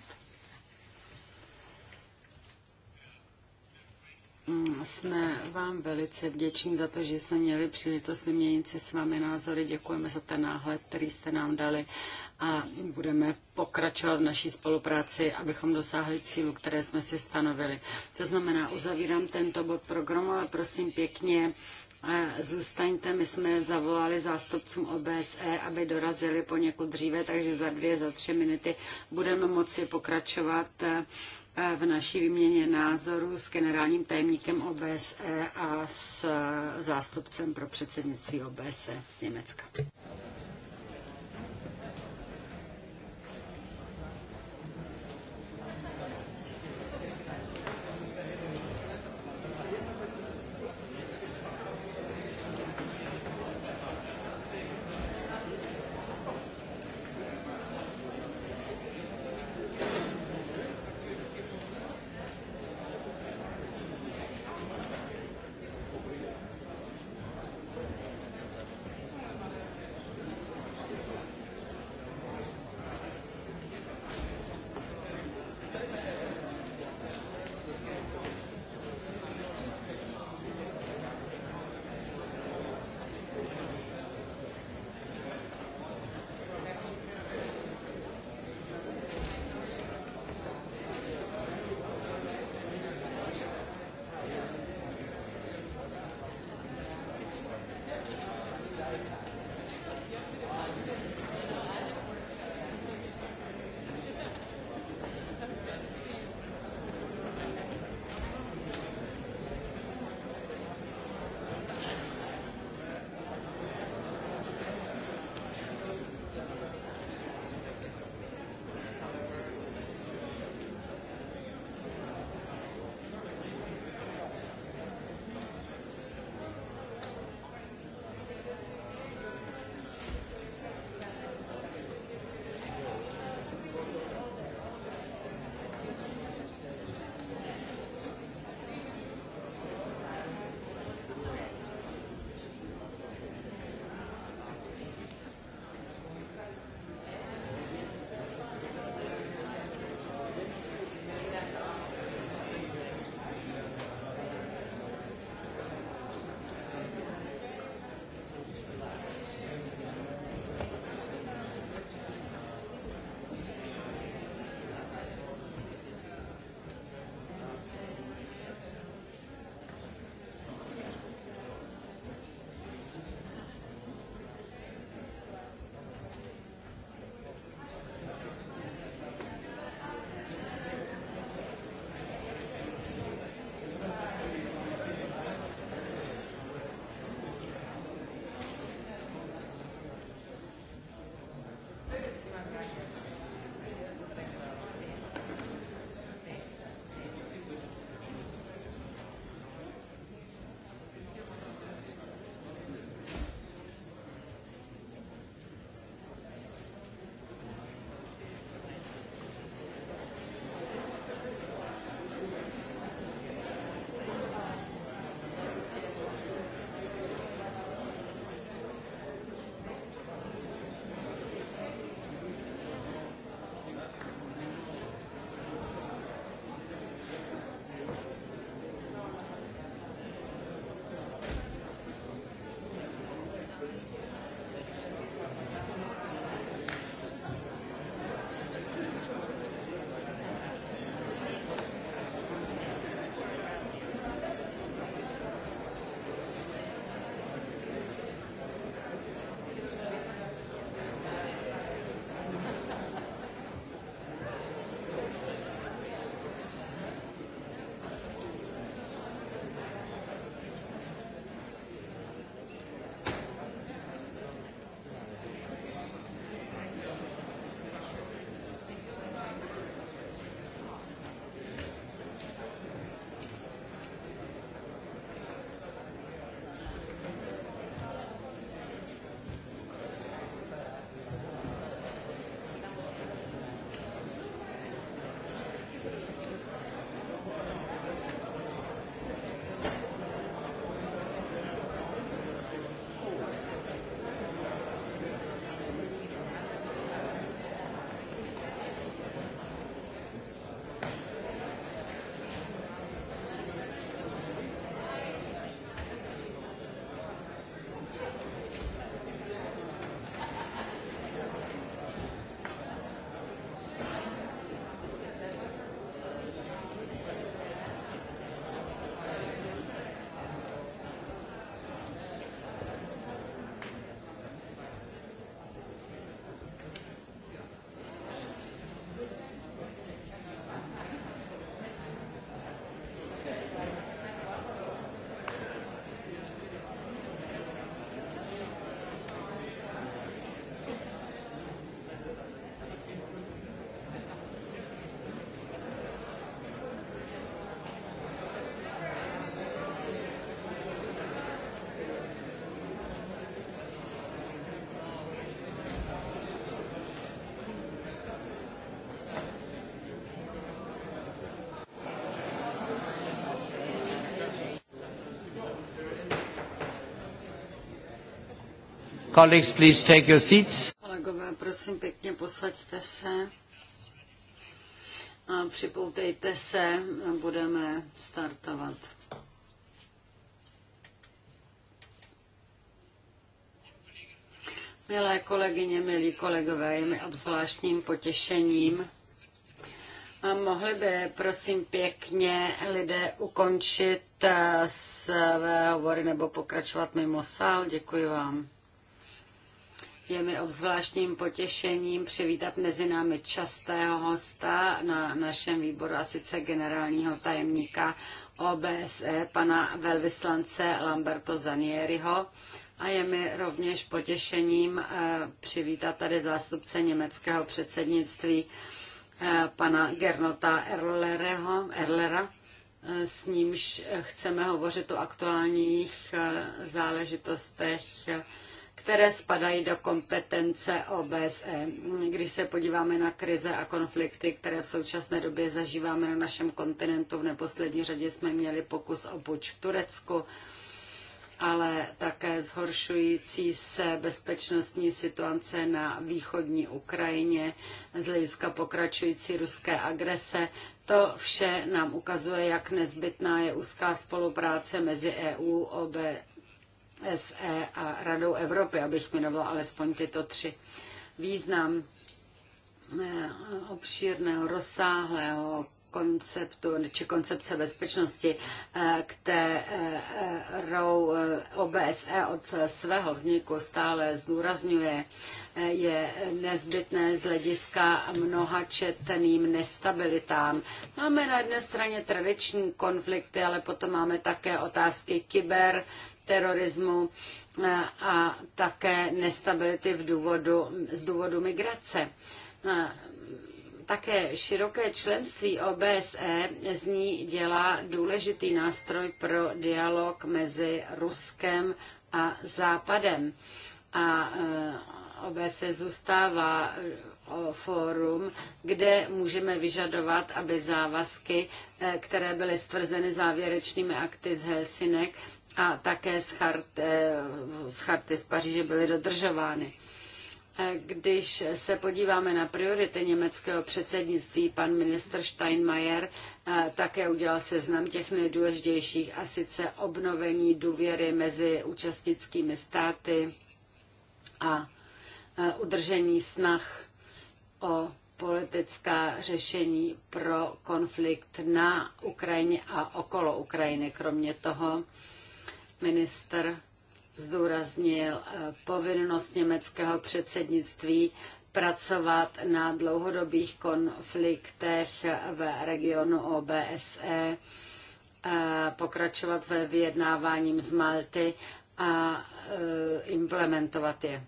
Mm, jsme vám velice vděční za to, že jsme měli příležitost vyměnit si s vámi názory. Děkujeme za ten náhled, který jste nám dali a budeme pokračovat v naší spolupráci, abychom dosáhli cílu, které jsme si stanovili. To znamená, uzavírám tento bod programu a prosím pěkně, Zůstaňte, my jsme zavolali zástupcům OBSE, aby dorazili poněkud dříve, takže za dvě, za tři minuty budeme moci pokračovat Eh, v naší výměně názorů s generálním tajemníkem OBSE a s eh, zástupcem pro předsednictví OBSE z Německa. Colleagues, please take your seats. Kolegové, prosím pěkně, posaďte se. A připoutejte se, a budeme startovat. Milé kolegyně, milí kolegové, je mi obzvláštním potěšením, a mohli by, prosím pěkně, lidé ukončit eh, své hovory nebo pokračovat mimo sál? Děkuji vám. Je mi obzvláštním potěšením přivítat mezi námi častého hosta na našem výboru, a sice generálního tajemníka OBSE, pana velvyslance Lamberto Zanieriho. A je mi rovněž potěšením eh, přivítat tady zástupce německého předsednictví eh, pana Gernota Erlereho, Erlera, eh, s nímž chceme hovořit o aktuálních záležitostech které spadají do kompetence OBSE. Když se podíváme na krize a konflikty, které v současné době zažíváme na našem kontinentu, v neposlední řadě jsme měli pokus o puč v Turecku, ale také zhoršující se bezpečnostní situace na východní Ukrajině z hlediska pokračující ruské agrese. To vše nám ukazuje, jak nezbytná je úzká spolupráce mezi EU, OBSE SE a Radou Evropy, abych jmenovala alespoň tyto tři. Význam eh, obšírného, rozsáhlého konceptu či koncepce bezpečnosti, eh, kterou eh, OBSE od svého vzniku stále zdůrazňuje, je nezbytné z hlediska mnoha četným nestabilitám. Máme na jedné straně tradiční konflikty, ale potom máme také otázky kyber terorismu eh, a také nestability v důvodu, z důvodu migrace. Eh, také široké členství OBSE z ní dělá důležitý nástroj pro dialog mezi Ruskem a Západem. A eh, OBSE zůstává fórum, kde můžeme vyžadovat, aby závazky, které byly stvrzeny závěrečnými akty z Helsinek, a také z charty, eh, z charty z Paříže byly dodržovány. Eh, když se podíváme na priority německého předsednictví, pan minister Steinmeier eh, také udělal seznam těch nejdůležitějších a sice obnovení důvěry mezi účastnickými státy a udržení snah o politická řešení pro konflikt na Ukrajině a okolo Ukrajiny. Kromě toho minister zdůraznil eh, povinnost německého předsednictví pracovat na dlouhodobých konfliktech v regionu OBSE, eh, pokračovat ve vyjednáváním z Malty a eh, implementovat je.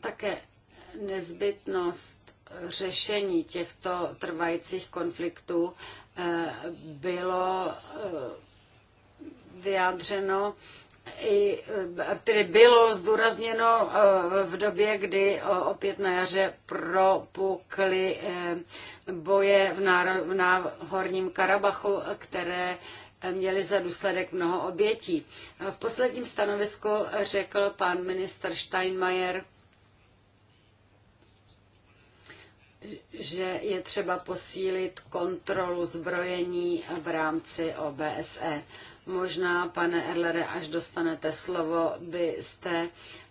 Také nezbytnost řešení těchto trvajících konfliktů eh, bylo eh, vyjádřeno i, eh, tedy bylo zdůrazněno v době, kdy opět na jaře propukly boje v, náro, v Náhorním Karabachu, které měly za důsledek mnoho obětí. V posledním stanovisku řekl pan minister Steinmeier, že je třeba posílit kontrolu zbrojení v rámci OBSE. Možná, pane Erlere, až dostanete slovo, byste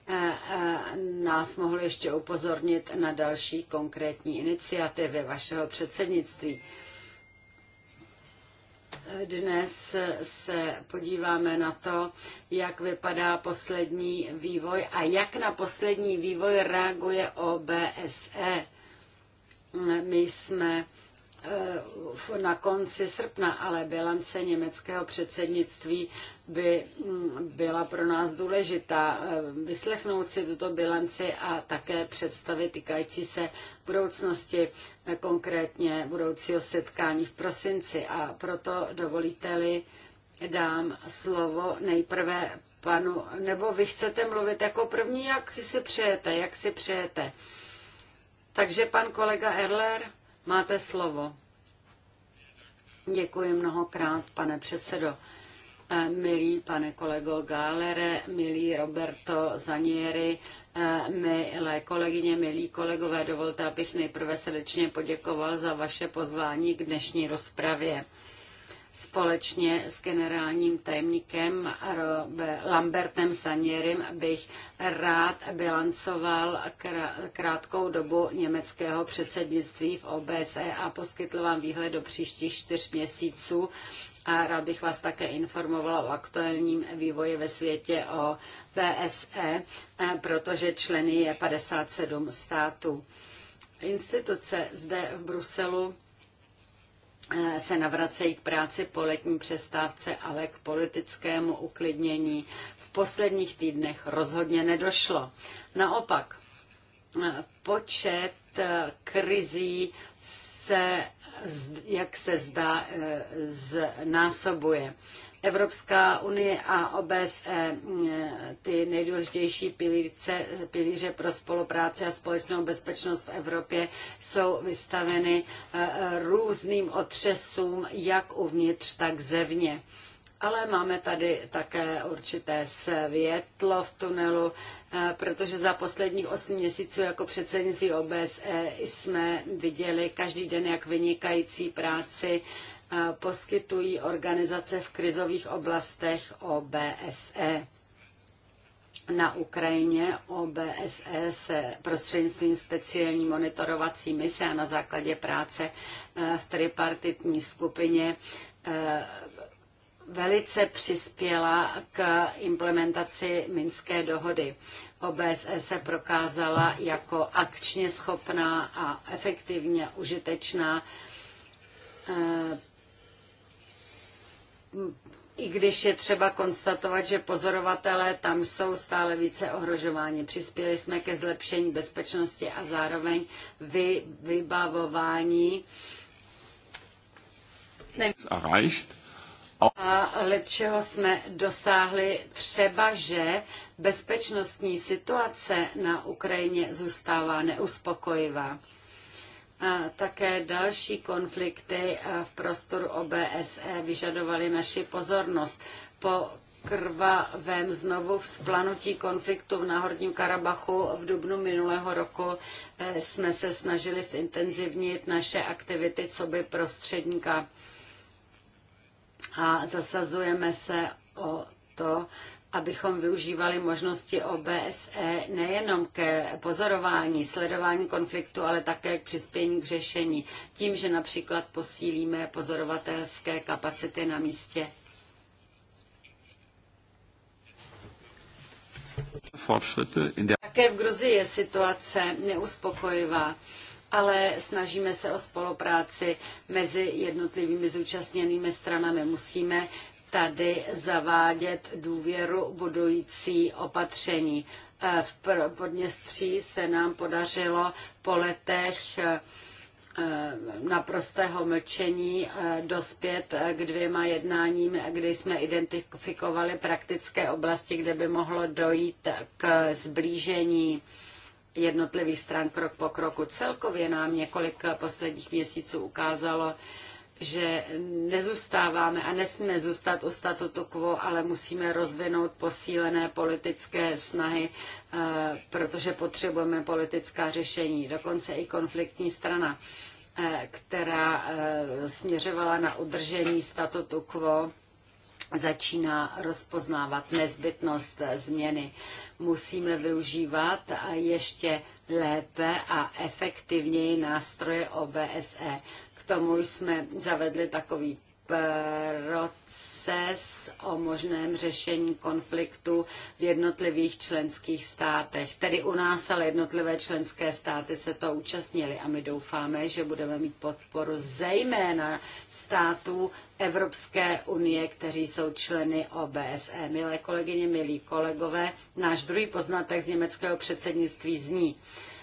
eh, eh, nás mohli ještě upozornit na další konkrétní iniciativy vašeho předsednictví. Dnes se podíváme na to, jak vypadá poslední vývoj a jak na poslední vývoj reaguje OBSE my jsme eh, na konci srpna, ale bilance německého předsednictví by mm, byla pro nás důležitá. Eh, vyslechnout si tuto bilanci a také představy týkající se budoucnosti, eh, konkrétně budoucího setkání v prosinci. A proto dovolíte-li, dám slovo nejprve panu, nebo vy chcete mluvit jako první, jak si přejete, jak si přejete. Takže pan kolega Erler, máte slovo. Děkuji mnohokrát, pane předsedo. Eh, milý pane kolego Gálere, milý Roberto Zanieri, eh, milé kolegyně, milí kolegové, dovolte, abych nejprve srdečně poděkoval za vaše pozvání k dnešní rozpravě společně s generálním tajemníkem Lambertem Sanierim bych rád bilancoval krátkou dobu německého předsednictví v OBSE a poskytl vám výhled do příštích čtyř měsíců a rád bych vás také informovala o aktuálním vývoji ve světě o BSE, eh, protože členy je 57 států. Instituce zde v Bruselu Eh, se navracejí k práci po letní přestávce, ale k politickému uklidnění v posledních týdnech rozhodně nedošlo. Naopak, eh, počet eh, krizí se, jak se zdá, znásobuje. Evropská unie a OBSE, mm, ty nejdůležitější pilíře, pilíře pro spolupráci a společnou bezpečnost v Evropě, jsou vystaveny e, e, různým otřesům, jak uvnitř, tak zevně. Ale máme tady také určité světlo v tunelu, e, protože za posledních 8 měsíců jako předsednictví OBSE jsme viděli každý den, jak vynikající práci poskytují organizace v krizových oblastech OBSE. Na Ukrajině OBSE se prostřednictvím speciální monitorovací mise a na základě práce eh, v tripartitní skupině eh, velice přispěla k implementaci Minské dohody. OBSE se prokázala jako akčně schopná a efektivně užitečná eh, i když je třeba konstatovat, že pozorovatelé tam jsou stále více ohrožováni. Přispěli jsme ke zlepšení bezpečnosti a zároveň vy, vybavování a lepšího jsme dosáhli třeba, že bezpečnostní situace na Ukrajině zůstává neuspokojivá. A také další konflikty v prostoru OBSE vyžadovaly naši pozornost. Po krvavém znovu vzplanutí konfliktu v Náhorním Karabachu v dubnu minulého roku e, jsme se snažili zintenzivnit naše aktivity co by prostředníka a zasazujeme se o to, abychom využívali možnosti OBSE nejenom ke pozorování, sledování konfliktu, ale také k přispění k řešení. Tím, že například posílíme pozorovatelské kapacity na místě. Také v Gruzii je situace neuspokojivá, ale snažíme se o spolupráci mezi jednotlivými zúčastněnými stranami. Musíme tady zavádět důvěru budující opatření. E, v Podněstří se nám podařilo po letech e, naprostého mlčení e, dospět k dvěma jednáním, kdy jsme identifikovali praktické oblasti, kde by mohlo dojít k zblížení jednotlivých stran krok po kroku. Celkově nám několik posledních měsíců ukázalo, že nezůstáváme a nesmíme zůstat u statutu quo, ale musíme rozvinout posílené politické snahy, eh, protože potřebujeme politická řešení, dokonce i konfliktní strana, eh, která eh, směřovala na udržení statutu quo začíná rozpoznávat nezbytnost změny. Musíme využívat a ještě lépe a efektivněji nástroje OBSE tomu jsme zavedli takový proces o možném řešení konfliktu v jednotlivých členských státech. Tedy u nás, ale jednotlivé členské státy se to účastnili a my doufáme, že budeme mít podporu zejména států Evropské unie, kteří jsou členy OBSE. Milé kolegyně, milí kolegové, náš druhý poznatek z německého předsednictví zní,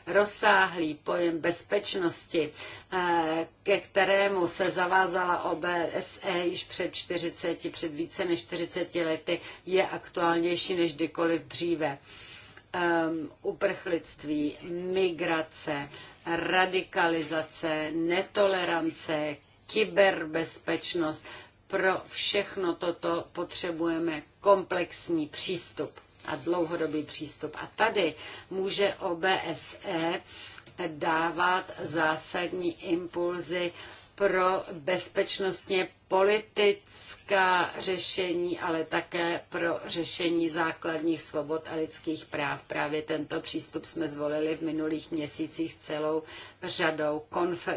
rozsáhlý pojem bezpečnosti, eh, ke kterému se zavázala OBSE již před 40, před více než 40 lety, je aktuálnější než kdykoliv dříve. Um, uprchlictví, migrace, radikalizace, netolerance, kyberbezpečnost. Pro všechno toto potřebujeme komplexní přístup a dlouhodobý přístup. A tady může OBSE dávat zásadní impulzy pro bezpečnostně politická řešení, ale také pro řešení základních svobod a lidských práv. Právě tento přístup jsme zvolili v minulých měsících celou řadou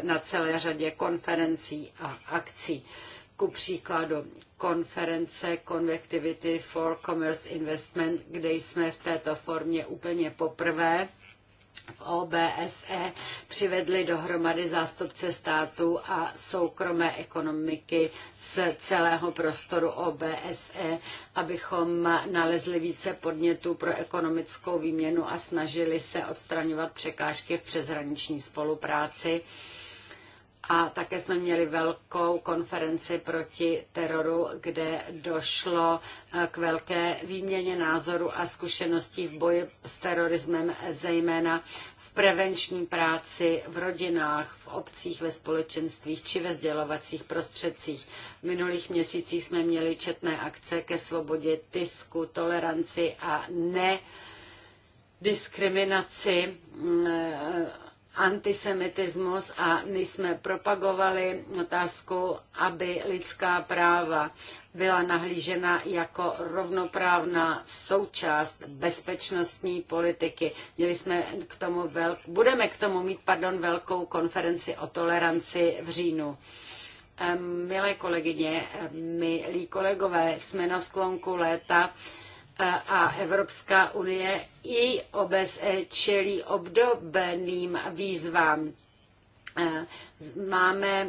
na celé řadě konferencí a akcí ku příkladu konference Convectivity for Commerce Investment, kde jsme v této formě úplně poprvé v OBSE přivedli dohromady zástupce států a soukromé ekonomiky z celého prostoru OBSE, abychom nalezli více podnětů pro ekonomickou výměnu a snažili se odstraňovat překážky v přeshraniční spolupráci a také jsme měli velkou konferenci proti teroru, kde došlo eh, k velké výměně názoru a zkušeností v boji s terorismem, zejména v prevenční práci v rodinách, v obcích, ve společenstvích či ve sdělovacích prostředcích. V minulých měsících jsme měli četné akce ke svobodě tisku, toleranci a ne diskriminaci mm, eh, antisemitismus a my jsme propagovali otázku, aby lidská práva byla nahlížena jako rovnoprávná součást bezpečnostní politiky. Měli jsme k tomu velk... budeme k tomu mít pardon, velkou konferenci o toleranci v říjnu. Milé kolegyně, milí kolegové, jsme na sklonku léta a Evropská unie i OBSE čelí obdobným výzvám. Máme e,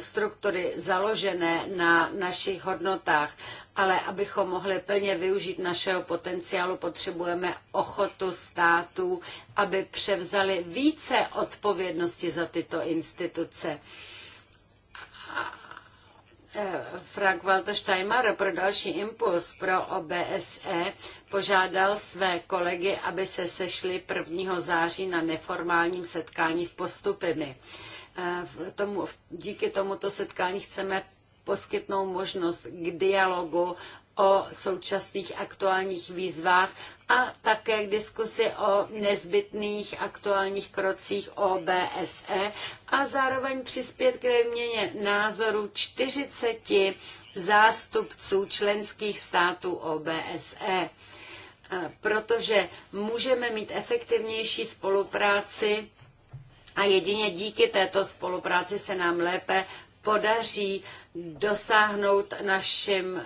struktury založené na našich hodnotách, ale abychom mohli plně využít našeho potenciálu, potřebujeme ochotu států, aby převzali více odpovědnosti za tyto instituce Eh, Frank-Walter Steinmeier pro další impuls pro OBSE požádal své kolegy, aby se sešli 1. září na neformálním setkání v postupimi. Eh, tomu, díky tomuto setkání chceme poskytnou možnost k dialogu o současných aktuálních výzvách a také k diskusi o nezbytných aktuálních krocích OBSE a zároveň přispět k výměně názoru 40 zástupců členských států OBSE. Protože můžeme mít efektivnější spolupráci a jedině díky této spolupráci se nám lépe podaří dosáhnout našim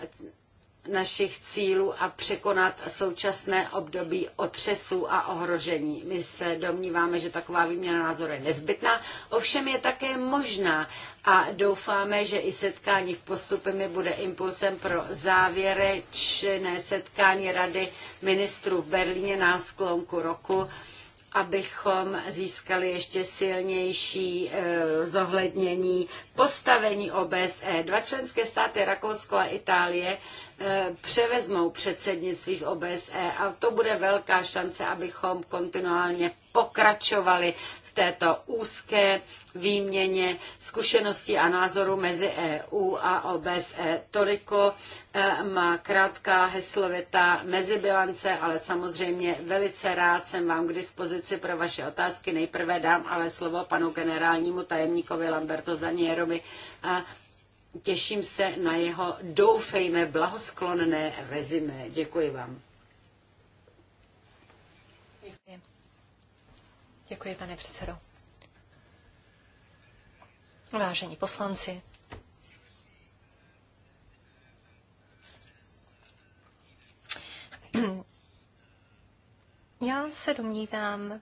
našich cílů a překonat současné období otřesů a ohrožení. My se domníváme, že taková výměna názoru je nezbytná, ovšem je také možná a doufáme, že i setkání v postupy bude impulsem pro závěrečné setkání Rady ministrů v Berlíně na sklonku roku abychom získali ještě silnější eh, zohlednění postavení OBSE. Dva členské státy, Rakousko a Itálie, eh, převezmou předsednictví v OBSE a to bude velká šance, abychom kontinuálně pokračovali této úzké výměně zkušeností a názorů mezi EU a OBSE. Toliko e, má krátká heslovitá mezibilance, ale samozřejmě velice rád jsem vám k dispozici pro vaše otázky. Nejprve dám ale slovo panu generálnímu tajemníkovi Lamberto Zanierovi a těším se na jeho, doufejme, blahosklonné rezime. Děkuji vám. Děkuji, pane předsedo. Vážení poslanci, já se domnívám,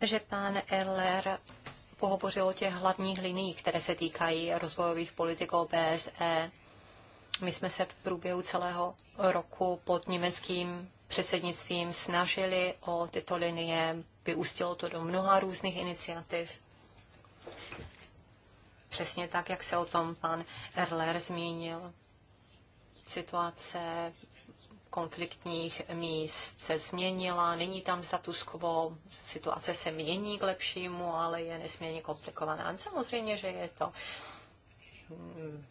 že pán Eller pohovořil o těch hlavních liních, které se týkají rozvojových politik OBSE. My jsme se v průběhu celého roku pod německým předsednictvím snažili o tyto linie, Vyústilo to do mnoha různých iniciativ. Přesně tak, jak se o tom pan Erler zmínil. Situace konfliktních míst se změnila, není tam status quo, situace se mění k lepšímu, ale je nesmírně komplikovaná. Samozřejmě, že je to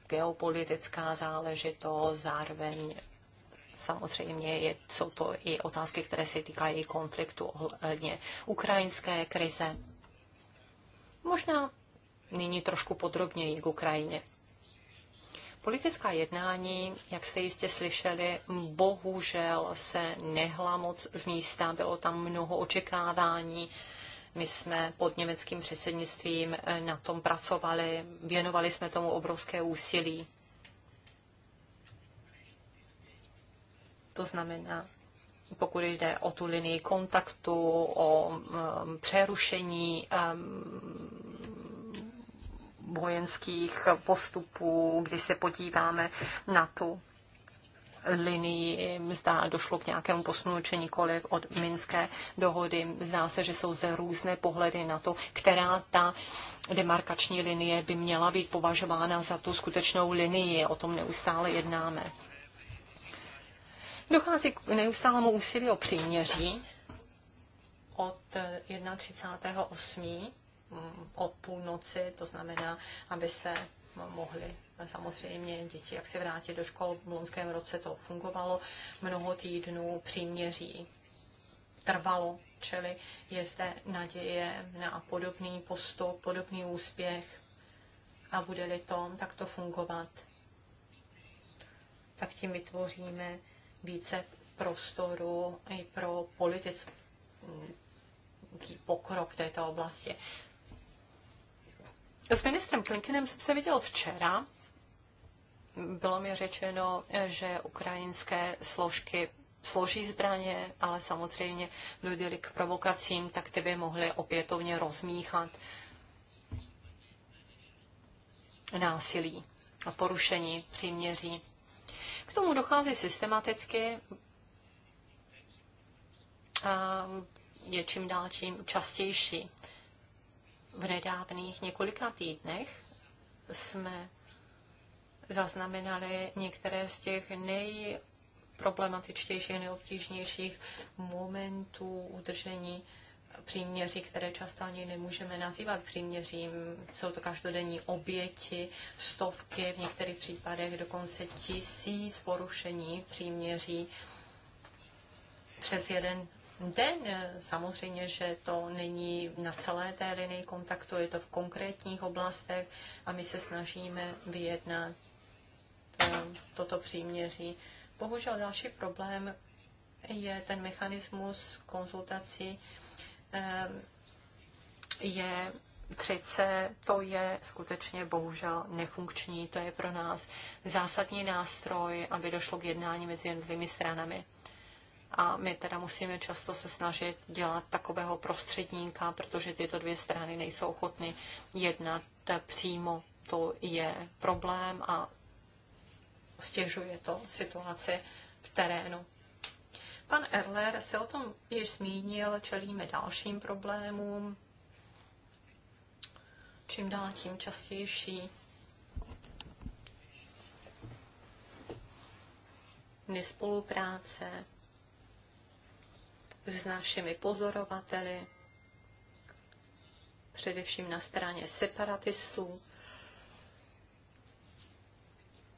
geopolitická záležitost, zároveň samozřejmě je, jsou to i otázky, které se týkají konfliktu ohledně ukrajinské krize. Možná nyní trošku podrobněji k Ukrajině. Politická jednání, jak jste jistě slyšeli, bohužel se nehla moc z místa, bylo tam mnoho očekávání. My jsme pod německým předsednictvím na tom pracovali, věnovali jsme tomu obrovské úsilí. To znamená, pokud jde o tu linii kontaktu, o um, přerušení um, vojenských postupů, když se podíváme na tu linii, zdá došlo k nějakému posunu či nikoliv od Minské dohody. Zdá se, že jsou zde různé pohledy na to, která ta demarkační linie by měla být považována za tu skutečnou linii. O tom neustále jednáme. Dochází k neustálému úsilí o příměří od 31.8. o půlnoci, to znamená, aby se mohli samozřejmě děti, jak se vrátit do škol. V loňském roce to fungovalo mnoho týdnů, příměří trvalo, čili je zde naděje na podobný postup, podobný úspěch a bude-li to takto fungovat, tak tím vytvoříme více prostoru i pro politický pokrok v této oblasti. S ministrem Klinkinem jsem se viděl včera. Bylo mi řečeno, že ukrajinské složky složí zbraně, ale samozřejmě dojde k provokacím, tak ty by mohly opětovně rozmíchat násilí a porušení příměří tomu dochází systematicky a je čím dál tím častější. V nedávných několika týdnech jsme zaznamenali některé z těch nejproblematičtějších, nejobtížnějších momentů udržení příměří, které často ani nemůžeme nazývat příměřím. Jsou to každodenní oběti, stovky, v některých případech dokonce tisíc porušení příměří přes jeden den. Samozřejmě, že to není na celé té linii kontaktu, je to v konkrétních oblastech a my se snažíme vyjednat eh, toto příměří. Bohužel další problém je ten mechanismus konzultací Ehm, je přece to je skutečně bohužel nefunkční, to je pro nás zásadní nástroj, aby došlo k jednání mezi jednotlivými stranami. A my teda musíme často se snažit dělat takového prostředníka, protože tyto dvě strany nejsou ochotny jednat přímo. To je problém a stěžuje to situaci v terénu. Pan Erler se o tom již zmínil, čelíme dalším problémům, čím dál tím častější nespolupráce s našimi pozorovateli, především na straně separatistů,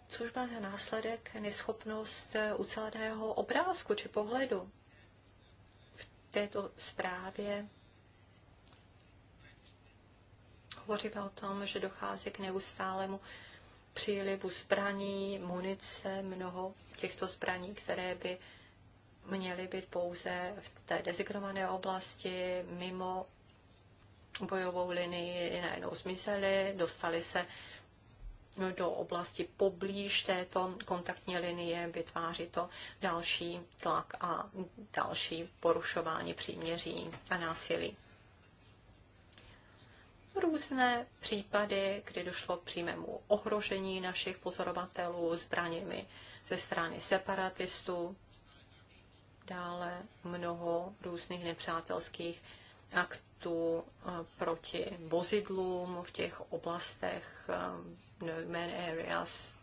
což má za následek neschopnost eh, uceleného obrázku či pohledu. V této zprávě hovoříme o tom, že dochází k neustálému přílivu zbraní, munice, mnoho těchto zbraní, které by měly být pouze v té dezignované oblasti, mimo bojovou linii, najednou zmizely, dostali se do oblasti poblíž této kontaktní linie, vytváří to další tlak a další porušování příměří a násilí. Různé případy, kdy došlo k přímému ohrožení našich pozorovatelů zbraněmi ze strany separatistů, dále mnoho různých nepřátelských tu eh, proti vozidlům v těch oblastech eh, no, man areas.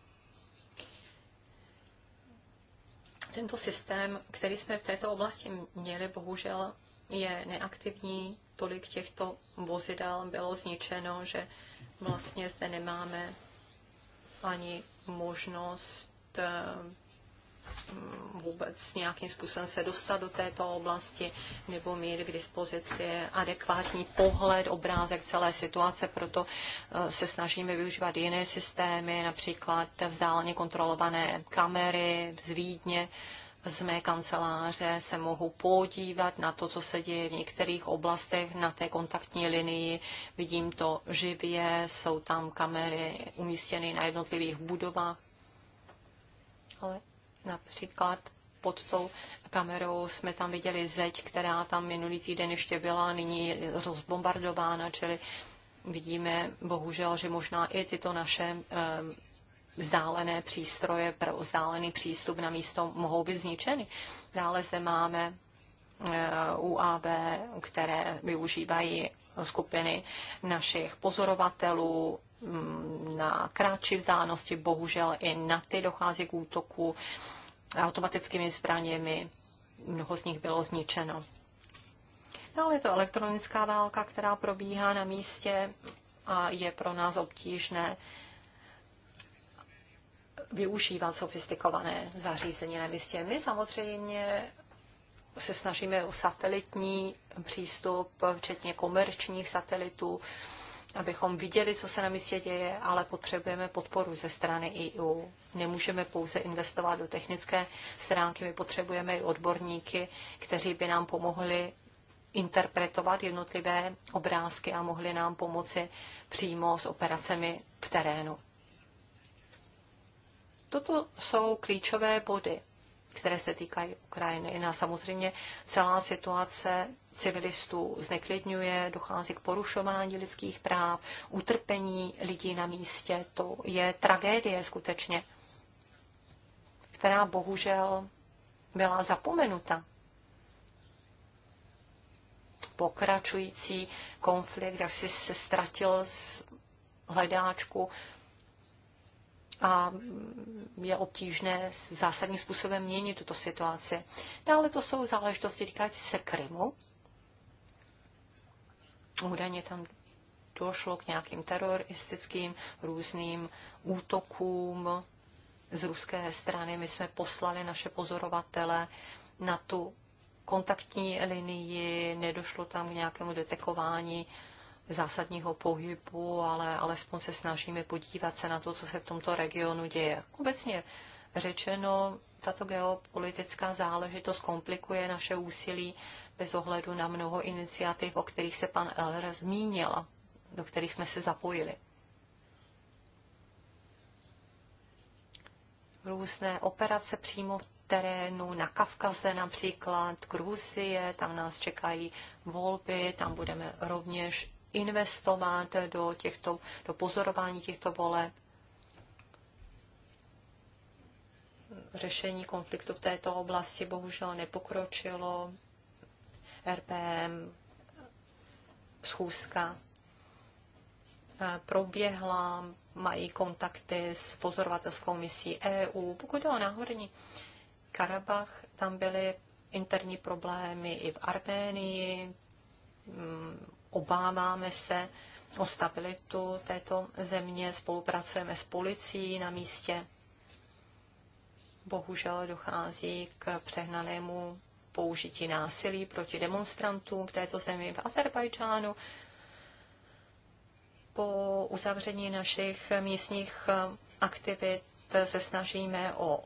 Tento systém, který jsme v této oblasti měli, bohužel je neaktivní. Tolik těchto vozidel bylo zničeno, že vlastně zde nemáme ani možnost eh, vůbec nějakým způsobem se dostat do této oblasti nebo mít k dispozici adekvátní pohled, obrázek celé situace. Proto eh, se snažíme využívat jiné systémy, například vzdáleně kontrolované kamery z Vídně, z mé kanceláře se mohu podívat na to, co se děje v některých oblastech na té kontaktní linii. Vidím to živě, jsou tam kamery umístěny na jednotlivých budovách. Ale Například pod tou kamerou jsme tam viděli zeď, která tam minulý týden ještě byla, nyní je rozbombardována, čili vidíme bohužel, že možná i tyto naše ehm, vzdálené přístroje pro vzdálený přístup na místo mohou být zničeny. Dále zde máme eh, UAV, které využívají skupiny našich pozorovatelů mm, na krátší vzdálenosti, bohužel i na ty dochází k útoku automatickými zbraněmi, mnoho z nich bylo zničeno. Dále no, je to elektronická válka, která probíhá na místě a je pro nás obtížné využívat sofistikované zařízení na místě. My samozřejmě se snažíme o satelitní přístup, včetně komerčních satelitů, abychom viděli, co se na místě děje, ale potřebujeme podporu ze strany EU. Nemůžeme pouze investovat do technické stránky, my potřebujeme i odborníky, kteří by nám pomohli interpretovat jednotlivé obrázky a mohli nám pomoci přímo s operacemi v terénu. Toto jsou klíčové body které se týkají Ukrajiny. A no, samozřejmě celá situace civilistů zneklidňuje, dochází k porušování lidských práv, utrpení lidí na místě. To je tragédie skutečně, která bohužel byla zapomenuta. Pokračující konflikt asi se ztratil z hledáčku a je obtížné zásadním způsobem měnit tuto situaci. Dále to jsou záležitosti týkající se Krymu. Údajně tam došlo k nějakým teroristickým různým útokům z ruské strany. My jsme poslali naše pozorovatele na tu kontaktní linii, nedošlo tam k nějakému detekování zásadního pohybu, ale alespoň se snažíme podívat se na to, co se v tomto regionu děje. Obecně řečeno, tato geopolitická záležitost komplikuje naše úsilí bez ohledu na mnoho iniciativ, o kterých se pan Elr zmínil, do kterých jsme se zapojili. Různé operace přímo v terénu, na Kavkaze například, Gruzie, tam nás čekají volby, tam budeme rovněž investovat do, těchto, do pozorování těchto voleb, řešení konfliktu v této oblasti bohužel nepokročilo. RPM schůzka eh, proběhla, mají kontakty s pozorovatelskou misí EU. Pokud jde o náhodní Karabach, tam byly interní problémy i v Arménii, mm, obáváme se o stabilitu této země, spolupracujeme s policií na místě. Bohužel dochází k přehnanému použití násilí proti demonstrantům v této zemi v Azerbajdžánu. Po uzavření našich místních aktivit se snažíme o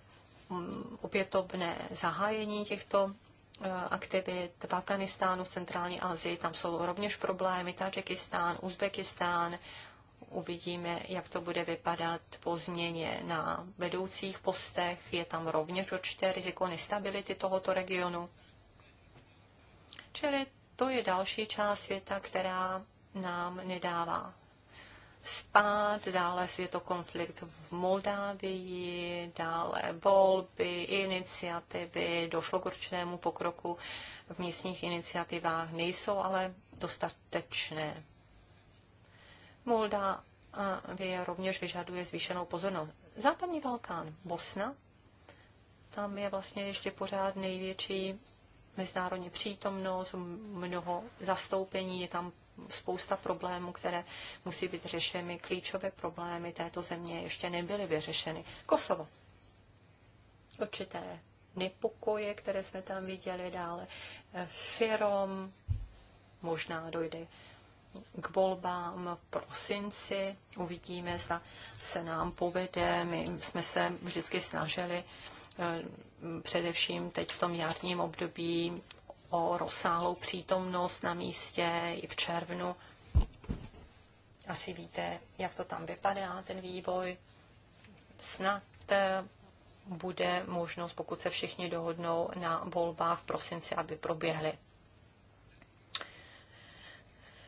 mm, opětovné zahájení těchto Eh, aktivit v Afganistánu, v centrální Asii, tam jsou rovněž problémy, Tadžikistán, Uzbekistán. Uvidíme, jak to bude vypadat po změně na vedoucích postech. Je tam rovněž určité riziko nestability tohoto regionu. Čili to je další část světa, která nám nedává spát, dále je to konflikt v Moldávii, dále volby, iniciativy, došlo k určitému pokroku v místních iniciativách, nejsou ale dostatečné. Moldávie rovněž vyžaduje zvýšenou pozornost. Západní Balkán, Bosna, tam je vlastně ještě pořád největší mezinárodní přítomnost, mnoho zastoupení, je tam spousta problémů, které musí být řešeny. Klíčové problémy této země ještě nebyly vyřešeny. Kosovo. Určité nepokoje, které jsme tam viděli dále. Eh, Firom možná dojde k volbám v prosinci. Uvidíme, zda se nám povede. My jsme se vždycky snažili eh, především teď v tom jarním období o rozsáhlou přítomnost na místě i v červnu. Asi víte, jak to tam vypadá, ten vývoj. Snad eh, bude možnost, pokud se všichni dohodnou na volbách v prosinci, aby proběhly.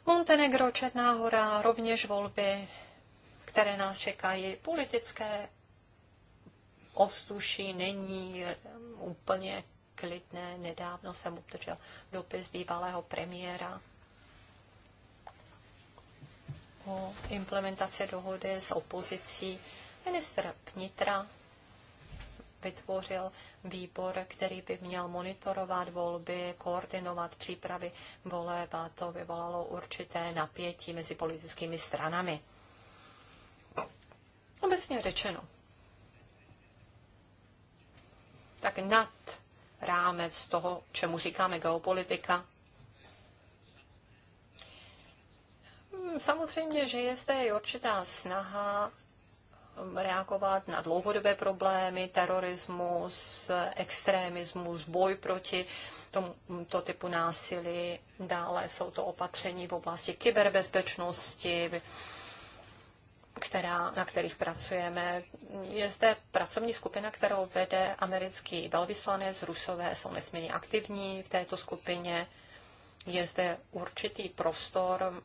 Montenegro, Černá hora, rovněž volby, které nás čekají. Politické ovzduší není eh, úplně klidné. Nedávno jsem obdržel dopis bývalého premiéra o implementaci dohody s opozicí. Minister vnitra vytvořil výbor, který by měl monitorovat volby, koordinovat přípravy voleb a to vyvolalo určité napětí mezi politickými stranami. Obecně řečeno, tak nad rámec toho, čemu říkáme geopolitika. Hmm, samozřejmě, že je zde i určitá snaha reagovat na dlouhodobé problémy, terorismus, extremismus, boj proti tomuto typu násilí. Dále jsou to opatření v oblasti kyberbezpečnosti, která, na kterých pracujeme. Je zde pracovní skupina, kterou vede americký velvyslanec. Rusové jsou nesmírně aktivní v této skupině. Je zde určitý prostor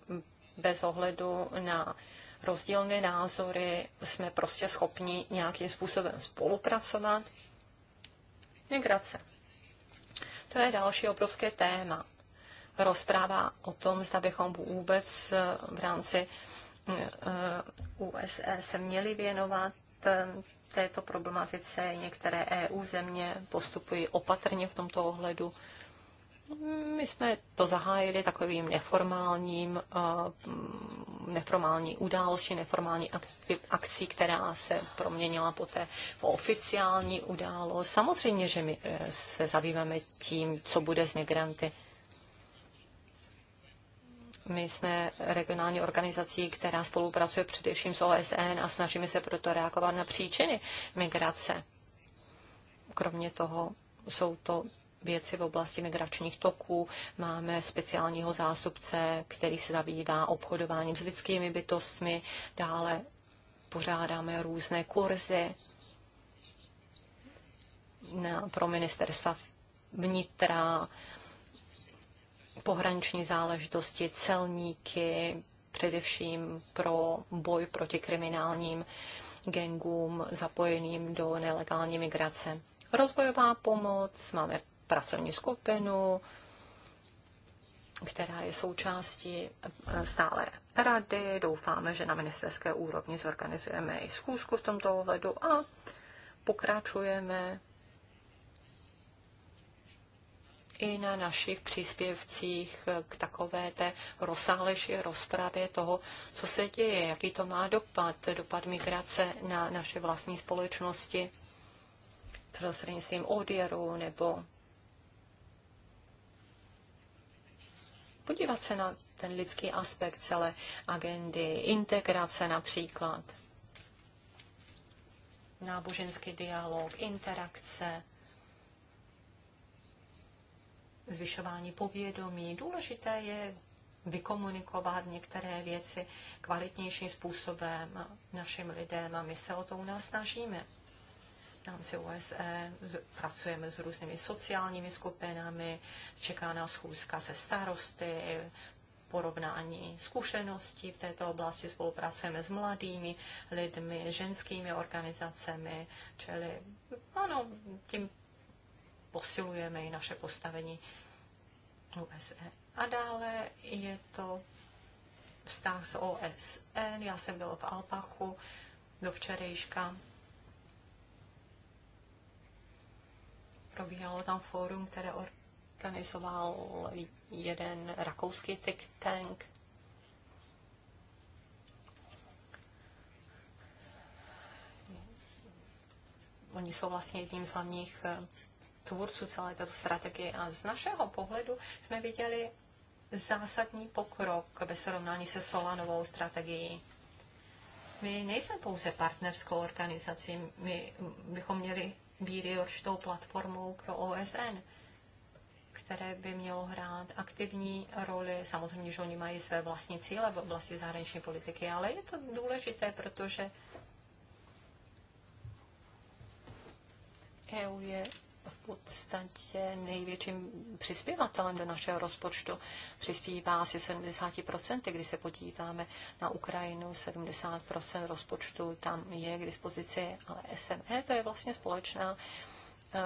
bez ohledu na rozdílné názory. Jsme prostě schopni nějakým způsobem spolupracovat. Migrace. To je další obrovské téma. Rozpráva o tom, zda bychom vůbec v rámci Eh, USA e se měly věnovat eh, této problematice. Některé EU země postupují opatrně v tomto ohledu. My jsme to zahájili takovým neformálním, eh, neformální událostí, neformální akcí, která se proměnila poté v oficiální událost. Samozřejmě, že my se zabýváme tím, co bude s migranty. My jsme regionální organizací, která spolupracuje především s OSN a snažíme se proto reagovat na příčiny migrace. Kromě toho jsou to věci v oblasti migračních toků. Máme speciálního zástupce, který se zabývá obchodováním s lidskými bytostmi. Dále pořádáme různé kurzy na, pro ministerstva vnitra, pohraniční záležitosti, celníky, především pro boj proti kriminálním gengům zapojeným do nelegální migrace. Rozvojová pomoc, máme pracovní skupinu, která je součástí eh, stále rady. Doufáme, že na ministerské úrovni zorganizujeme i schůzku v tomto ohledu a pokračujeme i na našich příspěvcích k takové té rozsáhlejší rozpravě toho, co se děje, jaký to má dopad, dopad migrace na naše vlastní společnosti prostřednictvím odjeru nebo podívat se na ten lidský aspekt celé agendy, integrace například, náboženský dialog, interakce, zvyšování povědomí. Důležité je vykomunikovat některé věci kvalitnějším způsobem našim lidem a my se o to u nás snažíme. V rámci OSE pracujeme s různými sociálními skupinami, čeká nás schůzka se starosty, porovnání zkušeností v této oblasti, spolupracujeme s mladými lidmi, ženskými organizacemi, čili ano, tím posilujeme i naše postavení OSN. A dále je to vztah s OSN. Já jsem byla v Alpachu do včerejška. Probíhalo tam fórum, které organizoval jeden rakouský think tank. Oni jsou vlastně jedním z hlavních eh, tvůrců celé této strategie a z našeho pohledu jsme viděli zásadní pokrok ve srovnání se Solanovou strategií. My nejsme pouze partnerskou organizací, my bychom měli být i určitou platformou pro OSN, které by mělo hrát aktivní roli. Samozřejmě, že oni mají své vlastní cíle v oblasti zahraniční politiky, ale je to důležité, protože EU je v podstatě největším přispěvatelem do našeho rozpočtu. Přispívá asi 70%, když se podíváme na Ukrajinu, 70% rozpočtu tam je k dispozici, ale SME to je vlastně společná eh,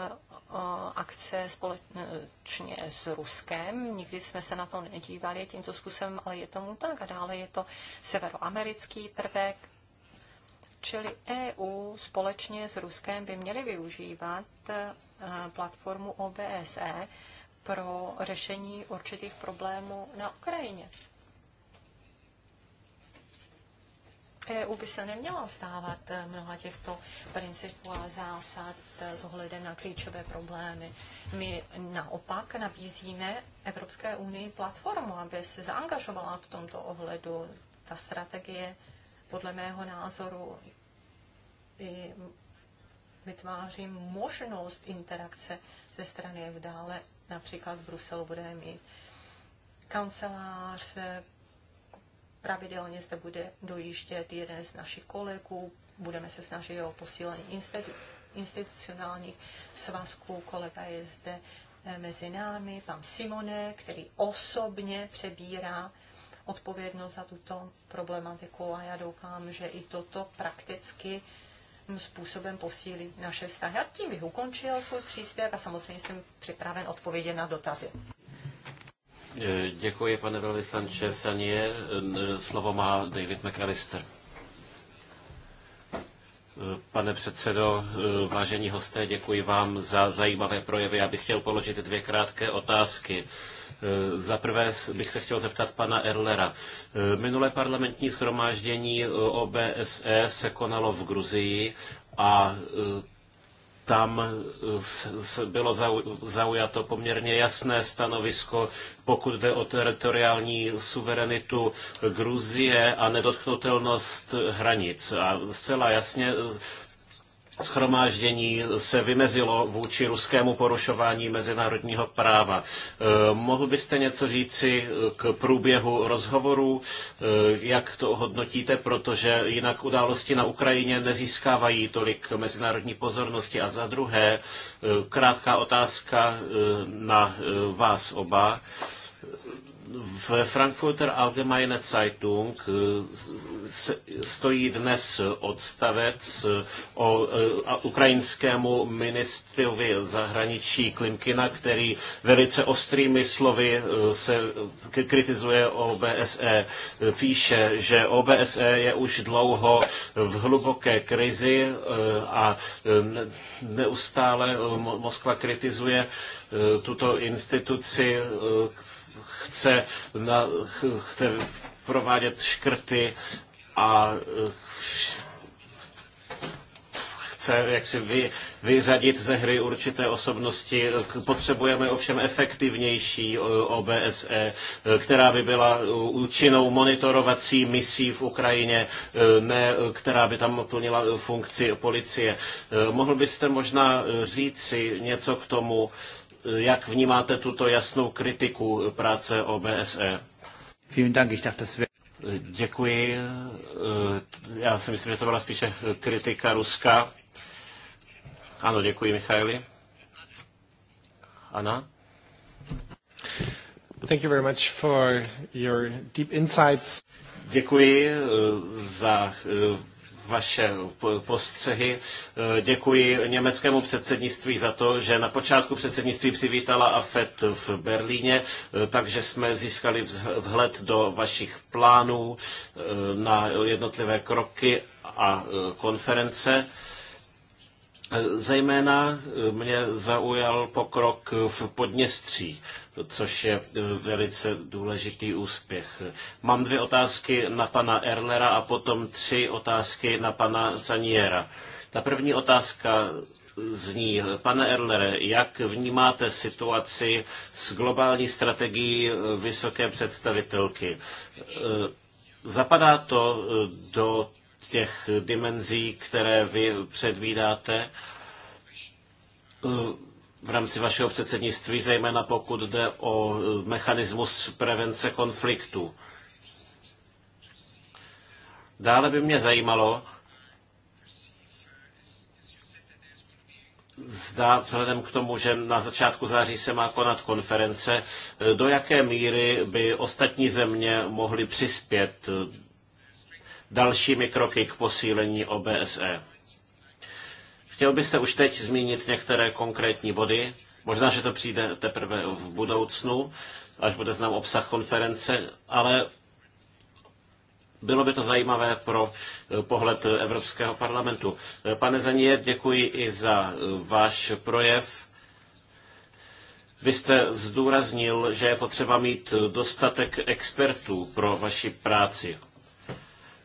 akce společně s Ruskem. Nikdy jsme se na to nedívali tímto způsobem, ale je tomu tak. A dále je to severoamerický prvek, Čili EU společně s Ruskem by měly využívat eh, platformu OBSE pro řešení určitých problémů na Ukrajině. EU by se neměla vzdávat eh, mnoha těchto principů a zásad eh, s ohledem na klíčové problémy. My naopak nabízíme Evropské unii platformu, aby se zaangažovala v tomto ohledu. Ta strategie podle mého názoru i vytvářím možnost interakce ze strany v dále. Například v Bruselu budeme mít kancelář, pravidelně zde bude dojíždět jeden z našich kolegů, budeme se snažit o posílení institucionálních svazků. Kolega je zde eh, mezi námi, pan Simone, který osobně přebírá odpovědnost za tuto problematiku a já doufám, že i toto prakticky způsobem posílí naše vztahy. A tím bych ukončil svůj příspěvek a samozřejmě jsem připraven odpovědět na dotazy. Eh, děkuji, pane velvyslanče Sanier. Slovo má David McAllister. Eh, pane předsedo, eh, vážení hosté, děkuji vám za zajímavé projevy. Já bych chtěl položit dvě krátké otázky. Eh, za prvé bych se chtěl zeptat pana Erlera. Eh, minulé parlamentní schromáždění eh, OBSE se konalo v Gruzii a tam bylo zaujato poměrně jasné stanovisko, pokud jde o teritoriální suverenitu Gruzie a nedotknutelnost hranic. A zcela jasně schromáždění se vymezilo vůči ruskému porušování mezinárodního práva. E, mohl byste něco říci k průběhu rozhovorů, e, jak to hodnotíte, protože jinak události na Ukrajině nezískávají tolik mezinárodní pozornosti. A za druhé, e, krátká otázka na vás oba ve Frankfurter Allgemeine Zeitung eh, stojí dnes odstavec eh, o eh, ukrajinskému ministrovi zahraničí Klimkina, který velice ostrými slovy se kritizuje OBSE. Píše, že OBSE je už dlouho v hluboké krizi a neustále Moskva kritizuje tuto instituci, chce, na, chce provádět škrty a eh, chce jaksi vy, vyřadit ze hry určité osobnosti. Potřebujeme ovšem efektivnější eh, OBSE, eh, která by byla účinnou monitorovací misí v Ukrajině, ne která by tam plnila funkci policie. Mohl byste možná říci něco k tomu, jak vnímáte tuto jasnou kritiku práce OBSE? Vielen Dank, ich dachte, das Děkuji. Eh, já si myslím, že to byla spíše kritika Ruska. Ano, děkuji, Michaili. Ana? Thank you very much for your deep insights. Děkuji eh, za eh, vaše postřehy. E, děkuji německému předsednictví za to, že na počátku předsednictví přivítala AFET v Berlíně, e, takže jsme získali vhled do vašich plánů e, na jednotlivé kroky a konference. Zejména eh, mě zaujal pokrok v Podněstří, což je eh, velice důležitý úspěch. Mám dvě otázky na pana Erlera a potom tři otázky na pana Zaniera. Ta první otázka zní, pane Erlere, jak vnímáte situaci s globální strategií eh, vysoké představitelky? Zapadá to do těch dimenzí, které vy předvídáte eh, v rámci vašeho předsednictví, zejména pokud jde o eh, mechanismus prevence konfliktu. Dále by mě zajímalo, zda vzhledem k tomu, že na začátku září se má konat konference, eh, do jaké míry by ostatní země mohly přispět dalšími kroky k posílení OBSE. Chtěl byste už teď zmínit některé konkrétní body, možná, že to přijde teprve v budoucnu, až bude znám obsah konference, ale bylo by to zajímavé pro eh, pohled Evropského parlamentu. Eh, pane Zanije, děkuji i za eh, váš projev. Vy jste zdůraznil, že je potřeba mít dostatek expertů pro vaši práci.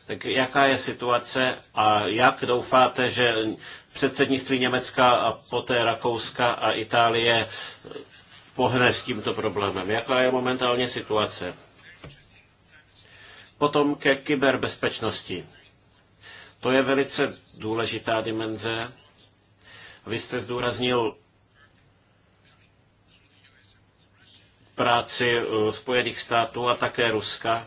Tak jaká je situace a jak doufáte, že předsednictví Německa a poté Rakouska a Itálie pohne s tímto problémem? Jaká je momentálně situace? Potom ke kyberbezpečnosti. To je velice důležitá dimenze. Vy jste zdůraznil práci eh, Spojených států a také Ruska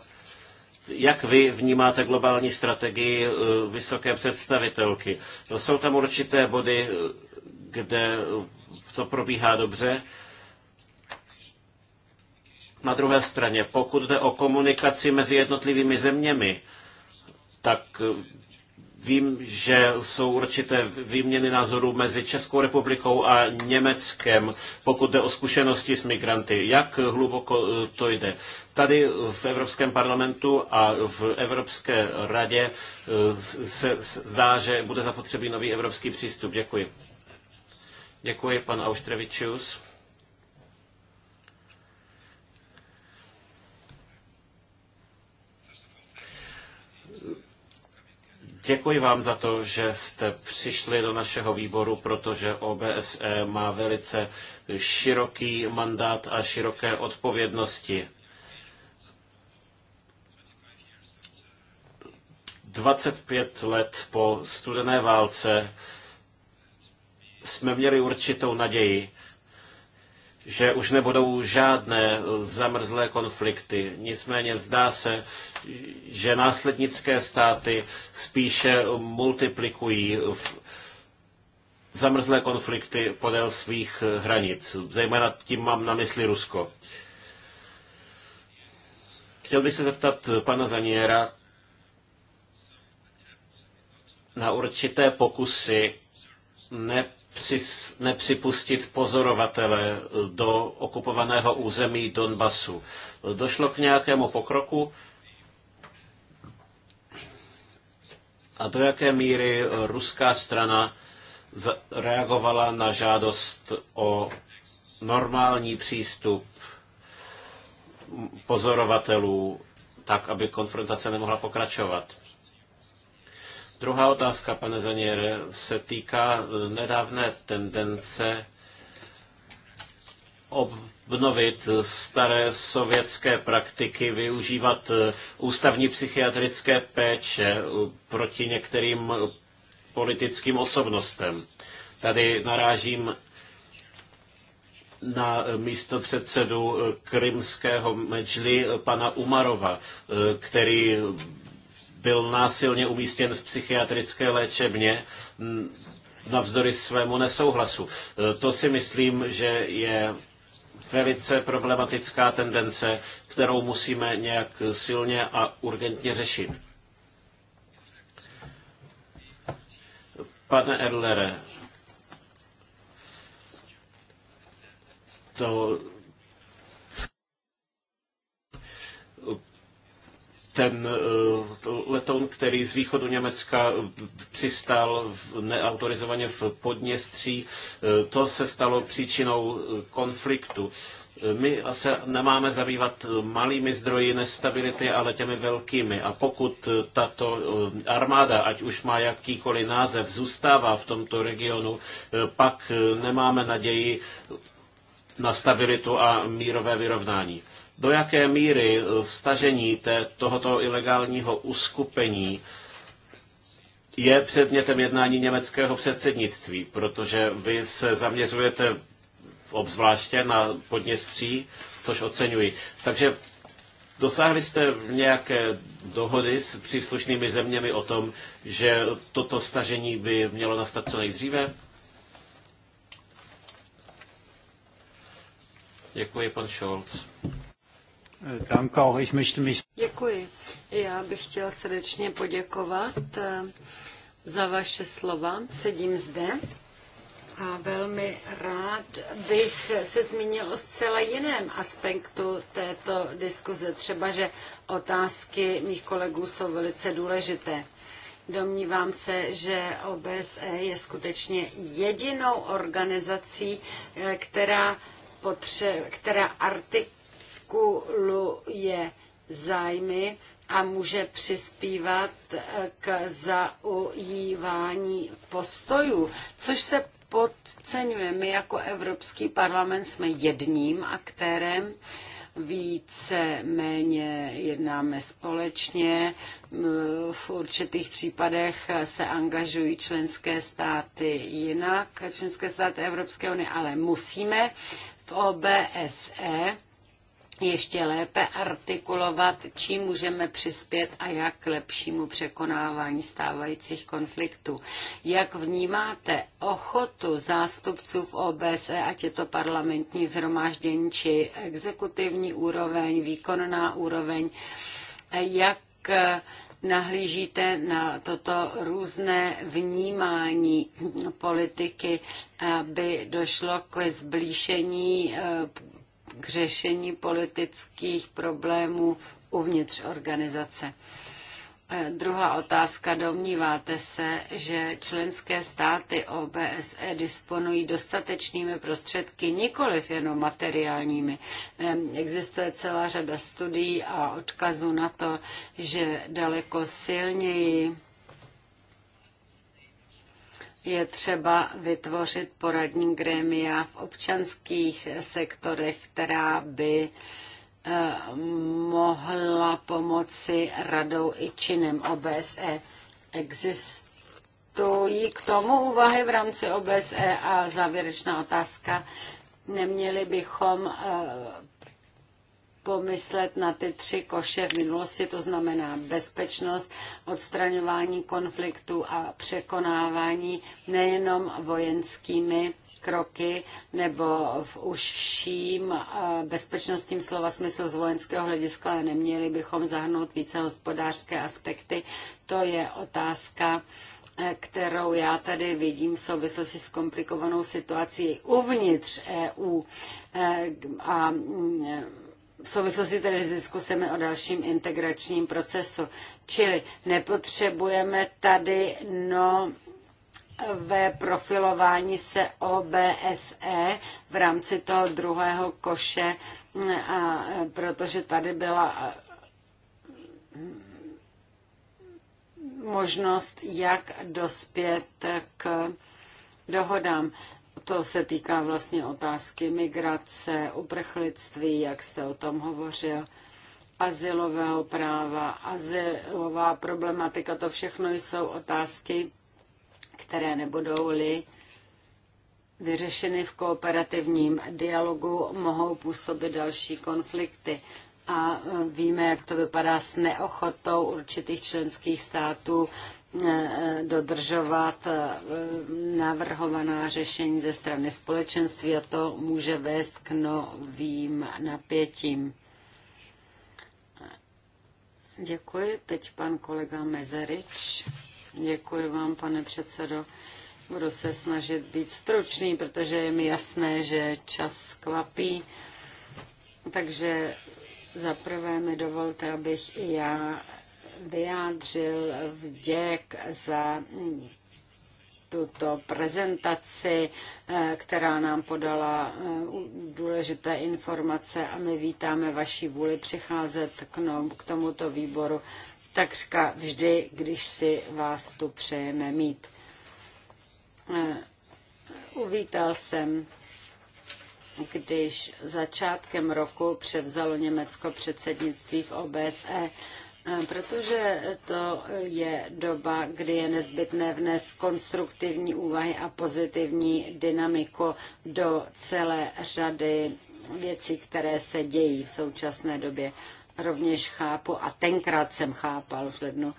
jak vy vnímáte globální strategii eh, vysoké představitelky? Jsou tam určité body, eh, kde eh, to probíhá dobře. Na druhé straně, pokud jde o komunikaci mezi jednotlivými zeměmi, tak Vím, že jsou určité výměny názorů mezi Českou republikou a Německem, pokud jde o zkušenosti s migranty. Jak hluboko eh, to jde? Tady v Evropském parlamentu a v Evropské radě eh, se zdá, že bude zapotřebí nový evropský přístup. Děkuji. Děkuji, pan Austrevičius. Děkuji vám za to, že jste přišli do našeho výboru, protože OBSE má velice široký mandát a široké odpovědnosti. 25 let po studené válce jsme měli určitou naději, že už nebudou žádné zamrzlé konflikty. Nicméně zdá se, že následnické státy spíše multiplikují zamrzlé konflikty podél svých hranic. Zejména tím mám na mysli Rusko. Chtěl bych se zeptat pana Zaniera na určité pokusy ne přis, nepřipustit pozorovatele eh, do okupovaného území Donbasu. Došlo k nějakému pokroku? A do jaké míry ruská strana reagovala na žádost o normální přístup pozorovatelů, tak aby konfrontace nemohla pokračovat? Druhá otázka, pane Zaněre, se týká eh, nedávné tendence obnovit eh, staré sovětské praktiky, využívat eh, ústavní psychiatrické péče proti některým politickým osobnostem. Tady narážím na místo předsedu krymského medžli pana Umarova, který byl násilně umístěn v psychiatrické léčebně navzdory svému nesouhlasu. E, to si myslím, že je velice problematická tendence, kterou musíme nějak silně a urgentně řešit. Pane Erlere, to ten eh, letoun, který z východu Německa eh, přistál neautorizovaně v Podněstří, eh, to se stalo příčinou konfliktu. My se nemáme zabývat malými zdroji nestability, ale těmi velkými. A pokud tato armáda, ať už má jakýkoliv název, zůstává v tomto regionu, pak nemáme naději na stabilitu a mírové vyrovnání do jaké míry eh, stažení té, tohoto ilegálního uskupení je předmětem jednání německého předsednictví, protože vy se zaměřujete obzvláště na Podněstří, což oceňuji. Takže dosáhli jste nějaké dohody s příslušnými zeměmi o tom, že toto stažení by mělo nastat co nejdříve? Děkuji, pan Scholz. Děkuji. Já bych chtěl srdečně poděkovat eh, za vaše slova. Sedím zde a velmi rád bych se zmínil o zcela jiném aspektu této diskuze. Třeba, že otázky mých kolegů jsou velice důležité. Domnívám se, že OBSE je skutečně jedinou organizací, eh, která, potře- která artikuluje artikuluje zájmy a může přispívat eh, k zaujívání postojů, což se podceňuje. My jako Evropský parlament jsme jedním aktérem, více méně jednáme společně. V určitých případech se angažují členské státy jinak, členské státy Evropské unie, ale musíme v OBSE Vlastně ještě lépe artikulovat, čím můžeme přispět a jak k lepšímu překonávání stávajících konfliktů. Jak vnímáte ochotu zástupců v OBSE, ať je to parlamentní zhromáždění či exekutivní úroveň, výkonná úroveň, jak nahlížíte na toto různé vnímání politiky, aby došlo k zblíšení eh, k řešení politických problémů uvnitř organizace. E, druhá otázka. Domníváte se, že členské státy OBSE disponují dostatečnými prostředky, nikoliv jenom materiálními? E, existuje celá řada studií a odkazů na to, že daleko silněji je třeba vytvořit poradní grémia v občanských sektorech, která by eh, mohla pomoci radou i činem OBSE. Existují k tomu úvahy v rámci OBSE a závěrečná otázka. Neměli bychom eh, pomyslet na ty tři koše v minulosti, to znamená bezpečnost, odstraňování konfliktu a překonávání nejenom vojenskými kroky nebo v užším eh, bezpečnostním slova smyslu z vojenského hlediska, ale neměli bychom zahrnout více hospodářské aspekty. To je otázka, eh, kterou já tady vidím v souvislosti s komplikovanou situací uvnitř EU eh, a mm, v souvislosti tedy s diskusemi o dalším integračním procesu. Čili nepotřebujeme tady no, ve profilování se OBSE v rámci toho druhého koše, a, protože tady byla možnost, jak dospět k dohodám. To se týká vlastně otázky migrace, uprchlictví, jak jste o tom hovořil, azylového práva, azylová problematika, to všechno jsou otázky, které nebudou-li vyřešeny v kooperativním dialogu, mohou působit další konflikty. A e, víme, jak to vypadá s neochotou určitých členských států dodržovat eh, navrhovaná řešení ze strany společenství a to může vést k novým napětím. Děkuji. Teď pan kolega Mezerič. Děkuji vám, pane předsedo. Budu se snažit být stručný, protože je mi jasné, že čas kvapí. Takže zaprvé mi dovolte, abych i já vyjádřil vděk za tuto prezentaci, eh, která nám podala eh, důležité informace a my vítáme vaši vůli přicházet k tomuto výboru takřka vždy, když si vás tu přejeme mít. Eh, uvítal jsem, když začátkem roku převzalo Německo předsednictví v OBSE Eh, protože to je doba, kdy je nezbytné vnést konstruktivní úvahy a pozitivní dynamiku do celé řady věcí, které se dějí v současné době. Rovněž chápu, a tenkrát jsem chápal v lednu,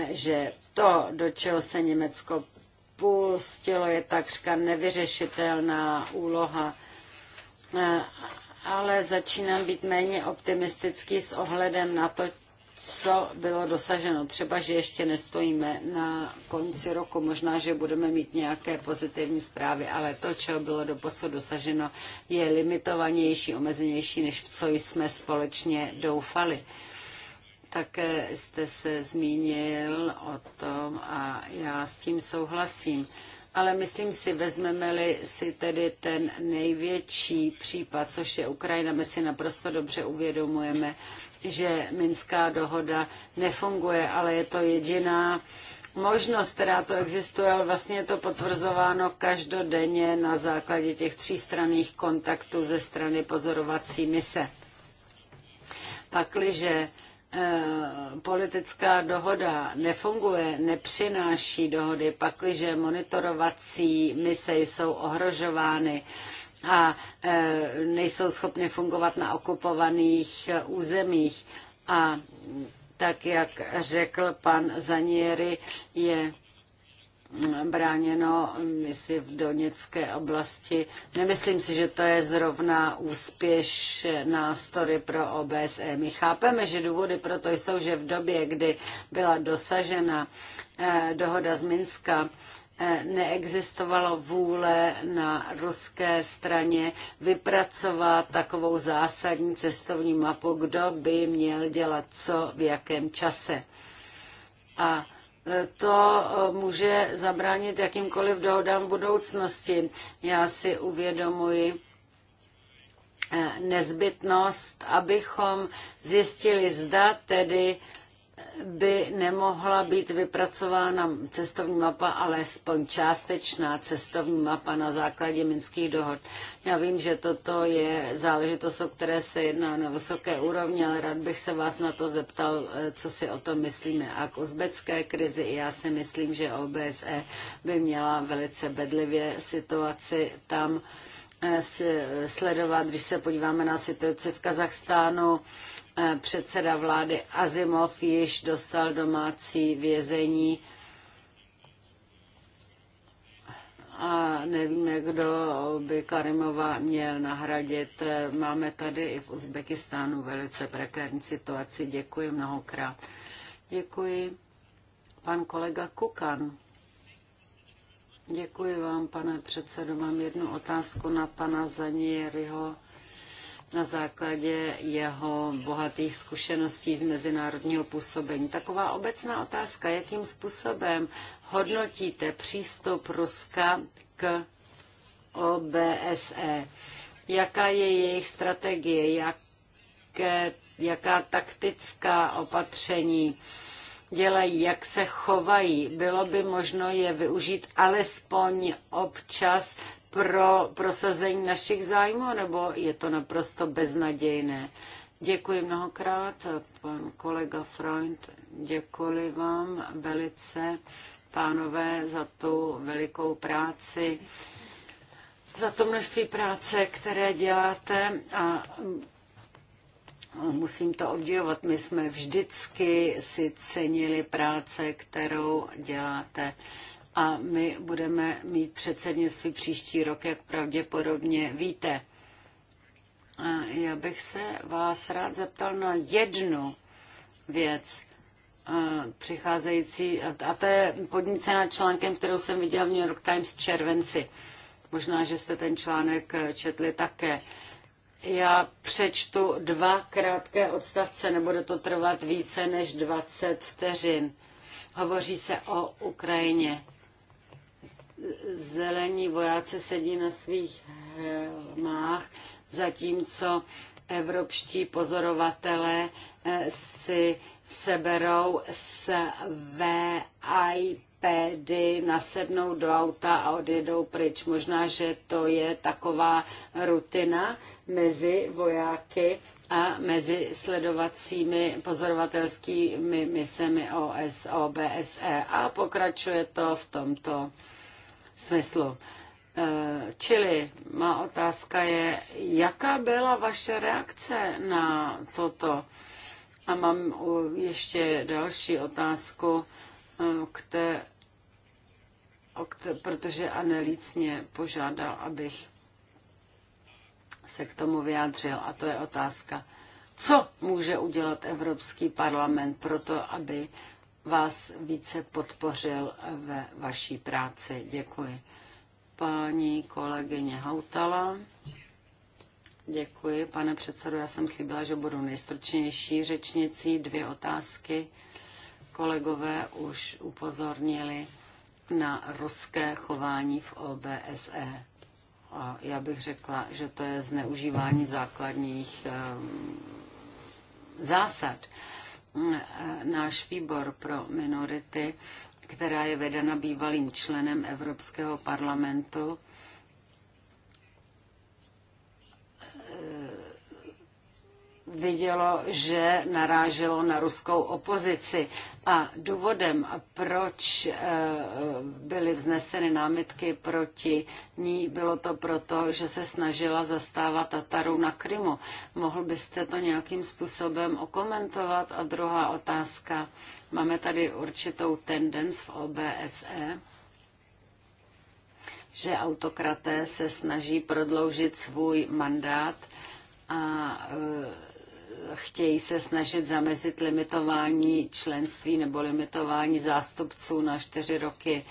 eh, že to, do čeho se Německo pustilo, je takřka nevyřešitelná úloha eh, ale začínám být méně optimistický s ohledem na to, co bylo dosaženo. Třeba, že ještě nestojíme na konci roku, možná, že budeme mít nějaké pozitivní zprávy, ale to, čeho bylo doposud dosaženo, je limitovanější, omezenější, než v co jsme společně doufali. Také jste se zmínil o tom a já s tím souhlasím. Ale myslím si, vezmeme-li si tedy ten největší případ, což je Ukrajina, my si naprosto dobře uvědomujeme, že Minská dohoda nefunguje, ale je to jediná možnost, která to existuje, ale vlastně je to potvrzováno každodenně na základě těch třístranných kontaktů ze strany pozorovací mise. Pakliže eh, politická dohoda nefunguje, nepřináší dohody, pakliže monitorovací mise jsou ohrožovány, a e, nejsou schopny fungovat na okupovaných e, územích. A tak, jak řekl pan Zaniery, je mm, bráněno misi mm, v Doněcké oblasti. Nemyslím si, že to je zrovna úspěš nástory pro OBSE. My chápeme, že důvody pro to jsou, že v době, kdy byla dosažena e, dohoda z Minska, Eh, neexistovalo vůle na ruské straně vypracovat takovou zásadní cestovní mapu, kdo by měl dělat co v jakém čase. A eh, to eh, může zabránit jakýmkoliv dohodám v budoucnosti. Já si uvědomuji, nezbytnost, abychom zjistili, zda tedy by nemohla být vypracována cestovní mapa, ale alespoň částečná cestovní mapa na základě minských dohod. Já vím, že toto je záležitost, o které se jedná na vysoké úrovni, ale rád bych se vás na to zeptal, eh, co si o tom myslíme. A k uzbecké krizi, já si myslím, že OBSE by měla velice bedlivě situaci tam eh, sledovat, když se podíváme na situaci v Kazachstánu, Eh, předseda vlády Azimov již dostal domácí vězení a nevíme, kdo by Karimova měl nahradit. Eh, máme tady i v Uzbekistánu velice prekérní situaci. Děkuji mnohokrát. Děkuji. Pan kolega Kukan. Děkuji vám, pane předsedo. Mám jednu otázku na pana Zanieryho na základě jeho bohatých zkušeností z mezinárodního působení. Taková obecná otázka, jakým způsobem hodnotíte přístup Ruska k OBSE? Jaká je jejich strategie? Jaké, jaká taktická opatření? dělají, jak se chovají. Bylo by možno je využít alespoň občas pro prosazení našich zájmů, nebo je to naprosto beznadějné? Děkuji mnohokrát, pan kolega Freund, děkuji vám velice, pánové, za tu velikou práci, za to množství práce, které děláte a musím to obdivovat. My jsme vždycky si cenili práce, kterou děláte a my budeme mít předsednictví příští rok, jak pravděpodobně víte. A já bych se vás rád zeptal na jednu věc přicházející, a to je podnícená článkem, kterou jsem viděl v New York Times v červenci. Možná, že jste ten článek eh, četli také. Já přečtu dva krátké odstavce, nebude to trvat více než 20 vteřin. Hovoří se o Ukrajině zelení vojáci sedí na svých helmách, zatímco evropští pozorovatelé eh, si seberou své iPady, nasednou do auta a odjedou pryč. Možná, že to je taková rutina mezi vojáky a mezi sledovacími pozorovatelskými misemi OS, OBSE a pokračuje to v tomto smyslu. E, čili má otázka je, jaká byla vaše reakce na toto? A mám ještě další otázku, e, které, protože Anelíc mě požádal, abych se k tomu vyjádřil. A to je otázka, co může udělat Evropský parlament pro to, aby vás více podpořil ve vaší práci. Děkuji. Paní kolegyně Hautala. Děkuji, pane předsedo. Já jsem slíbila, že budu nejstručnější řečnicí. Dvě otázky. Kolegové už upozornili na ruské chování v OBSE. A já bych řekla, že to je zneužívání základních um, zásad náš výbor pro minority, která je vedena bývalým členem Evropského parlamentu, vidělo, že naráželo na ruskou opozici. A důvodem, proč eh, byly vzneseny námitky proti ní, bylo to proto, že se snažila zastávat Tatarů na Krymu. Mohl byste to nějakým způsobem okomentovat? A druhá otázka. Máme tady určitou tendenc v OBSE, že autokraté se snaží prodloužit svůj mandát a eh, chtějí se snažit zamezit limitování členství nebo limitování zástupců na čtyři roky.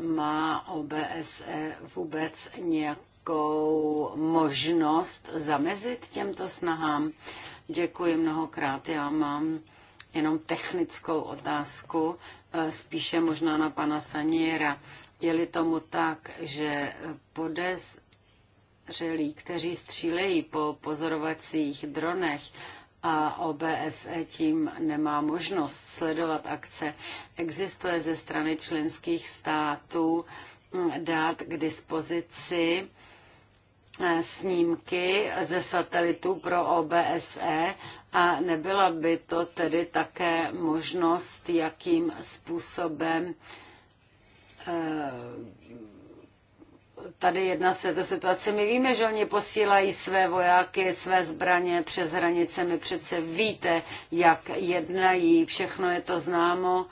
Má OBSE vůbec nějakou možnost zamezit těmto snahám? Děkuji mnohokrát. Já mám jenom technickou otázku, eh, spíše možná na pana Saniera. Je-li tomu tak, že podes podezřelí, kteří střílejí po pozorovacích dronech a OBSE tím nemá možnost sledovat akce, existuje ze strany členských států hm, dát k dispozici eh, snímky ze satelitů pro OBSE a nebyla by to tedy také možnost, jakým způsobem eh, tady jedna z této situace. My víme, že oni posílají své vojáky, své zbraně přes hranice. My přece víte, jak jednají, všechno je to známo,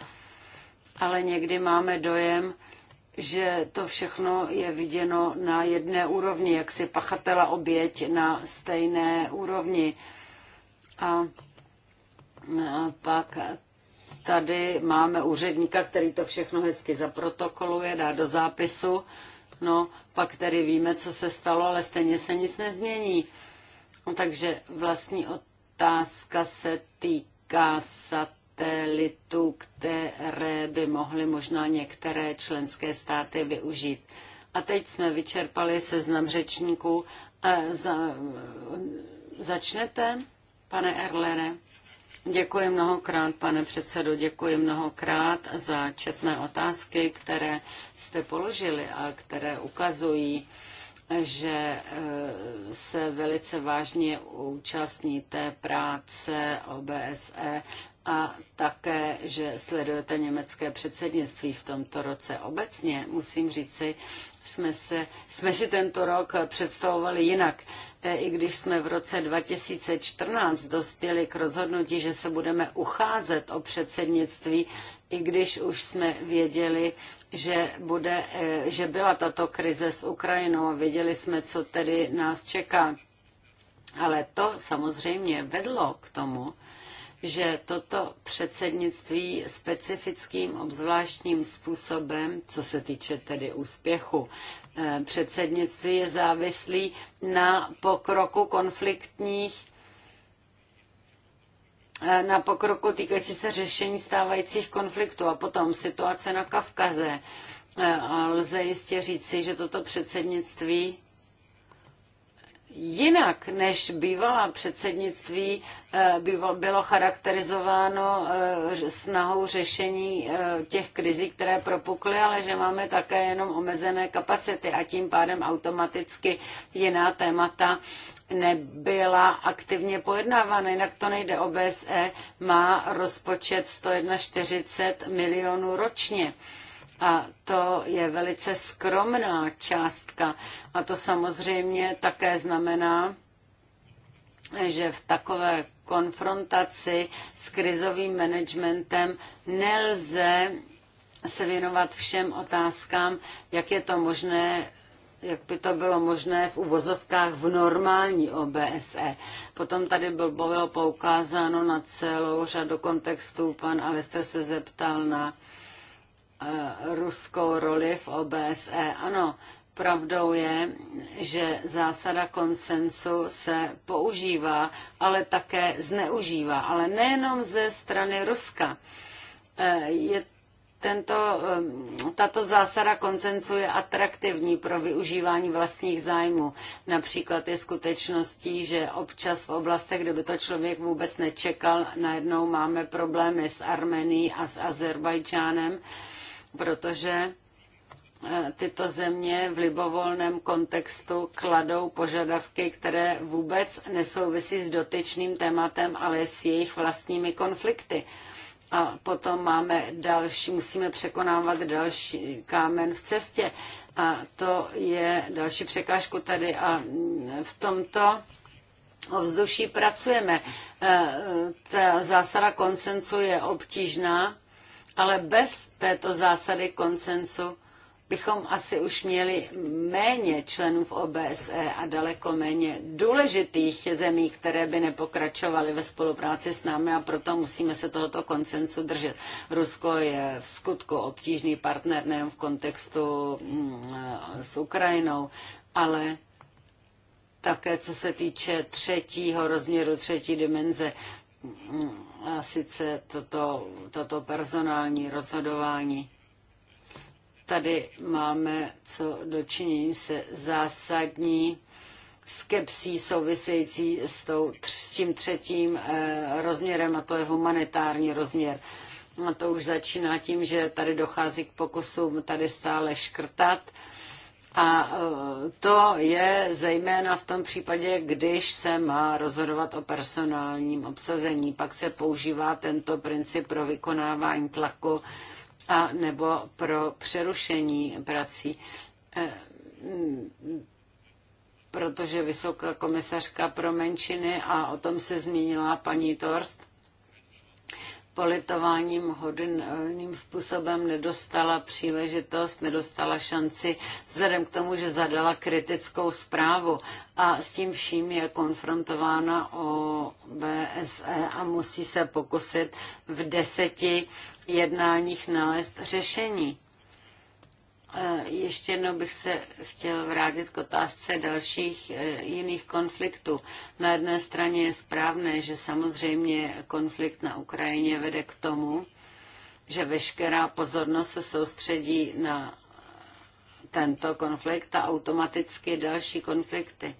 ale někdy máme dojem, že to všechno je viděno na jedné úrovni, jak si pachatela oběť na stejné úrovni. A pak tady máme úředníka, který to všechno hezky zaprotokoluje, dá do zápisu No, pak tedy víme, co se stalo, ale stejně se nic nezmění. No, takže vlastní otázka se týká satelitu, které by mohly možná některé členské státy využít. A teď jsme vyčerpali seznam řečníků. E, za, začnete, pane Erlere? Děkuji mnohokrát, pane předsedo, děkuji mnohokrát za četné otázky, které jste položili a které ukazují, že eh, se velice vážně účastníte práce OBSE a také, že sledujete německé předsednictví v tomto roce. Obecně musím říci, jsme, se, jsme si tento rok představovali jinak. E, I když jsme v roce 2014 dospěli k rozhodnutí, že se budeme ucházet o předsednictví, i když už jsme věděli, že, bude, e, že byla tato krize s Ukrajinou a věděli jsme, co tedy nás čeká. Ale to samozřejmě vedlo k tomu, že toto předsednictví specifickým obzvláštním způsobem, co se týče tedy úspěchu, eh, předsednictví je závislý na pokroku konfliktních eh, na pokroku týkající se řešení stávajících konfliktů a potom situace na Kavkaze. Eh, a lze jistě říci, že toto předsednictví jinak než bývalá předsednictví eh, bylo charakterizováno eh, snahou řešení eh, těch krizí, které propukly, ale že máme také jenom omezené kapacity a tím pádem automaticky jiná témata nebyla aktivně pojednávána. Jinak to nejde. BSE, má rozpočet 141 milionů ročně. A to je velice skromná částka. A to samozřejmě také znamená, že v takové konfrontaci s krizovým managementem nelze se věnovat všem otázkám, jak je to možné, jak by to bylo možné v uvozovkách v normální OBSE. Potom tady byl bylo poukázáno na celou řadu kontextů. Pan Alester se zeptal na Eh, ruskou roli v OBSE. Ano, pravdou je, že zásada konsensu se používá, ale také zneužívá, ale nejenom ze strany Ruska. Eh, je tento, eh, tato zásada koncensu je atraktivní pro využívání vlastních zájmů. Například je skutečností, že občas v oblastech, kde by to člověk vůbec nečekal, najednou máme problémy s Armenií a s Azerbajdžánem protože eh, tyto země v libovolném kontextu kladou požadavky, které vůbec nesouvisí s dotyčným tématem, ale s jejich vlastními konflikty. A potom máme další, musíme překonávat další kámen v cestě. A to je další překážku tady. A mm, v tomto ovzduší pracujeme. Eh, ta zásada konsenzu je obtížná, ale bez této zásady konsensu bychom asi už měli méně členů v OBSE a daleko méně důležitých zemí, které by nepokračovaly ve spolupráci s námi a proto musíme se tohoto konsensu držet. Rusko je v skutku obtížný partner nejen v kontextu mm, s Ukrajinou, ale také co se týče třetího rozměru, třetí dimenze mm, a sice toto, toto personální rozhodování. Tady máme co dočinění se zásadní skepsí související s, tou, s tím třetím eh, rozměrem a to je humanitární rozměr. A to už začíná tím, že tady dochází k pokusům tady stále škrtat. Eh, a e, to je zejména v tom případě, když se má rozhodovat o personálním obsazení. Pak se používá tento princip pro vykonávání tlaku a nebo pro přerušení prací e, protože vysoká komisařka pro menšiny a o tom se zmínila paní Torst, politováním hodným způsobem nedostala příležitost, nedostala šanci vzhledem k tomu, že zadala kritickou zprávu a s tím vším je konfrontována o BSE a musí se pokusit v deseti jednáních nalézt řešení. Ještě jednou bych se chtěl vrátit k otázce dalších e, jiných konfliktů. Na jedné straně je správné, že samozřejmě konflikt na Ukrajině vede k tomu, že veškerá pozornost se soustředí na tento konflikt a automaticky další konflikty,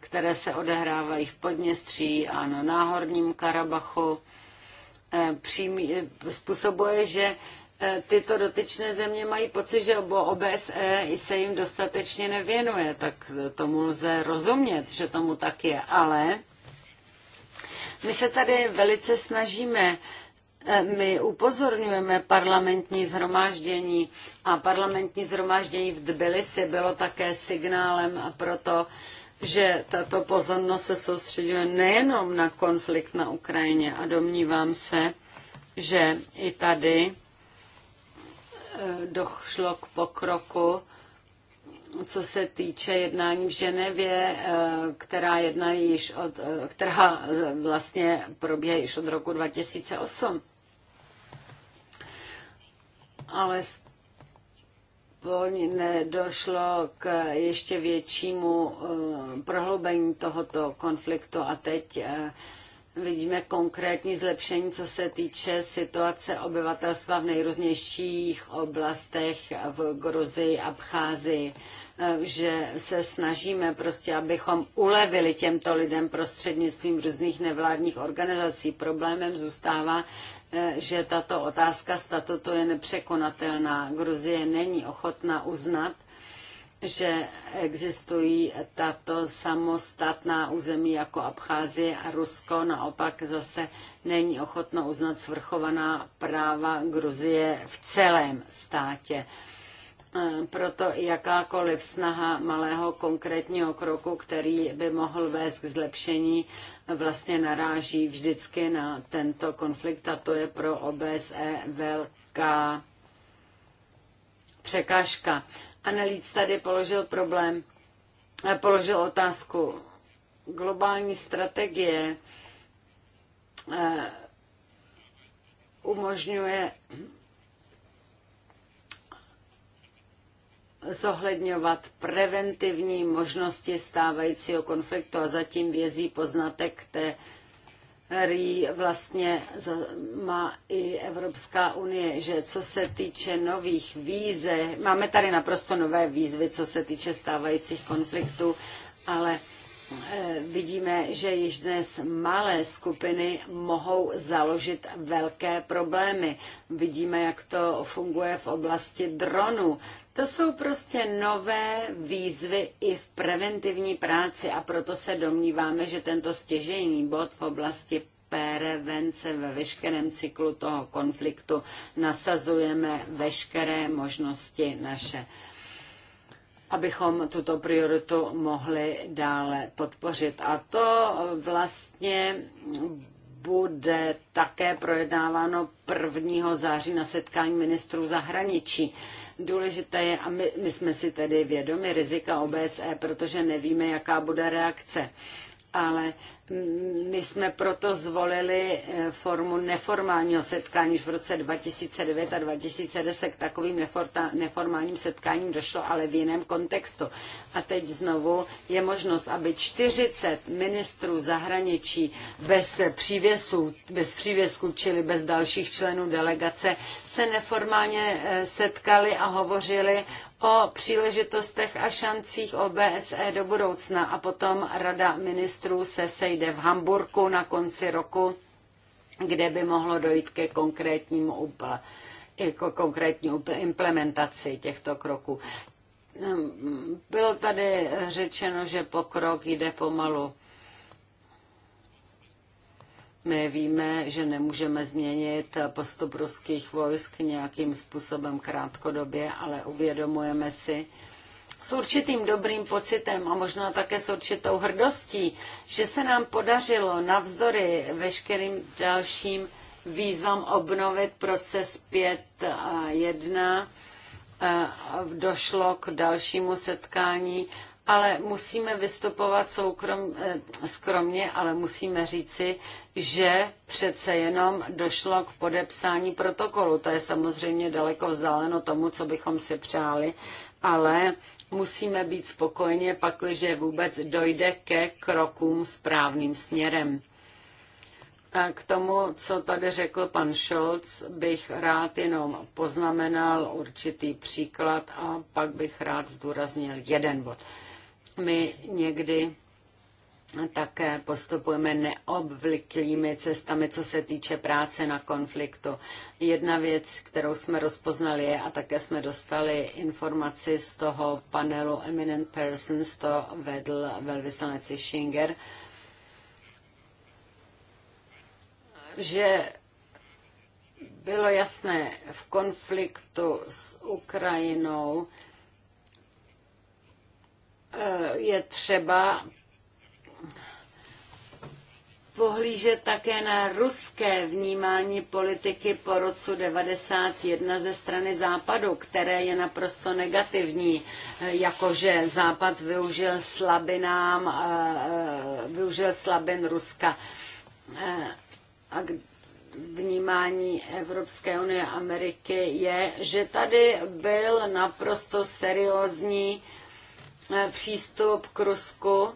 které se odehrávají v Podněstří a na Náhorním Karabachu, e, přímý, e, způsobuje, že E, tyto dotyčné země mají pocit, že OBSE se jim dostatečně nevěnuje, tak tomu lze rozumět, že tomu tak je, ale my se tady velice snažíme e, my upozorňujeme parlamentní zhromáždění a parlamentní zhromáždění v Tbilisi bylo také signálem pro to, že tato pozornost se soustředuje nejenom na konflikt na Ukrajině a domnívám se, že i tady Eh, došlo k pokroku, co se týče jednání v Ženevě, eh, která, jedná již od, eh, která vlastně probíhá již od roku 2008. Ale nedošlo k ještě většímu prohloubení tohoto konfliktu a teď vidíme konkrétní zlepšení, co se týče situace obyvatelstva v nejrůznějších oblastech v Gruzii, Abcházii, že se snažíme prostě, abychom ulevili těmto lidem prostřednictvím různých nevládních organizací. Problémem zůstává, že tato otázka statutu je nepřekonatelná. Gruzie není ochotna uznat, že existují tato samostatná území jako Abcházie a Rusko, naopak zase není ochotno uznat svrchovaná práva Gruzie v celém státě. Proto jakákoliv snaha malého konkrétního kroku, který by mohl vést k zlepšení, vlastně naráží vždycky na tento konflikt a to je pro OBSE velká překážka. Analýc tady položil problém, eh, položil otázku. Globální strategie eh, umožňuje zohledňovat preventivní možnosti stávajícího konfliktu a zatím vězí poznatek, té který vlastně má i Evropská unie, že co se týče nových víze, máme tady naprosto nové výzvy, co se týče stávajících konfliktů, ale eh, vidíme, že již dnes malé skupiny mohou založit velké problémy. Vidíme, jak to funguje v oblasti dronů. To jsou prostě nové výzvy i v preventivní práci a proto se domníváme, že tento stěžejní bod v oblasti prevence ve veškerém cyklu toho konfliktu nasazujeme veškeré možnosti naše abychom tuto prioritu mohli dále podpořit. A to vlastně bude také projednáváno 1. září na setkání ministrů zahraničí. Důležité je, a my, my jsme si tedy vědomi rizika OBSE, protože nevíme, jaká bude reakce ale mm, my jsme proto zvolili eh, formu neformálního setkání. Už v roce 2009 a 2010 k takovým neformálním setkáním došlo, ale v jiném kontextu. A teď znovu je možnost, aby 40 ministrů zahraničí bez přívěsu, bez přívěsku, čili bez dalších členů delegace, se neformálně eh, setkali a hovořili o příležitostech a šancích OBSE do budoucna a potom Rada ministrů se sejde v Hamburku na konci roku, kde by mohlo dojít ke konkrétnímu úplně jako konkrétní implementaci těchto kroků. Ehm, bylo tady řečeno, že pokrok jde pomalu. My víme, že nemůžeme změnit postup ruských vojsk nějakým způsobem krátkodobě, ale uvědomujeme si s určitým dobrým pocitem a možná také s určitou hrdostí, že se nám podařilo navzdory veškerým dalším výzvám obnovit proces 51, eh, Došlo k dalšímu setkání ale musíme vystupovat soukrom, eh, skromně, ale musíme říci, že přece jenom došlo k podepsání protokolu. To je samozřejmě daleko vzdáleno tomu, co bychom si přáli, ale musíme být spokojeně, pakliže vůbec dojde ke krokům správným směrem. A k tomu, co tady řekl pan Scholz, bych rád jenom poznamenal určitý příklad a pak bych rád zdůraznil jeden bod. My někdy také postupujeme neobvyklými cestami, co se týče práce na konfliktu. Jedna věc, kterou jsme rozpoznali je, a také jsme dostali informaci z toho panelu Eminent Persons, to vedl velvyslanec Schinger, že bylo jasné v konfliktu s Ukrajinou, Eh, je třeba pohlížet také na ruské vnímání politiky po roce 1991 ze strany Západu, které je naprosto negativní, eh, jakože Západ využil slabinám, eh, využil slabin Ruska. A vnímání Evropské unie Ameriky je, že tady byl naprosto seriózní Eh, přístup k Rusku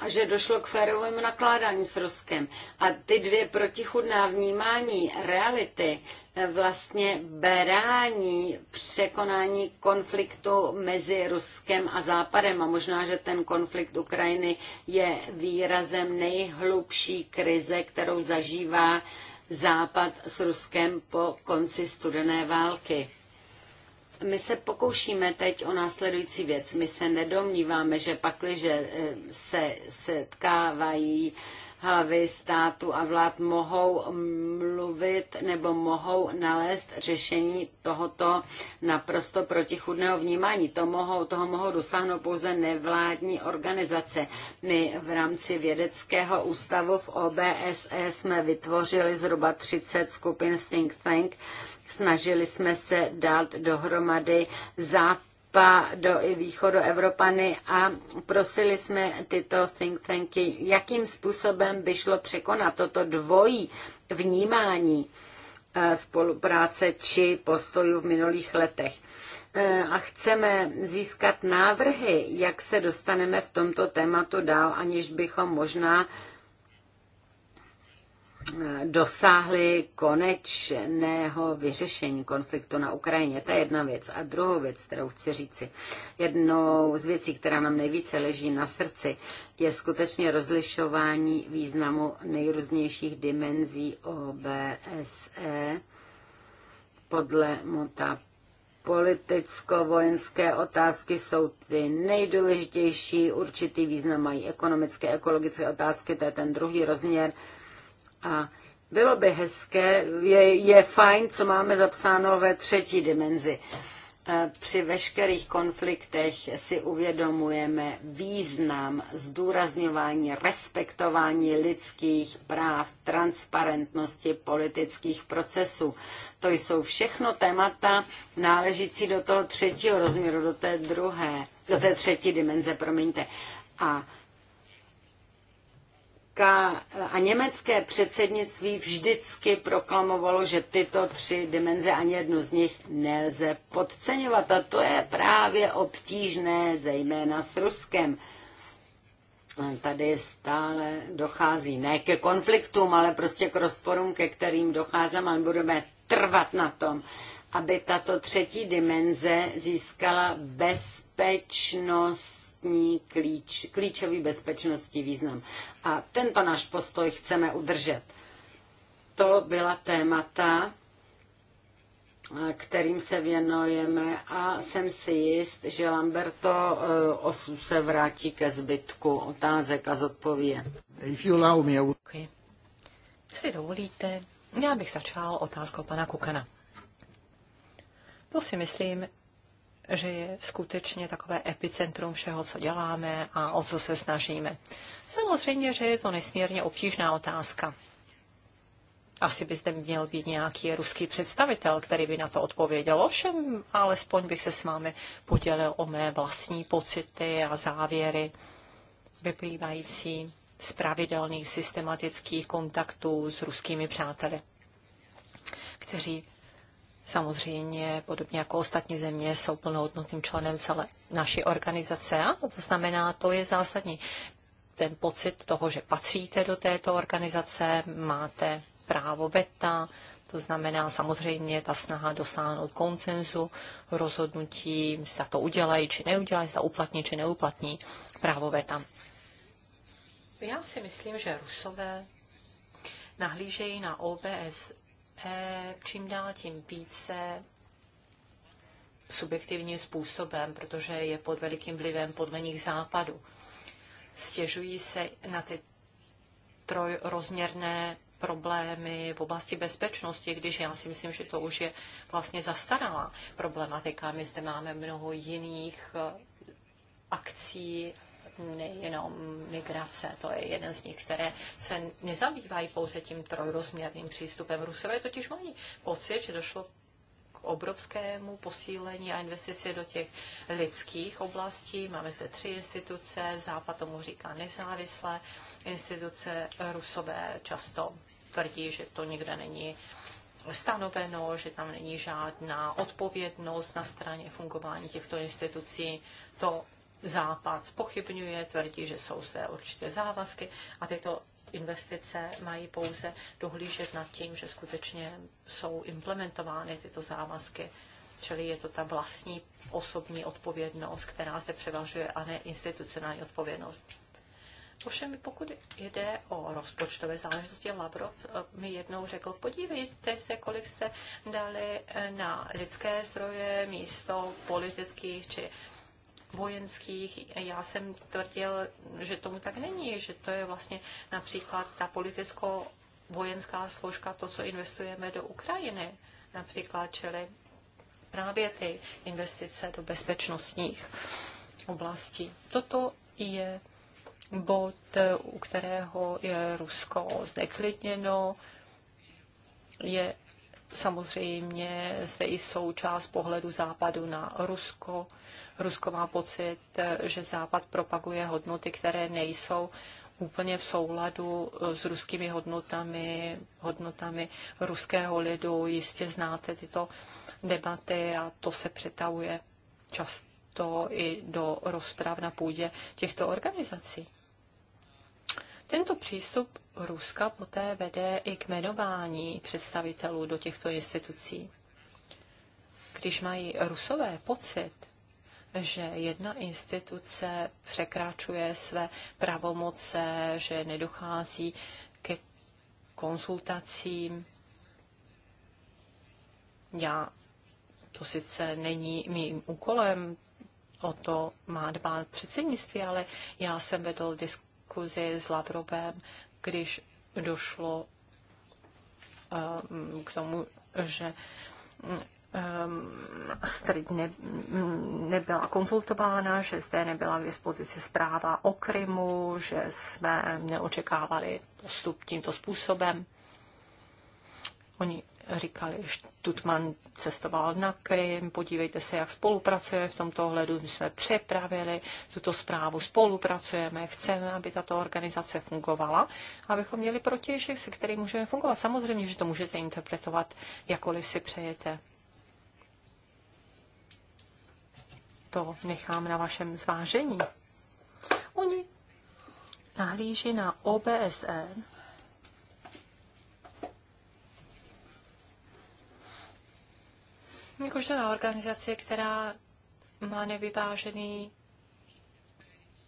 a že došlo k férovému nakládání s Ruskem. A ty dvě protichudná vnímání reality eh, vlastně berání překonání konfliktu mezi Ruskem a Západem. A možná, že ten konflikt Ukrajiny je výrazem nejhlubší krize, kterou zažívá Západ s Ruskem po konci studené války. My se pokoušíme teď o následující věc. My se nedomníváme, že pakliže eh, se setkávají hlavy státu a vlád mohou mluvit nebo mohou nalézt řešení tohoto naprosto protichudného vnímání. To mohou, toho mohou dosáhnout pouze nevládní organizace. My v rámci vědeckého ústavu v OBSE jsme vytvořili zhruba 30 skupin Think Tank, Snažili jsme se dát dohromady západ do i východu Evropany a prosili jsme tyto think tanky, jakým způsobem by šlo překonat toto dvojí vnímání eh, spolupráce či postojů v minulých letech eh, a chceme získat návrhy, jak se dostaneme v tomto tématu dál, aniž bychom možná dosáhli konečného vyřešení konfliktu na Ukrajině. To je jedna věc. A druhou věc, kterou chci říci, jednou z věcí, která nám nejvíce leží na srdci, je skutečně rozlišování významu nejrůznějších dimenzí OBSE podle Mota politicko-vojenské otázky jsou ty nejdůležitější, určitý význam mají ekonomické, ekologické otázky, to je ten druhý rozměr, a bylo by hezké, je, je fajn, co máme zapsáno ve třetí dimenzi. E, při veškerých konfliktech si uvědomujeme význam zdůrazňování, respektování lidských práv, transparentnosti politických procesů. To jsou všechno témata náležící do toho třetího rozměru, do té druhé, do té třetí dimenze, promiňte. A a německé předsednictví vždycky proklamovalo, že tyto tři dimenze ani jednu z nich nelze podceňovat. A to je právě obtížné, zejména s Ruskem. Tady stále dochází ne ke konfliktům, ale prostě k rozporům, ke kterým docházím, ale budeme trvat na tom, aby tato třetí dimenze získala bezpečnost vlastní klíč, klíčový bezpečnostní význam. A tento náš postoj chceme udržet. To byla témata, eh, kterým se věnujeme a jsem si jist, že Lamberto eh, osu se vrátí ke zbytku otázek a zodpově. okay. Jestli dovolíte, já bych začal otázkou pana Kukana. To si myslím, že je skutečně takové epicentrum všeho, co děláme a o co se snažíme. Samozřejmě, že je to nesmírně obtížná otázka. Asi by zde měl být nějaký ruský představitel, který by na to odpověděl. Ovšem, alespoň bych se s vámi podělil o mé vlastní pocity a závěry vyplývající z pravidelných systematických kontaktů s ruskými přáteli, kteří samozřejmě, podobně jako ostatní země, jsou plnohodnotným členem celé naší organizace. A to znamená, to je zásadní. Ten pocit toho, že patříte do této organizace, máte právo beta, to znamená samozřejmě ta snaha dosáhnout koncenzu rozhodnutí, zda to udělají či neudělají, zda uplatní či neuplatní právo veta. Já si myslím, že Rusové nahlížejí na OBS. Eh, čím dál tím více subjektivním způsobem, protože je pod velikým vlivem podle nich západu. Stěžují se na ty trojrozměrné problémy v oblasti bezpečnosti, když já si myslím, že to už je vlastně zastaralá problematika. My zde máme mnoho jiných eh, akcí nejenom migrace, to je jeden z nich, které se nezabývají pouze tím trojrozměrným přístupem. Rusové totiž mají pocit, že došlo k obrovskému posílení a investici do těch lidských oblastí. Máme zde tři instituce, Západ tomu říká nezávislé instituce, Rusové často tvrdí, že to nikde není stanoveno, že tam není žádná odpovědnost na straně fungování těchto institucí. To Západ spochybňuje, tvrdí, že jsou své určité závazky a tyto investice mají pouze dohlížet nad tím, že skutečně jsou implementovány tyto závazky. Čili je to ta vlastní osobní odpovědnost, která zde převažuje, a ne institucionální odpovědnost. Ovšem, pokud jde o rozpočtové záležitosti, Lavrov eh, mi jednou řekl, podívejte se, kolik jste dali eh, na lidské zdroje místo politických či vojenských. Já jsem tvrdil, že tomu tak není, že to je vlastně například ta politicko vojenská složka, to, co investujeme do Ukrajiny například, čili právě ty investice do bezpečnostních oblastí. Toto je bod, u kterého je Rusko zneklidněno, je samozřejmě zde i součást pohledu Západu na Rusko. Rusko má pocit, že Západ propaguje hodnoty, které nejsou úplně v souladu s ruskými hodnotami, hodnotami ruského lidu. Jistě znáte tyto debaty a to se přetavuje často i do rozpráv na půdě těchto organizací. Tento přístup Ruska poté vede i k jmenování představitelů do těchto institucí. Když mají rusové pocit, že jedna instituce překračuje své pravomoce, že nedochází ke konsultacím. Já, to sice není mým úkolem, o to má dbát předsednictví, ale já jsem vedl diskus diskuzi s Lavrovem, když došlo ehm, k tomu, že ehm, Strid ne, nebyla konzultována, že zde nebyla v dispozici zpráva o Krymu, že jsme neočekávali postup tímto způsobem. Oni říkali, že Tutman cestoval na Krym, podívejte se, jak spolupracuje v tomto ohledu, my jsme přepravili tuto zprávu, spolupracujeme, chceme, aby tato organizace fungovala, abychom měli protěžek, se kterým můžeme fungovat. Samozřejmě, že to můžete interpretovat, jakkoliv si přejete. To nechám na vašem zvážení. Oni nahlíží na OBSN e Každá organizace, která má nevyvážený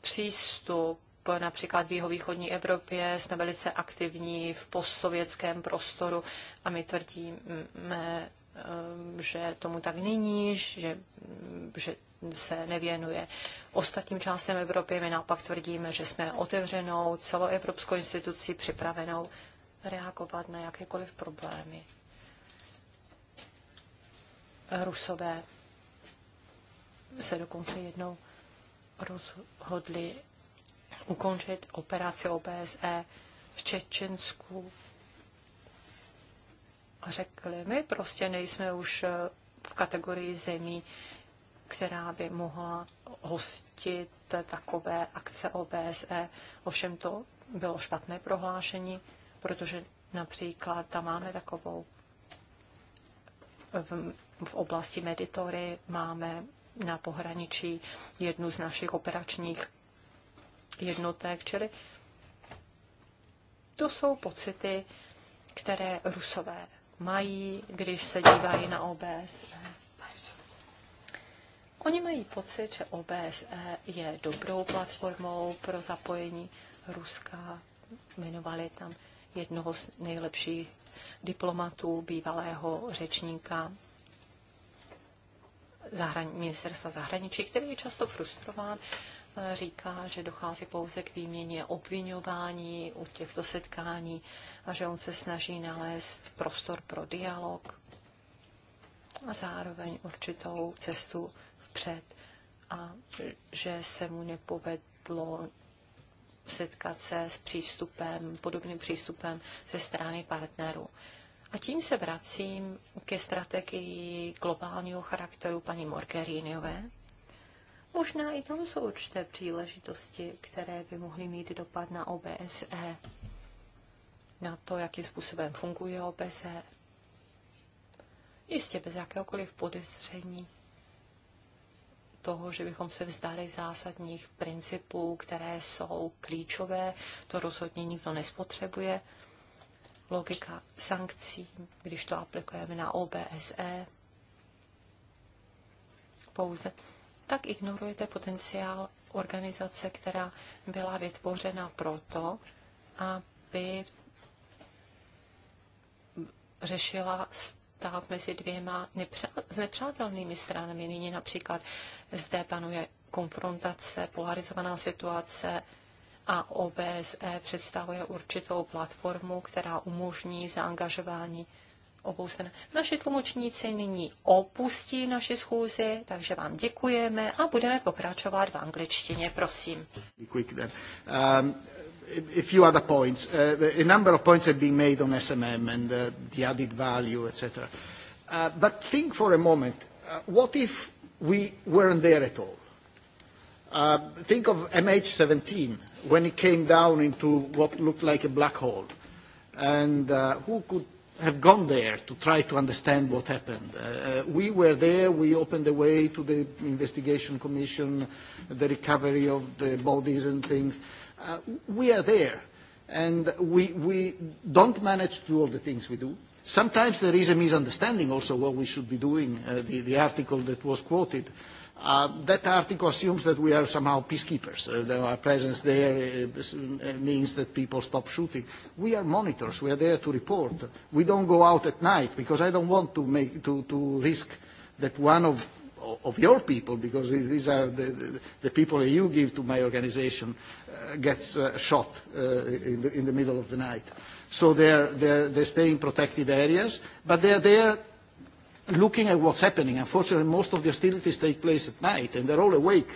přístup, například v jihovýchodní Evropě jsme velice aktivní v postsovětském prostoru a my tvrdíme, eh, že tomu tak není, že, že se nevěnuje ostatním částem Evropy. My naopak tvrdíme, že jsme otevřenou celoevropskou institucí připravenou reagovat na jakékoliv problémy. Rusové se dokonce jednou rozhodli ukončit operaci OBSE v Čečensku a řekli, my prostě nejsme už eh, v kategorii zemí, která by mohla hostit takové akce OBSE. Ovšem to bylo špatné prohlášení, protože například tam máme takovou v oblasti Meditory máme na pohraničí jednu z našich operačních jednotek, čili to jsou pocity, které rusové mají, když se dívají na OBSE. Oni mají pocit, že OBSE je dobrou platformou pro zapojení Ruska. Jmenovali tam jednoho z nejlepších diplomatů, bývalého řečníka zahrani- ministerstva zahraničí, který je často frustrován, eh, říká, že dochází pouze k výměně obvinování u těchto setkání a že on se snaží nalézt prostor pro dialog a zároveň určitou cestu vpřed a že se mu nepovedlo setkat se s přístupem, podobným přístupem ze strany partnerů. A tím se vracím ke strategii globálního charakteru paní Morgeriniové. Možná i tam jsou určité příležitosti, které by mohly mít dopad na OBSE, na to, jakým způsobem funguje OBSE. Jistě bez jakéhokoliv podezření toho, že bychom se vzdali zásadních principů, které jsou klíčové, to rozhodně nikdo nespotřebuje logika sankcí, když to aplikujeme na OBSE pouze, tak ignorujete potenciál organizace, která byla vytvořena proto, aby řešila stát mezi dvěma nepřa- nepřátelnými stranami. Nyní například zde panuje konfrontace, polarizovaná situace a OBSE představuje určitou platformu, která umožní zaangažování obou stran. Naši tlumočníci nyní opustí naši schůzi, takže vám děkujeme a budeme pokračovat v angličtině, prosím. a um, few other points. Uh, a number of points have been made on SMM and uh, the added value, etc. Uh, but think for a moment, uh, what if we weren't there at all? Uh, think of MH17 when it came down into what looked like a black hole. And uh, who could have gone there to try to understand what happened? Uh, uh, we were there. We opened the way to the investigation commission, the recovery of the bodies and things. Uh, we are there. And we, we don't manage to do all the things we do. Sometimes there is a misunderstanding also what we should be doing, uh, the, the article that was quoted. Uh, Uh, that article assumes that we are somehow peacekeepers. Uh, our presence there uh, uh, means that people stop shooting. We are monitors. We are there to report. We don't go out at night because I don't want to, make, to, to risk that one of, of your people, because these are the, the, the people that you give to my organization, uh, gets uh, shot uh, in, the, in the middle of the night. So they're, they're, they stay in protected areas, but they're there looking at what's happening. Unfortunately, most of the hostilities take place at night, and they're all awake,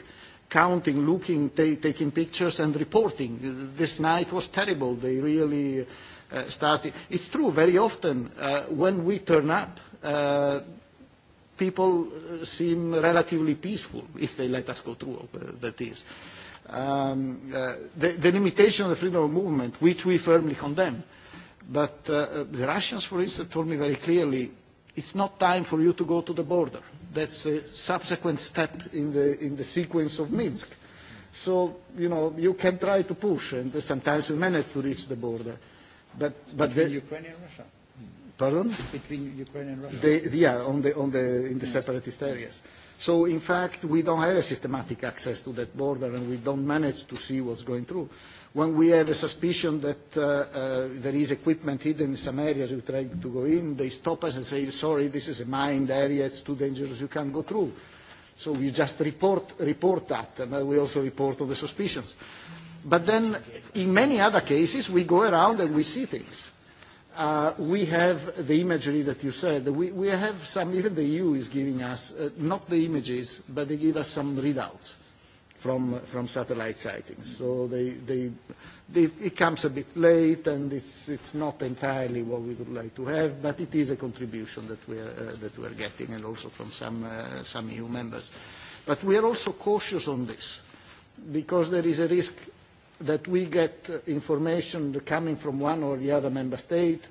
counting, looking, taking pictures and reporting. This night was terrible. They really uh, started. It's true, very often uh, when we turn up, uh, people uh, seem relatively peaceful, if they let us go through, uh, that is. Um, uh, the, the limitation of the freedom of movement, which we firmly condemn. But uh, uh the Russians, for instance, told me very clearly it's not time for you to go to the border. That's a subsequent step in the, in the sequence of Minsk. So, you know, you can try to push, and sometimes you manage to reach the border. But, but Between the, Ukraine and Russia? Pardon? Between Ukraine and Russia? The, yeah, on the, on the, in the yes. separatist areas. So, in fact, we don't have a systematic access to that border, and we don't manage to see what's going through. When we have a suspicion that uh, uh, there is equipment hidden in some areas, we try to go in, they stop us and say, sorry, this is a mined area, it's too dangerous, you can't go through. So we just report, report that, and we also report on the suspicions. But then in many other cases, we go around and we see things. Uh, we have the imagery that you said. We, we have some, even the EU is giving us, uh, not the images, but they give us some readouts from, from satellite sightings. So they, they, they, it comes a bit late, and it's, it's not entirely what we would like to have, but it is a contribution that we are, uh, that we are getting, and also from some, uh, some EU members. But we are also cautious on this, because there is a risk that we get uh, information coming from one or the other member state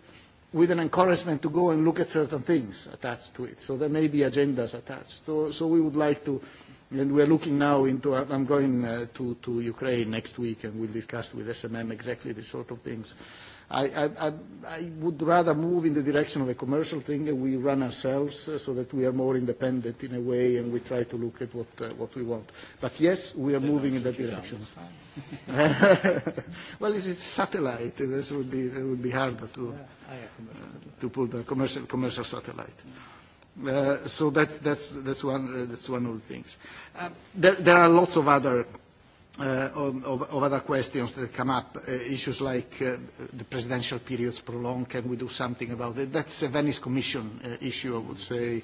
with an encouragement to go and look at certain things attached to it. So there may be agendas attached. So, so we would like to And we're looking now into, uh, I'm going uh, to, to Ukraine next week and we'll discuss with SMM exactly this sort of things. I, I, I would rather move in the direction of a commercial thing and we run ourselves uh, so that we are more independent in a way and we try to look at what, uh, what we want. But yes, we are moving in that direction. well, it's, it's satellite. This would be, it would be harder to, uh, to put a commercial, commercial satellite. Yeah. Uh, so that, that's, that's, one, uh, that's one of the things. Uh, there, there are lots of other, uh, of, of other questions that come up, issues like the presidential periods prolonged, can we do something about it? That's a Venice Commission issue, I would say.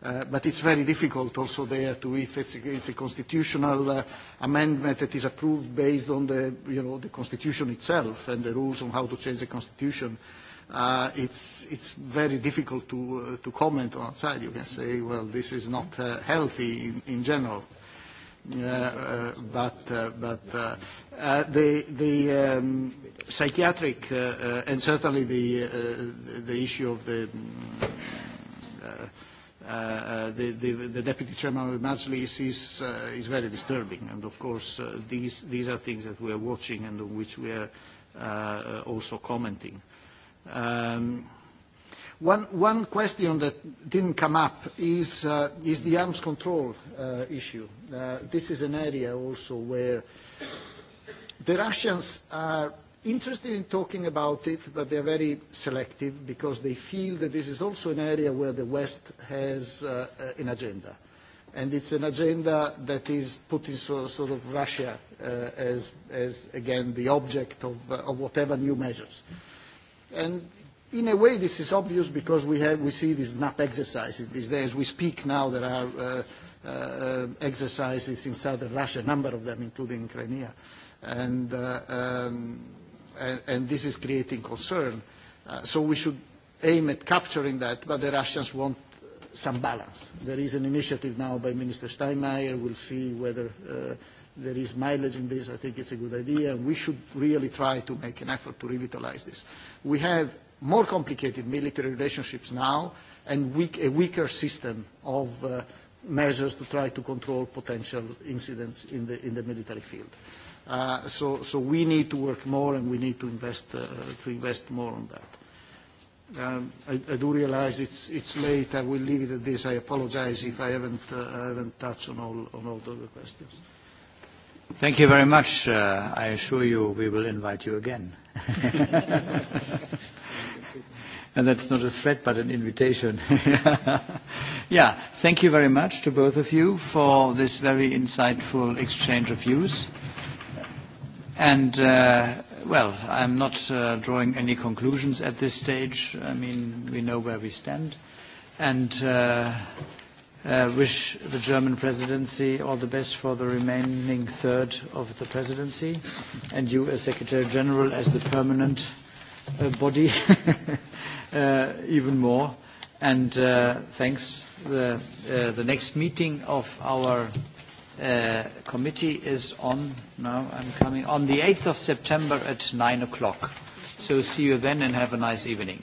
But it's very difficult also there to, if it's, it's a constitutional amendment that is approved based on the, you know, the constitution itself and the rules on how to change the constitution, Uh, it's, very difficult uh, to, comment on outside. You can say, well, this is not uh, healthy in, general. the, psychiatric and certainly the, issue of mm, the, deputy chairman of the Majlis is, very disturbing. of course, these, are things that we are watching and on which we are also commenting. Um, one, question that didn't come up is, uh, the arms control uh, issue. Uh, this is an area also where the Russians are interested in talking about it, but they're very selective because they feel that this is also an area where the West has an agenda. And it's an agenda that is putting sort of Russia as, again, the object of, whatever new measures. And in a way, this is obvious because we, have, we see these NAP exercises these days. We speak now, there are uh, uh, exercises in southern Russia, a number of them, including Crimea. And, uh, um, and, and this is creating concern. Uh, so we should aim at capturing that, but the Russians want some balance. There is an initiative now by Minister Steinmeier. We'll see whether uh, there is mileage in this. I think it's a good idea, and we should really try to make an effort to revitalize this. We have more complicated military relationships now and weak, a weaker system of uh, measures to try to control potential incidents in the, in the military field. Uh, so, so we need to work more and we need to invest, uh, to invest more on that. Um, I, I do realize it's, it's late. I will leave it at this. I apologize if I haven't, uh, I haven't touched on all, on all the questions. Thank you very much. Uh, I assure you we will invite you again. and that's not a threat but an invitation. yeah, thank you very much to both of you for this very insightful exchange of views. And uh, well, I'm not uh, drawing any conclusions at this stage. I mean, we know where we stand. And uh, Uh, wish the German presidency all the best for the remaining third of the presidency, and you as Secretary General, as the permanent uh, body, uh, even more. And uh, thanks. The, uh, the next meeting of our committee is on, now I'm coming, on the 8th of September at 9 o'clock. So see you then, and have a nice evening.